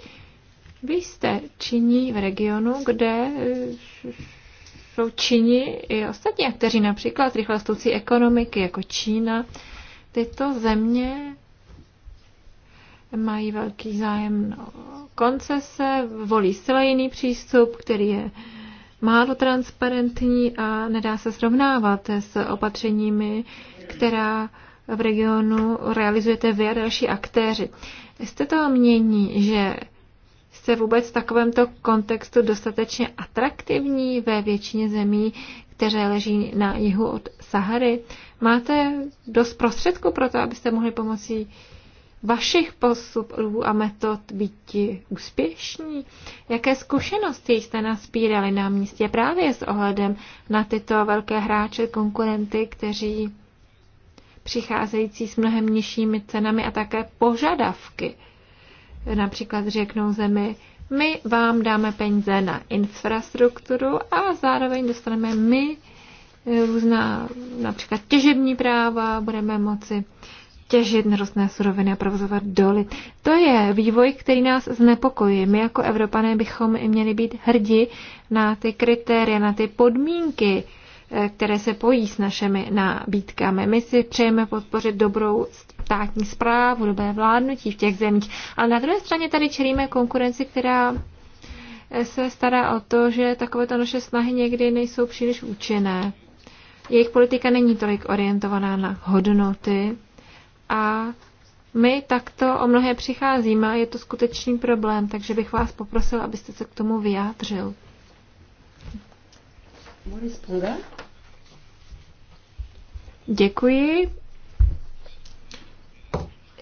Vy jste činí v regionu, kde eh, jsou Číni i ostatní akteři, například rychle stoucí ekonomiky jako Čína. Tyto země mají velký zájem na koncese, volí zcela jiný přístup, který je málo transparentní a nedá se srovnávat s opatřeními, která v regionu realizujete vy a další aktéři. Jste toho mění, že jste vůbec v takovémto kontextu dostatečně atraktivní ve většině zemí, které leží na jihu od Sahary? Máte dost prostředků pro to, abyste mohli pomocí vašich postupů a metod být úspěšní? Jaké zkušenosti jste naspírali na místě právě s ohledem na tyto velké hráče, konkurenty, kteří přicházející s mnohem nižšími cenami a také požadavky? například řeknou zemi, my vám dáme peníze na infrastrukturu a zároveň dostaneme my eh, různá například těžební práva, budeme moci těžit nerostné suroviny a provozovat doly. To je vývoj, který nás znepokojí. My jako Evropané bychom měli být hrdi na ty kritéria, na ty podmínky, eh, které se pojí s našimi nabídkami. My si přejeme podpořit dobrou státní zprávu, dobré vládnutí v těch zemích. Ale na druhé straně tady čelíme konkurenci, která eh, se stará o to, že takovéto naše snahy někdy nejsou příliš účinné. Jejich politika není tolik orientovaná na hodnoty a my takto o mnohé přicházíme a je to skutečný problém, takže bych vás poprosil, abyste se k tomu vyjádřil. Děkuji.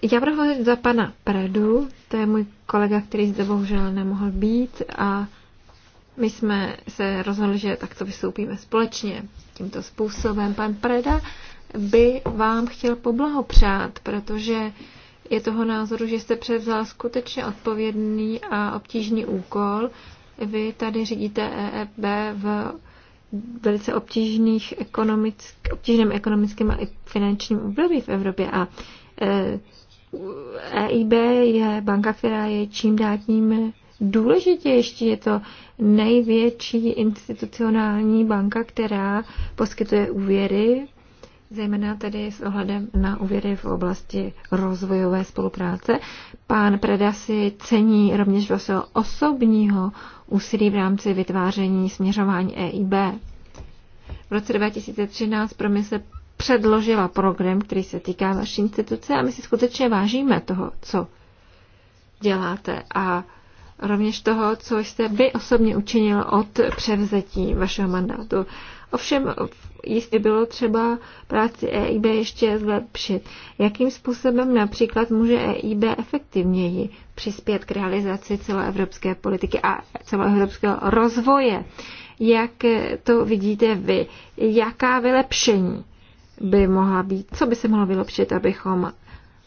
Já budu hovořit za pana Predu, to je můj kolega, který zde bohužel nemohl být a my jsme se rozhodli, že takto vystoupíme společně. Tímto způsobem pan Preda by vám chtěl poblahopřát, protože je toho názoru, že jste převzal skutečně odpovědný a obtížný úkol. Vy tady řídíte EEB v velice obtížných ekonomick, obtížném ekonomickém a finančním období v Evropě a e, EIB je banka, která je čím dál tím důležitější. Je to největší institucionální banka, která poskytuje úvěry, zejména tedy s ohledem na úvěry v oblasti rozvojové spolupráce. Pán Preda si cení rovněž vašeho osobního úsilí v rámci vytváření směřování EIB. V roce 2013 promise předložila program, který se týká vaší instituce a my si skutečně vážíme toho, co děláte a rovněž toho, co jste vy osobně učinil od převzetí vašeho mandátu. Ovšem, jistě bylo třeba práci EIB ještě zlepšit, jakým způsobem například může EIB efektivněji přispět k realizaci celoevropské politiky a celoevropského rozvoje? Jak to vidíte vy? Jaká vylepšení by mohla být, co by se mohlo vylepšit, abychom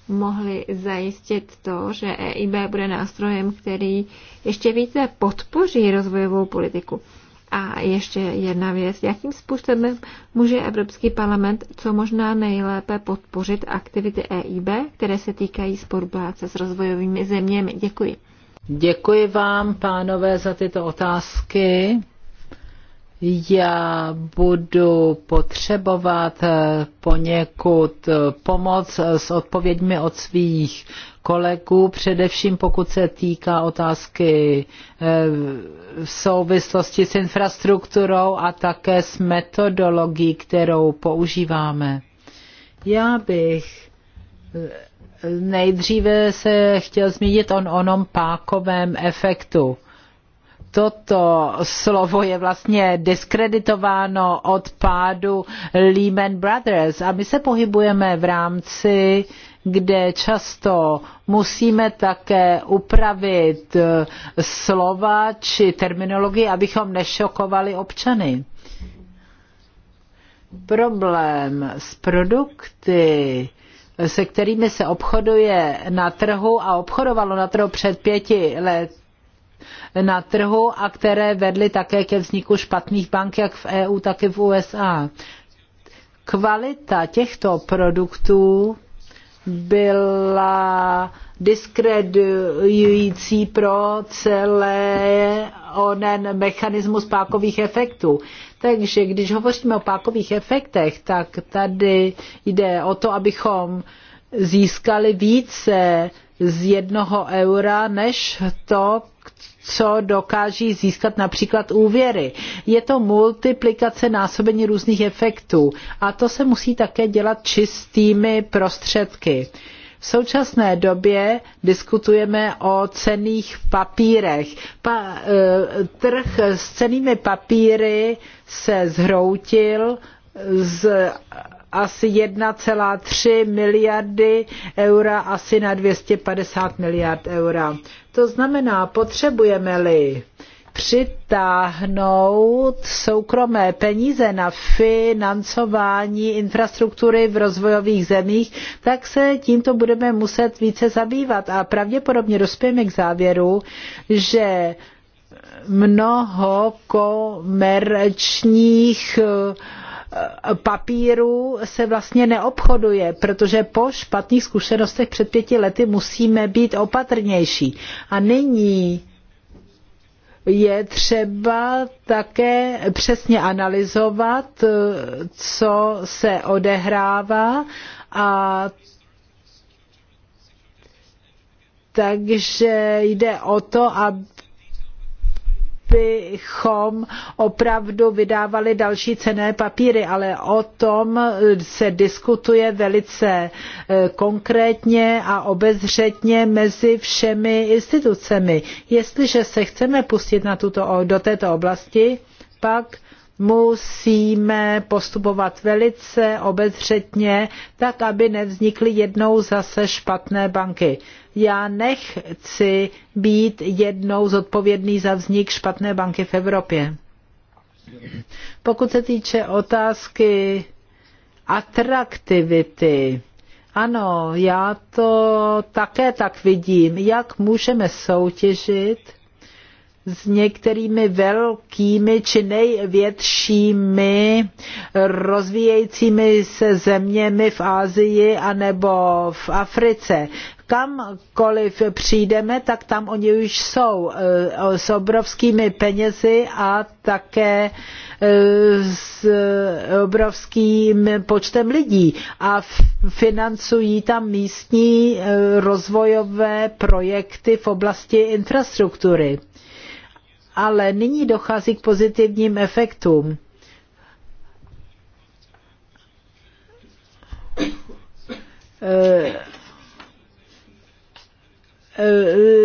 mohli zajistit to, že EIB bude nástrojem, který ještě více podpoří rozvojovou politiku. A ještě jedna věc, jakým způsobem může Evropský parlament co možná nejlépe podpořit aktivity EIB, které se týkají spolupráce s rozvojovými zeměmi. Děkuji. Děkuji vám, pánové, za tyto otázky já budu potřebovat eh, poněkud eh, pomoc eh, s odpověďmi od svých kolegů, především pokud se týká otázky v souvislosti s infrastrukturou a také s metodologií, kterou používáme. Já bych nejdříve se chtěl zmínit o onom pákovém efektu toto slovo je vlastně diskreditováno od pádu Lehman Brothers a my se pohybujeme v rámci kde často musíme také upravit eh, slova či terminologii, abychom nešokovali občany. Problém s produkty, se kterými se obchoduje na trhu a obchodovalo na trhu před pěti lety, na trhu a které vedly také ke vzniku špatných bank jak v EU, tak i v USA. Kvalita těchto produktů byla diskredující pro celé onen mechanismus pákových efektů. Takže když hovoříme o pákových efektech, tak tady jde o to, abychom získali více z jednoho eura, než to co dokáží získat například úvěry. Je to multiplikace násobení různých efektů a to se musí také dělat čistými prostředky. V současné době diskutujeme o cených papírech. Pa, e, trh s cenými papíry se zhroutil, z, asi 1,3 miliardy eura asi na 250 miliard eura. To znamená, potřebujeme-li přitáhnout soukromé peníze na financování infrastruktury v rozvojových zemích, tak se tímto budeme muset více zabývat. A pravděpodobně dospějeme k závěru, že mnoho komerčních uh, papíru se vlastně neobchoduje, protože po špatných zkušenostech před pěti lety musíme být opatrnější. A nyní je třeba také přesně analyzovat, co se odehrává a takže jde o to, aby abychom opravdu vydávali další cenné papíry, ale o tom se diskutuje velice e, konkrétně a obezřetně mezi všemi institucemi. Jestliže se chceme pustit na tuto, do této oblasti, pak musíme postupovat velice obezřetně, tak aby nevznikly jednou zase špatné banky. Já nechci být jednou zodpovědný za vznik špatné banky v Evropě. Pokud se týče otázky atraktivity, ano, já to také tak vidím. Jak můžeme soutěžit? s některými velkými či největšími rozvíjejícími se zeměmi v Asii anebo v Africe. Kamkoliv přijdeme, tak tam oni už jsou eh, s obrovskými penězi a také eh, s obrovským počtem lidí a financují tam místní eh, rozvojové projekty v oblasti infrastruktury ale nyní dochází k pozitivním efektům.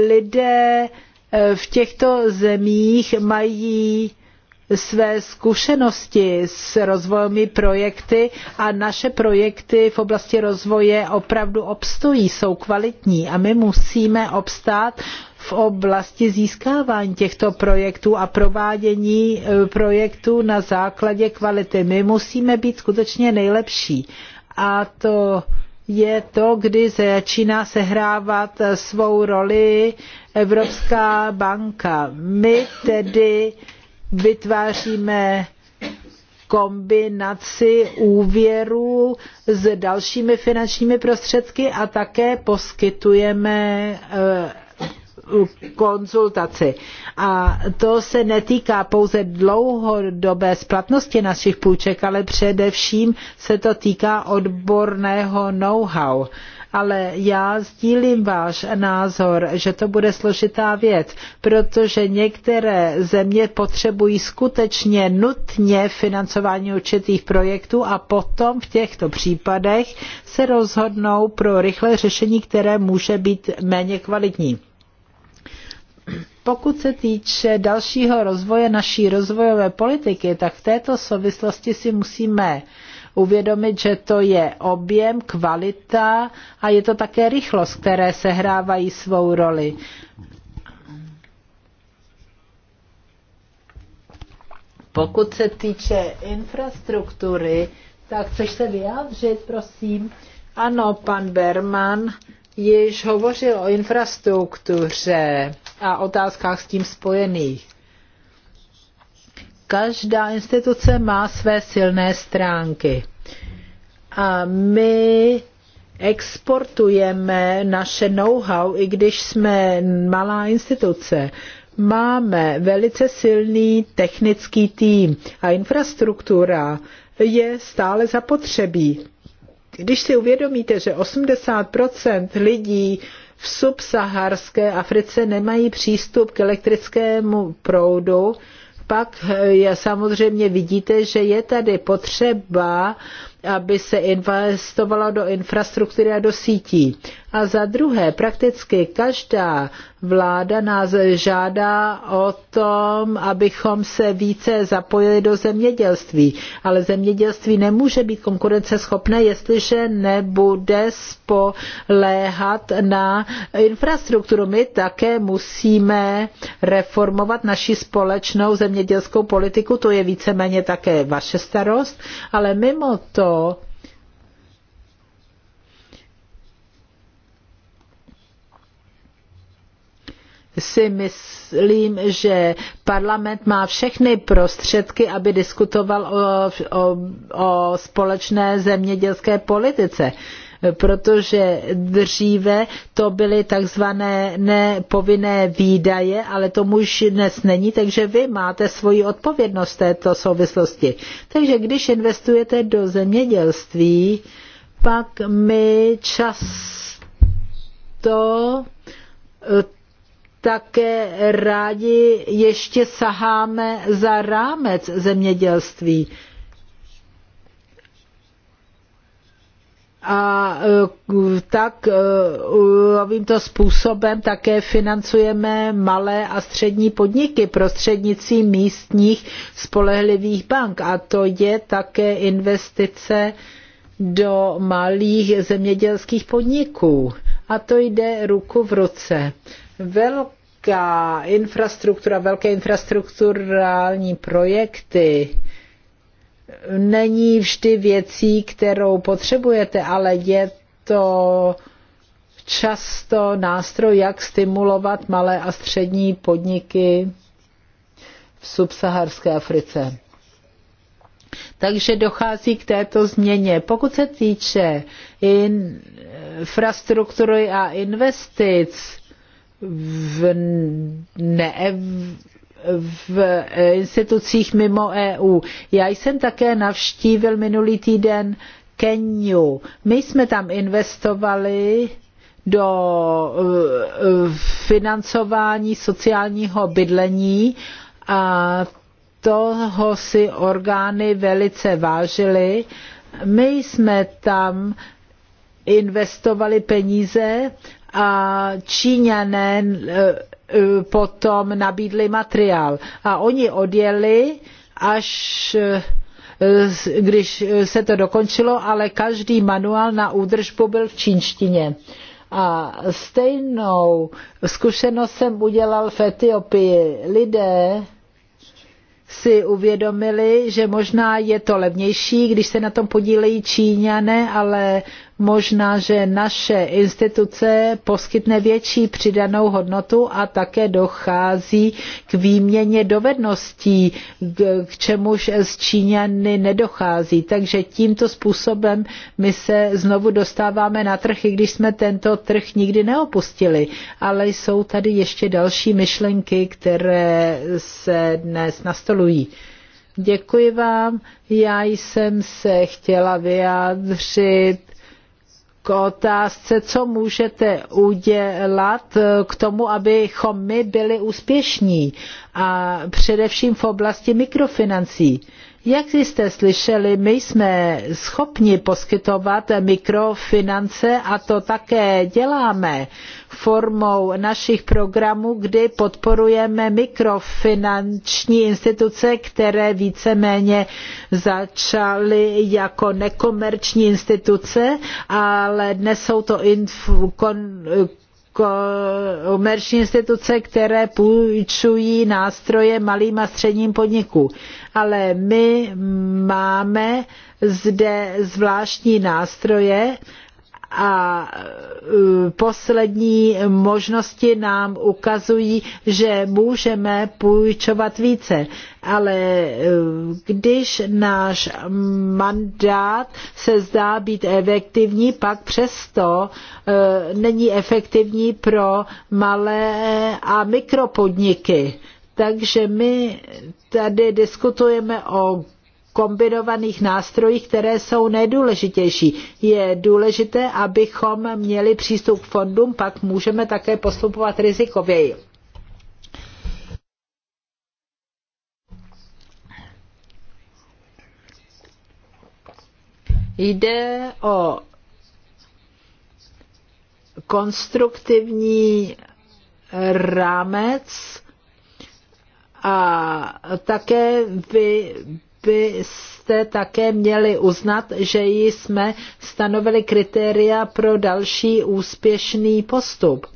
Lidé v těchto zemích mají své zkušenosti s rozvojovými projekty a naše projekty v oblasti rozvoje opravdu obstojí, jsou kvalitní a my musíme obstát v oblasti získávání těchto projektů a provádění e, projektů na základě kvality. My musíme být skutečně nejlepší. A to je to, kdy začíná sehrávat svou roli Evropská banka. My tedy vytváříme kombinaci úvěrů s dalšími finančními prostředky a také poskytujeme e, konzultaci. A to se netýká pouze dlouhodobé splatnosti našich půjček, ale především se to týká odborného know-how ale já sdílím váš názor, že to bude složitá věc, protože některé země potřebují skutečně nutně financování určitých projektů a potom v těchto případech se rozhodnou pro rychlé řešení, které může být méně kvalitní. Pokud se týče dalšího rozvoje naší rozvojové politiky, tak v této souvislosti si musíme uvědomit, že to je objem, kvalita a je to také rychlost, které sehrávají svou roli. Pokud se týče infrastruktury, tak chceš se vyjádřit, prosím? Ano, pan Berman již hovořil o infrastruktuře a otázkách s tím spojených. Každá instituce má své silné stránky. A my exportujeme naše know-how, i když jsme malá instituce. Máme velice silný technický tým a infrastruktura je stále zapotřebí. Když si uvědomíte, že 80 lidí v subsaharské Africe nemají přístup k elektrickému proudu, pak eh, je, samozřejmě vidíte, že je tady potřeba aby se investovalo do infrastruktury a do sítí. A za druhé, prakticky každá vláda nás žádá o tom, abychom se více zapojili do zemědělství. Ale zemědělství nemůže být konkurenceschopné, jestliže nebude spoléhat na infrastrukturu. My také musíme reformovat naši společnou zemědělskou politiku, to je víceméně také vaše starost, ale mimo to to, si myslím, že parlament má všechny prostředky, aby diskutoval o, o, o společné zemědělské politice. Uh, protože dříve to byly takzvané nepovinné výdaje, ale to už dnes není, takže vy máte svoji odpovědnost této souvislosti. Takže když investujete do zemědělství, pak my často eh, také rádi ještě saháme za rámec zemědělství. a eh, tak eh, to způsobem také financujeme malé a střední podniky prostřednictvím místních spolehlivých bank a to je také investice do malých zemědělských podniků. A to jde ruku v ruce. Velká infrastruktura, velké infrastrukturální projekty, není vždy věcí, kterou potřebujete, ale je to často nástroj, jak stimulovat malé a střední podniky v subsaharské Africe. Takže dochází k této změně. Pokud se týče infrastruktury a investic v, neev, v institucích mimo EU. Já jsem také navštívil minulý týden Keniu. My jsme tam investovali do eh, financování sociálního bydlení a toho si orgány velice vážily. My jsme tam investovali peníze a Číňané eh, Eh, potom nabídli materiál. A oni odjeli až eh, když se to dokončilo, ale každý manuál na údržbu byl v čínštině. A stejnou zkušenost jsem udělal v Etiopii. Lidé si uvědomili, že možná je to levnější, když se na tom podílejí Číňané, ale Možná, že naše instituce poskytne větší přidanou hodnotu a také dochází k výměně dovedností, k čemuž z Číňany nedochází. Takže tímto způsobem my se znovu dostáváme na trh, i když jsme tento trh nikdy neopustili. Ale jsou tady ještě další myšlenky, které se dnes nastolují. Děkuji vám. Já jsem se chtěla vyjádřit otázce, co můžete udělat eh, k tomu, abychom my byli úspěšní a především v oblasti mikrofinancí. Jak jste slyšeli, my jsme schopni poskytovat mikrofinance a to také děláme. Uh, formou našich programů, kdy podporujeme mikrofinanční instituce, které víceméně začaly jako nekomerční instituce, ale dnes jsou to kon- komerční instituce, které půjčují nástroje malým a středním podnikům. Ale my máme zde zvláštní nástroje, a e, poslední možnosti nám ukazují, že můžeme půjčovat více. Ale e, když náš mandát se zdá být efektivní, pak přesto e, není efektivní pro malé a mikropodniky. Takže my tady diskutujeme o kombinovaných nástrojích, které jsou nejdůležitější. Je důležité, abychom měli přístup k fondům, pak můžeme také postupovat rizikověji. Jde o konstruktivní rámec a také vy byste také měli uznat, že jsme stanovili kritéria pro další úspěšný postup.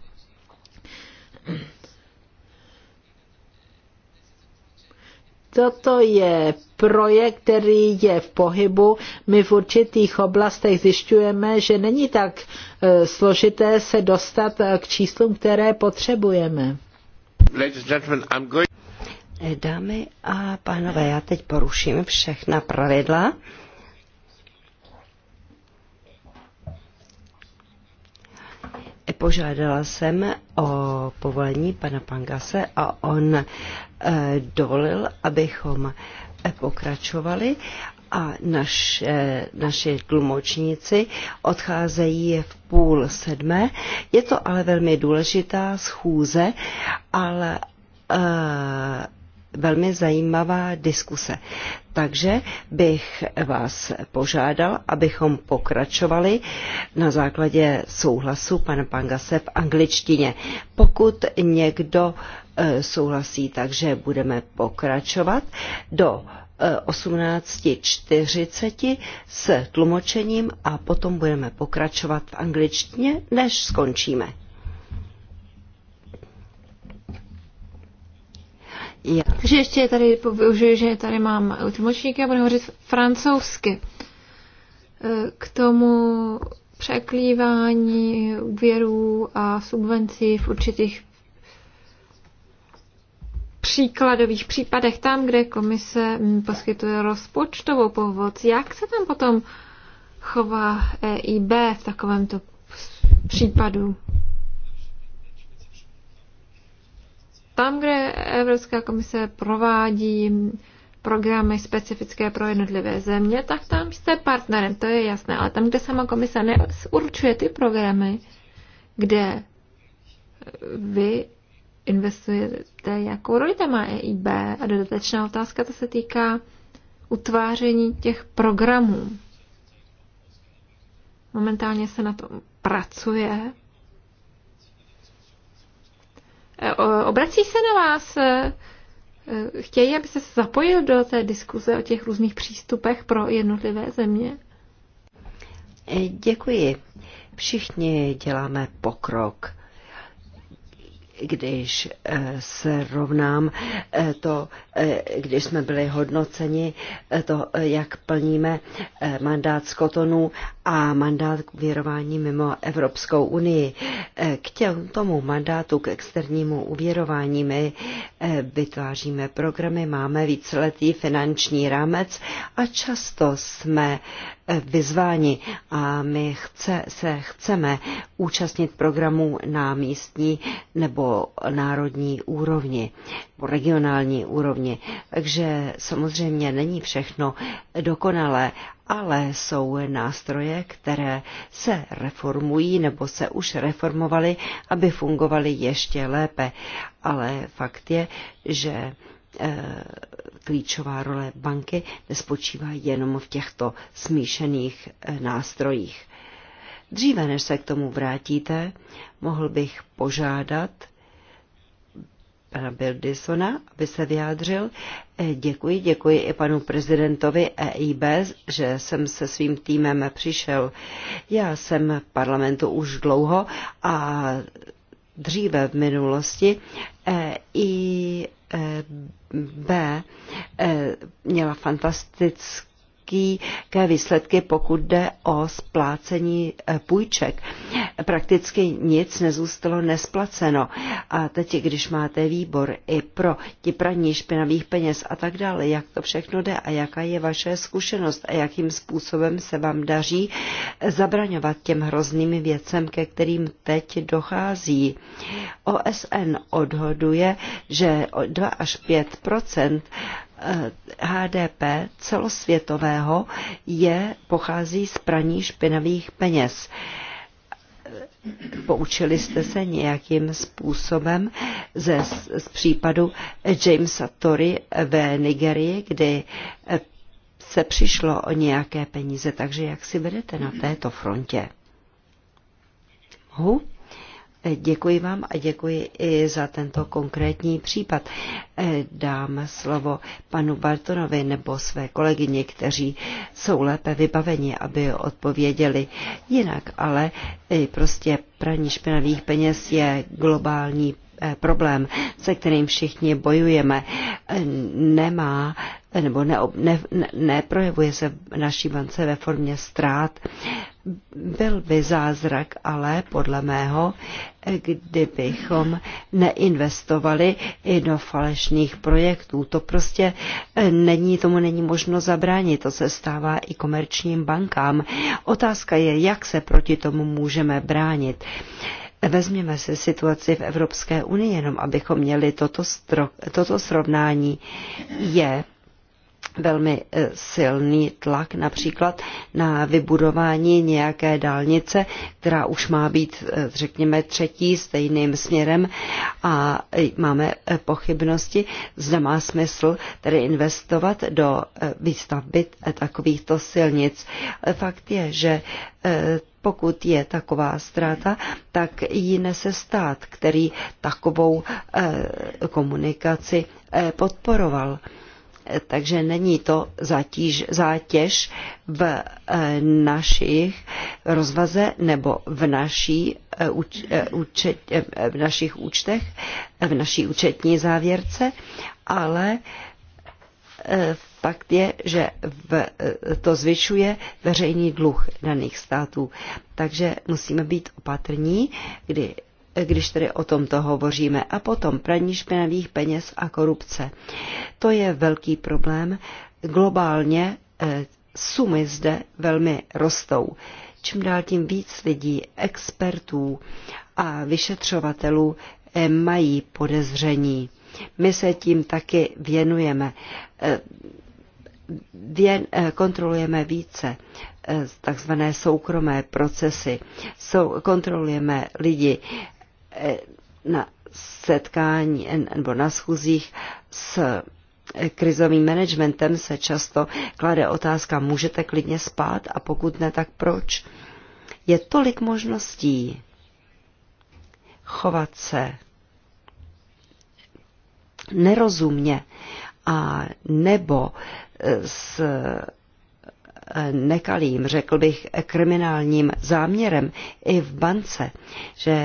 Toto je projekt, který je v pohybu. My v určitých oblastech zjišťujeme, že není tak e, složité se dostat k číslům, které potřebujeme. Dámy a pánové, já teď poruším všechna pravidla. Požádala jsem o povolení pana Pangase a on eh, dovolil, abychom eh, pokračovali a naš, naši tlumočníci odcházejí v půl sedmé. Je to ale velmi důležitá schůze, ale eh, velmi zajímavá diskuse. Takže bych vás požádal, abychom pokračovali na základě souhlasu pana Pangase v angličtině. Pokud někdo e, souhlasí, takže budeme pokračovat do 18.40 e, s tlumočením a potom budeme pokračovat v angličtině, než skončíme. Já. Takže ještě je tady, využiju, že tady mám tlumočníky a budu hovořit francouzsky. E, k tomu překlívání úvěrů a subvencí v určitých příkladových případech tam, kde komise poskytuje rozpočtovou pomoc. Jak se tam potom chová EIB v takovémto případu? Tam, kde Evropská komise provádí programy specifické pro jednotlivé země, tak tam jste partnerem, to je jasné. Ale tam, kde sama komise neurčuje ty programy, kde vy investujete, jakou roli tam má EIB. A dodatečná otázka, to se týká utváření těch programů. Momentálně se na tom pracuje Eh, obrací se na vás, eh, eh, chtějí, aby se zapojil do té diskuze o těch různých přístupech pro jednotlivé země? Děkuji. Všichni děláme pokrok když eh, se rovnám eh, to, eh, když jsme byli hodnoceni, to, jak plníme mandát skotonu a mandát k věrování mimo Evropskou unii. K tomu mandátu, k externímu uvěrování my vytváříme programy, máme víceletý finanční rámec a často jsme vyzváni a my chce, se chceme účastnit programů na místní nebo národní úrovni, regionální úrovni. Takže samozřejmě není všechno dokonalé, ale jsou nástroje, které se reformují nebo se už reformovaly, aby fungovaly ještě lépe. Ale fakt je, že eh, klíčová role banky nespočívá jenom v těchto smíšených eh, nástrojích. Dříve, než se k tomu vrátíte, mohl bych požádat pana Bildisona, aby se vyjádřil. Eh, děkuji, děkuji i panu prezidentovi EIB, že jsem se svým týmem přišel. Já jsem v parlamentu už dlouho a dříve v minulosti e, i e, B e, měla fantastické jaké výsledky, pokud jde o splácení eh, půjček. Prakticky nic nezůstalo nesplaceno. A teď, když máte výbor i pro ti praní špinavých peněz a tak dále, jak to všechno jde a jaká je vaše zkušenost a jakým způsobem se vám daří eh, zabraňovat těm hrozným věcem, ke kterým teď dochází. OSN odhoduje, že 2 až 5 HDP eh, celosvětového je, pochází z praní špinavých peněz. Eh, poučili jste se nějakým způsobem ze, z případu Jamesa Tory ve Nigerii, kdy eh, se přišlo o nějaké peníze, takže jak si vedete na této frontě? Hup? Děkuji vám a děkuji i za tento konkrétní případ. Eh, dám slovo panu Bartonovi nebo své kolegyně, kteří jsou lépe vybaveni, aby odpověděli. Jinak ale eh, prostě praní špinavých peněz je globální eh, problém, se kterým všichni bojujeme, nemá nebo ne, ne, neprojevuje se v naší bance ve formě ztrát byl by zázrak, ale podle mého, kdybychom neinvestovali i do falešných projektů. To prostě eh, není, tomu není možno zabránit, to se stává i komerčním bankám. Otázka je, jak se proti tomu můžeme bránit. Vezměme si situaci v Evropské unii, jenom abychom měli toto, stro, toto srovnání. Je velmi e, silný tlak například na vybudování nějaké dálnice, která už má být, e, řekněme, třetí stejným směrem a máme e, pochybnosti, zda má smysl tedy investovat do výstavby takovýchto silnic. Fakt je, že pokud je taková ztráta, tak ji nese stát, který takovou komunikaci podporoval takže není to zatíž, zátěž v eh, našich rozvaze nebo v, naší, eh, eh, účet, v našich účtech, v naší účetní závěrce, ale fakt je, že v, to zvyšuje veřejný dluh daných států. Takže musíme být opatrní, kdy když tedy o tomto hovoříme. A potom praní špinavých peněz a korupce. To je velký problém. Globálně eh, sumy zde velmi rostou. Čím dál tím víc lidí, expertů a vyšetřovatelů eh, mají podezření. My se tím taky věnujeme. Eh, Věn, kontrolujeme více takzvané soukromé procesy. kontrolujeme lidi Eh, na setkání nebo na schůzích s eh, krizovým managementem se často klade otázka, můžete klidně spát a pokud ne, tak proč? Je tolik možností chovat se nerozumně a nebo eh, s nekalým, řekl bych, kriminálním záměrem i v bance, že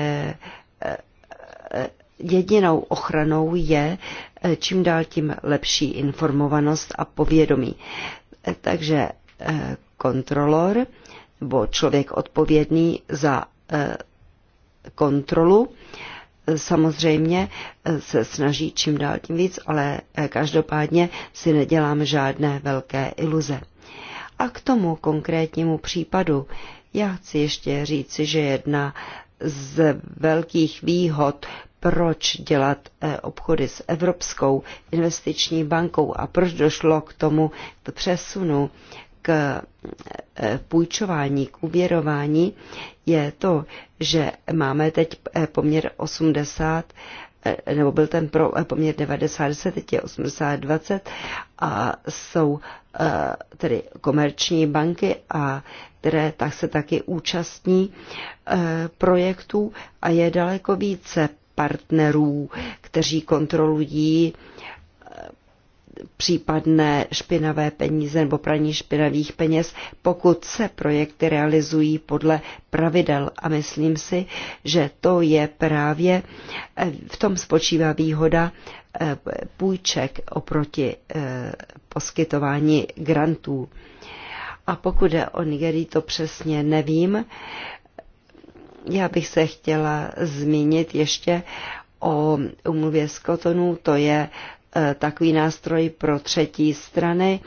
jedinou ochranou je eh, čím dál tím lepší informovanost a povědomí. Eh, takže eh, kontrolor nebo člověk odpovědný za kontrolu samozřejmě se snaží čím dál tím víc, ale každopádně si nedělám žádné velké iluze. A k tomu konkrétnímu případu já chci ještě říci, že jedna z velkých výhod, proč dělat eh, obchody s Evropskou investiční bankou a proč došlo k tomu k přesunu k eh, půjčování, k uvěrování, je to, že máme teď eh, poměr 80 nebo byl ten pro, poměr 90, teď je 80-20 a jsou tedy komerční banky a které tak se taky účastní eh, projektů a je daleko více partnerů, kteří kontrolují eh, případné špinavé peníze nebo praní špinavých peněz, pokud se projekty realizují podle pravidel. A myslím si, že to je právě, eh, v tom spočívá výhoda půjček oproti poskytování grantů. A pokud je o Nigerii, to přesně nevím. Já bych se chtěla zmínit ještě o umluvě z Kotonu. To je e, takový nástroj pro třetí strany,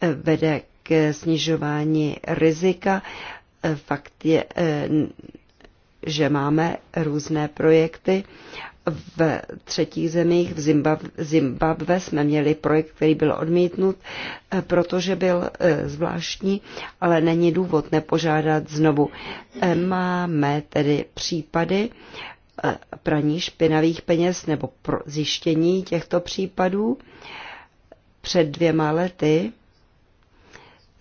e, vede k snižování rizika. E, fakt je, že máme různé projekty v třetích zemích, v Zimbabwe, Zimbabwe jsme měli projekt, který byl odmítnut, eh, protože byl eh, zvláštní, ale není důvod nepožádat znovu. Eh, máme tedy případy praní špinavých peněz nebo zjištění těchto případů. Před dvěma lety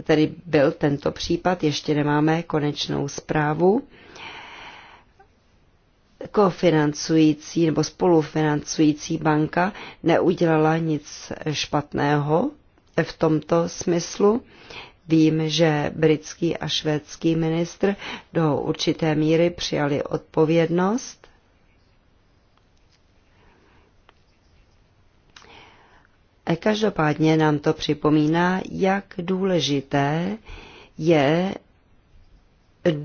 tedy byl tento případ, ještě nemáme konečnou zprávu kofinancující nebo spolufinancující banka neudělala nic špatného v tomto smyslu. Vím, že britský a švédský ministr do určité míry přijali odpovědnost. Každopádně nám to připomíná, jak důležité je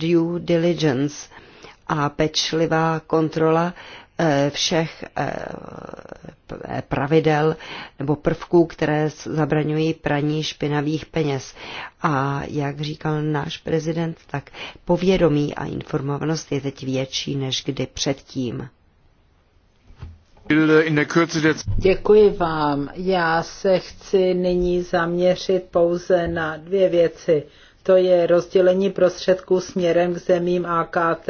due diligence – a pečlivá kontrola eh, všech eh, pravidel nebo prvků, které zabraňují praní špinavých peněz. A jak říkal náš prezident, tak povědomí a informovanost je teď větší než kdy předtím. Děkuji vám. Já se chci nyní zaměřit pouze na dvě věci to je rozdělení prostředků směrem k zemím AKT.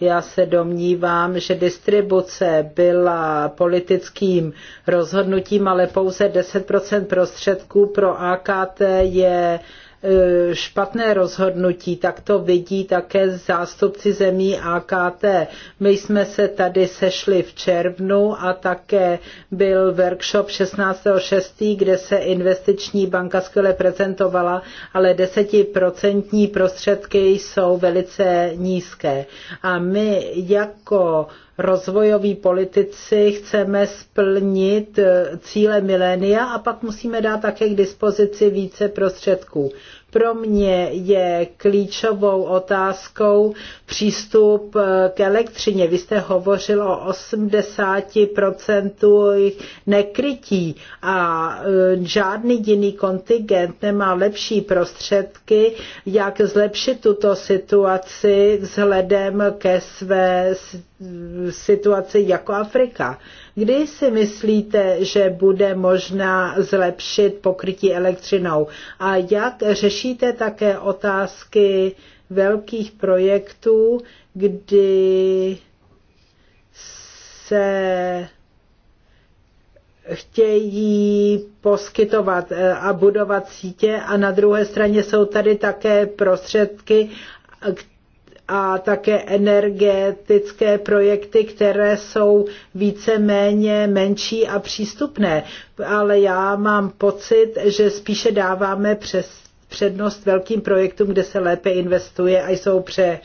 Já se domnívám, že distribuce byla politickým rozhodnutím, ale pouze 10% prostředků pro AKT je E, špatné rozhodnutí, tak to vidí také zástupci zemí AKT. My jsme se tady sešli v červnu a také byl workshop 16.6., kde se investiční banka skvěle prezentovala, ale desetiprocentní prostředky jsou velice nízké. A my jako rozvojoví politici chceme splnit eh, cíle milénia a pak musíme dát také k dispozici více prostředků. Pro mě je klíčovou otázkou přístup eh, k elektřině. Vy jste hovořil o 80% nekrytí a eh, žádný jiný kontingent nemá lepší prostředky, jak zlepšit tuto situaci vzhledem ke své situaci jako Afrika. Kdy si myslíte, že bude možná zlepšit pokrytí elektřinou? A jak řešíte také otázky velkých projektů, kdy se chtějí poskytovat eh, a budovat sítě a na druhé straně jsou tady také prostředky, a také energetické projekty, které jsou víceméně menší a přístupné. Ale já mám pocit, že spíše dáváme přes přednost velkým projektům, kde se lépe investuje a jsou pře,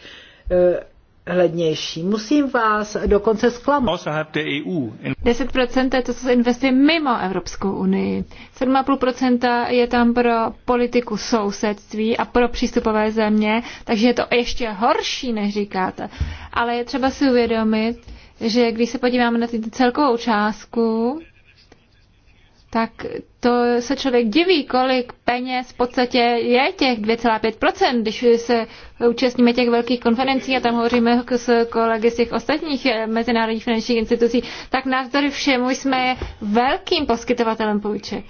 hlednější. Musím vás dokonce zklamat. 10% e je to, co se investuje mimo Evropskou unii. 7,5% je tam pro politiku sousedství a pro přístupové země, takže je to ještě horší, než říkáte. Ale je třeba si uvědomit, že když se podíváme na tu celkovou částku, tak to se člověk diví, kolik peněz v podstatě je těch 2,5%, když se účastníme těch velkých konferencí a tam hovoříme s kolegy z těch ostatních eh, mezinárodních finančních institucí, tak navzdory všemu jsme velkým poskytovatelem půjček.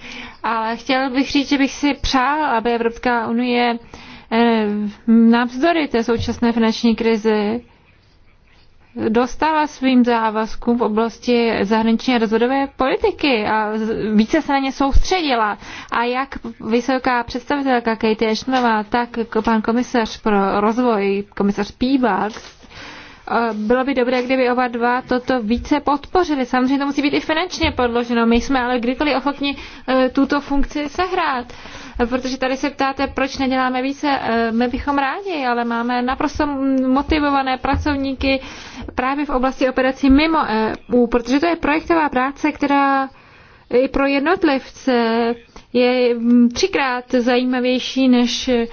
Ale chtěl bych říct, že bych si přál, aby Evropská unie eh, navzdory té současné finanční krizi dostala svým závazkům v oblasti zahraniční a rozvodové politiky a více se na ně soustředila. A jak vysoká představitelka Katie Ashtonová, tak pan komisař pro rozvoj, komisař Píbalks, eh, bylo by dobré, kdyby oba dva toto více podpořili. Samozřejmě to musí být i finančně podloženo. My jsme ale kdykoliv ochotni eh, tuto funkci sehrát protože tady se ptáte, proč neděláme více. Eh, my bychom rádi, ale máme naprosto motivované pracovníky právě v oblasti operací mimo EU, protože to je projektová práce, která i pro jednotlivce je mm, třikrát zajímavější než eh,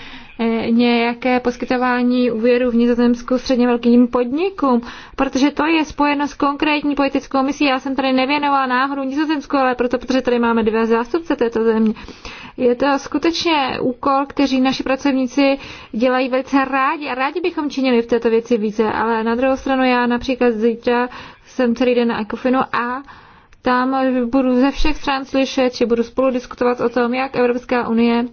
nějaké poskytování úvěru v Nizozemsku středně velkým podnikům, protože to je spojeno s konkrétní politickou misí. Já jsem tady nevěnovala náhodou Nizozemsku, ale proto, protože tady máme dva zástupce této země. Je to skutečně úkol, který naši pracovníci dělají velice rádi a rádi bychom činili v této věci více, ale na druhou stranu já například zítra jsem celý den na Ecofinu a tam budu ze všech stran slyšet, že budu spolu diskutovat o tom, jak Evropská unie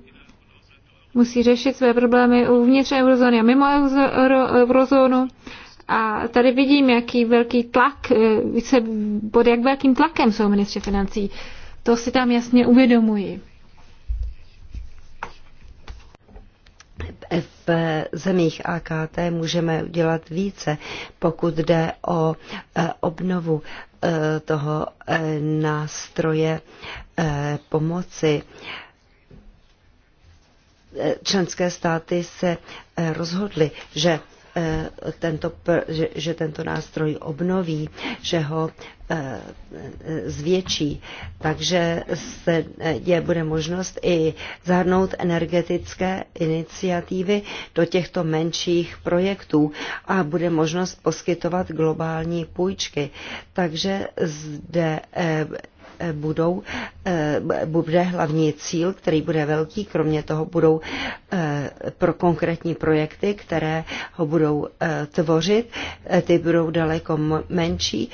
musí řešit své problémy uvnitř eurozóny a mimo eurozónu. A tady vidím, jaký velký tlak, eh, pod jak velkým tlakem jsou ministři financí. To si tam jasně uvědomuji. v zemích AKT můžeme udělat více, pokud jde o e, obnovu e, toho e, nástroje pomoci členské státy se rozhodly, že Eh, tento, že, že tento nástroj obnoví, že ho eh, eh, zvětší. Takže se, je bude možnost i zahrnout energetické iniciativy do těchto menších projektů a bude možnost poskytovat globální půjčky. Takže zde budou, eh, bude hlavní cíl, který bude velký, kromě toho budou eh, pro konkrétní projekty, které ho budou eh, tvořit, ty budou daleko menší,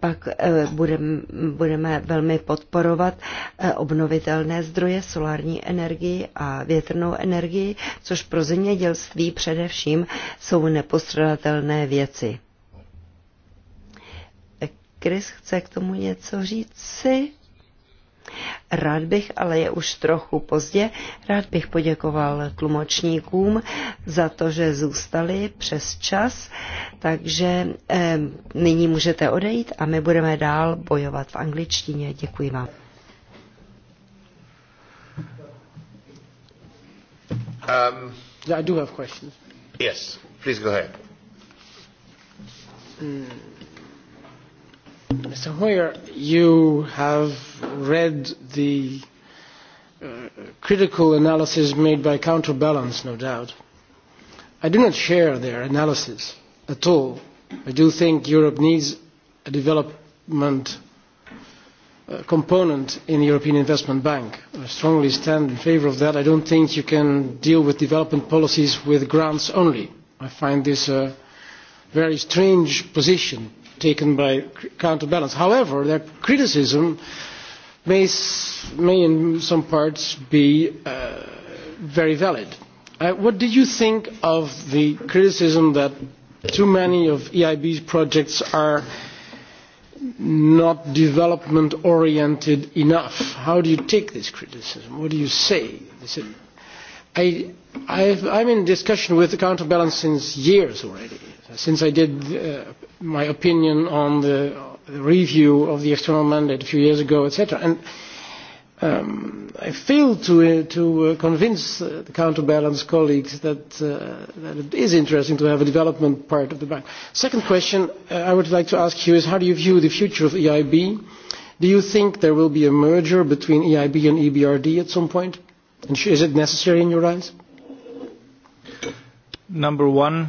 pak budeme, budeme velmi podporovat obnovitelné zdroje, solární energii a větrnou energii, což pro zemědělství především jsou nepostradatelné věci. Chris chce k tomu něco říci? Rád bych, ale je už trochu pozdě, rád bych poděkoval tlumočníkům za to, že zůstali přes čas, takže eh, nyní můžete odejít a my budeme dál bojovat v angličtině. Děkuji vám. Um, yeah, I do have questions. Yes, please go ahead. Mm. Mr. Hoyer, you have read the uh, critical analysis made by Counterbalance, no doubt. I do not share their analysis at all. I do think Europe needs a development uh, component in the European Investment Bank. I strongly stand in favour of that. I don't think you can deal with development policies with grants only. I find this a very strange position taken by counterbalance. However, their criticism may, may in some parts be uh, very valid. Uh, what did you think of the criticism that too many of EIB's projects are not development oriented enough? How do you take this criticism? What do you say? I, I've, I'm in discussion with the counterbalance since years already since I did uh, my opinion on the, review of the external mandate a few years ago, etc. And um, I failed to, uh, to uh, convince uh, the counterbalance colleagues that, uh, that it is interesting to have a development part of the bank. Second question uh, I would like to ask you is how do you view the future of EIB? Do you think there will be a merger between EIB and EBRD at some point? And is it necessary in your eyes? Number one,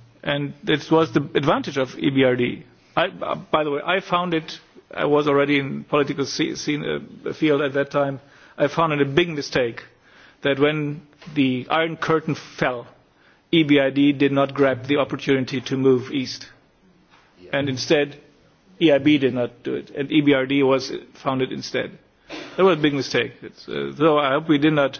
and this was the advantage of EBRD. I, uh, by the way, I found it. I was already in political scene, uh, field at that time. I found it a big mistake that when the Iron Curtain fell, EBRD did not grab the opportunity to move east, and instead, EIB did not do it, and EBRD was uh, founded instead. That was a big mistake. It's, uh, so I hope we did not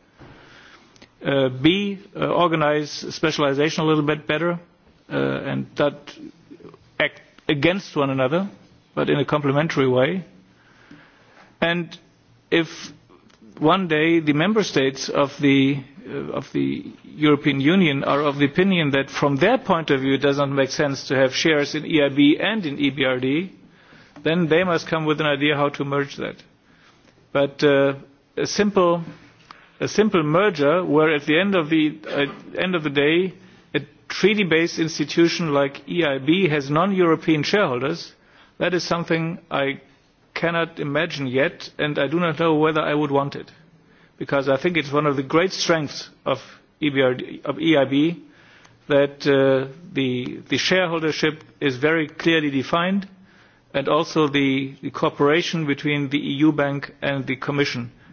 Uh, b uh, organise specialisation a little bit better uh, and not act against one another but in a complementary way and if one day the member states of the, uh, of the European Union are of the opinion that from their point of view it does not make sense to have shares in EIB and in EBRD then they must come with an idea how to merge that but uh, a simple a simple merger where at the end of the, uh, day a treaty based institution like the eib has non european shareholders that is something i cannot imagine yet and i do not know whether i would want it because i think it is one of the great strengths of, e e uh, the eib that the, shareholdership is very clearly defined and also the cooperation between the eu bank and the commission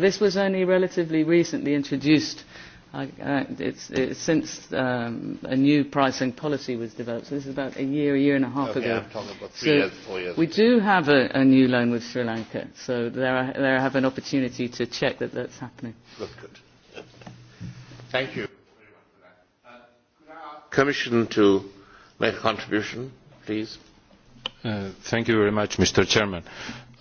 this was only relatively recently introduced uh, it's, it's since um, a new pricing policy was developed. So this is about a year, a year and a half okay, ago. I'm talking about three so years, four years. We do have a, a new loan with Sri Lanka, so there I there I have an opportunity to check that that's happening. That's good. Thank you. Commission to make a contribution, please. Uh, thank you very much, Mr. Chairman. Uh,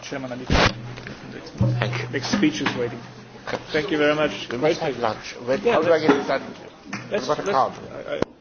the chairman. I need to next, Thank next speech is waiting. Thank you very much. We must have lunch. Where, yeah, how do I get that? Let's, what a card. I, I,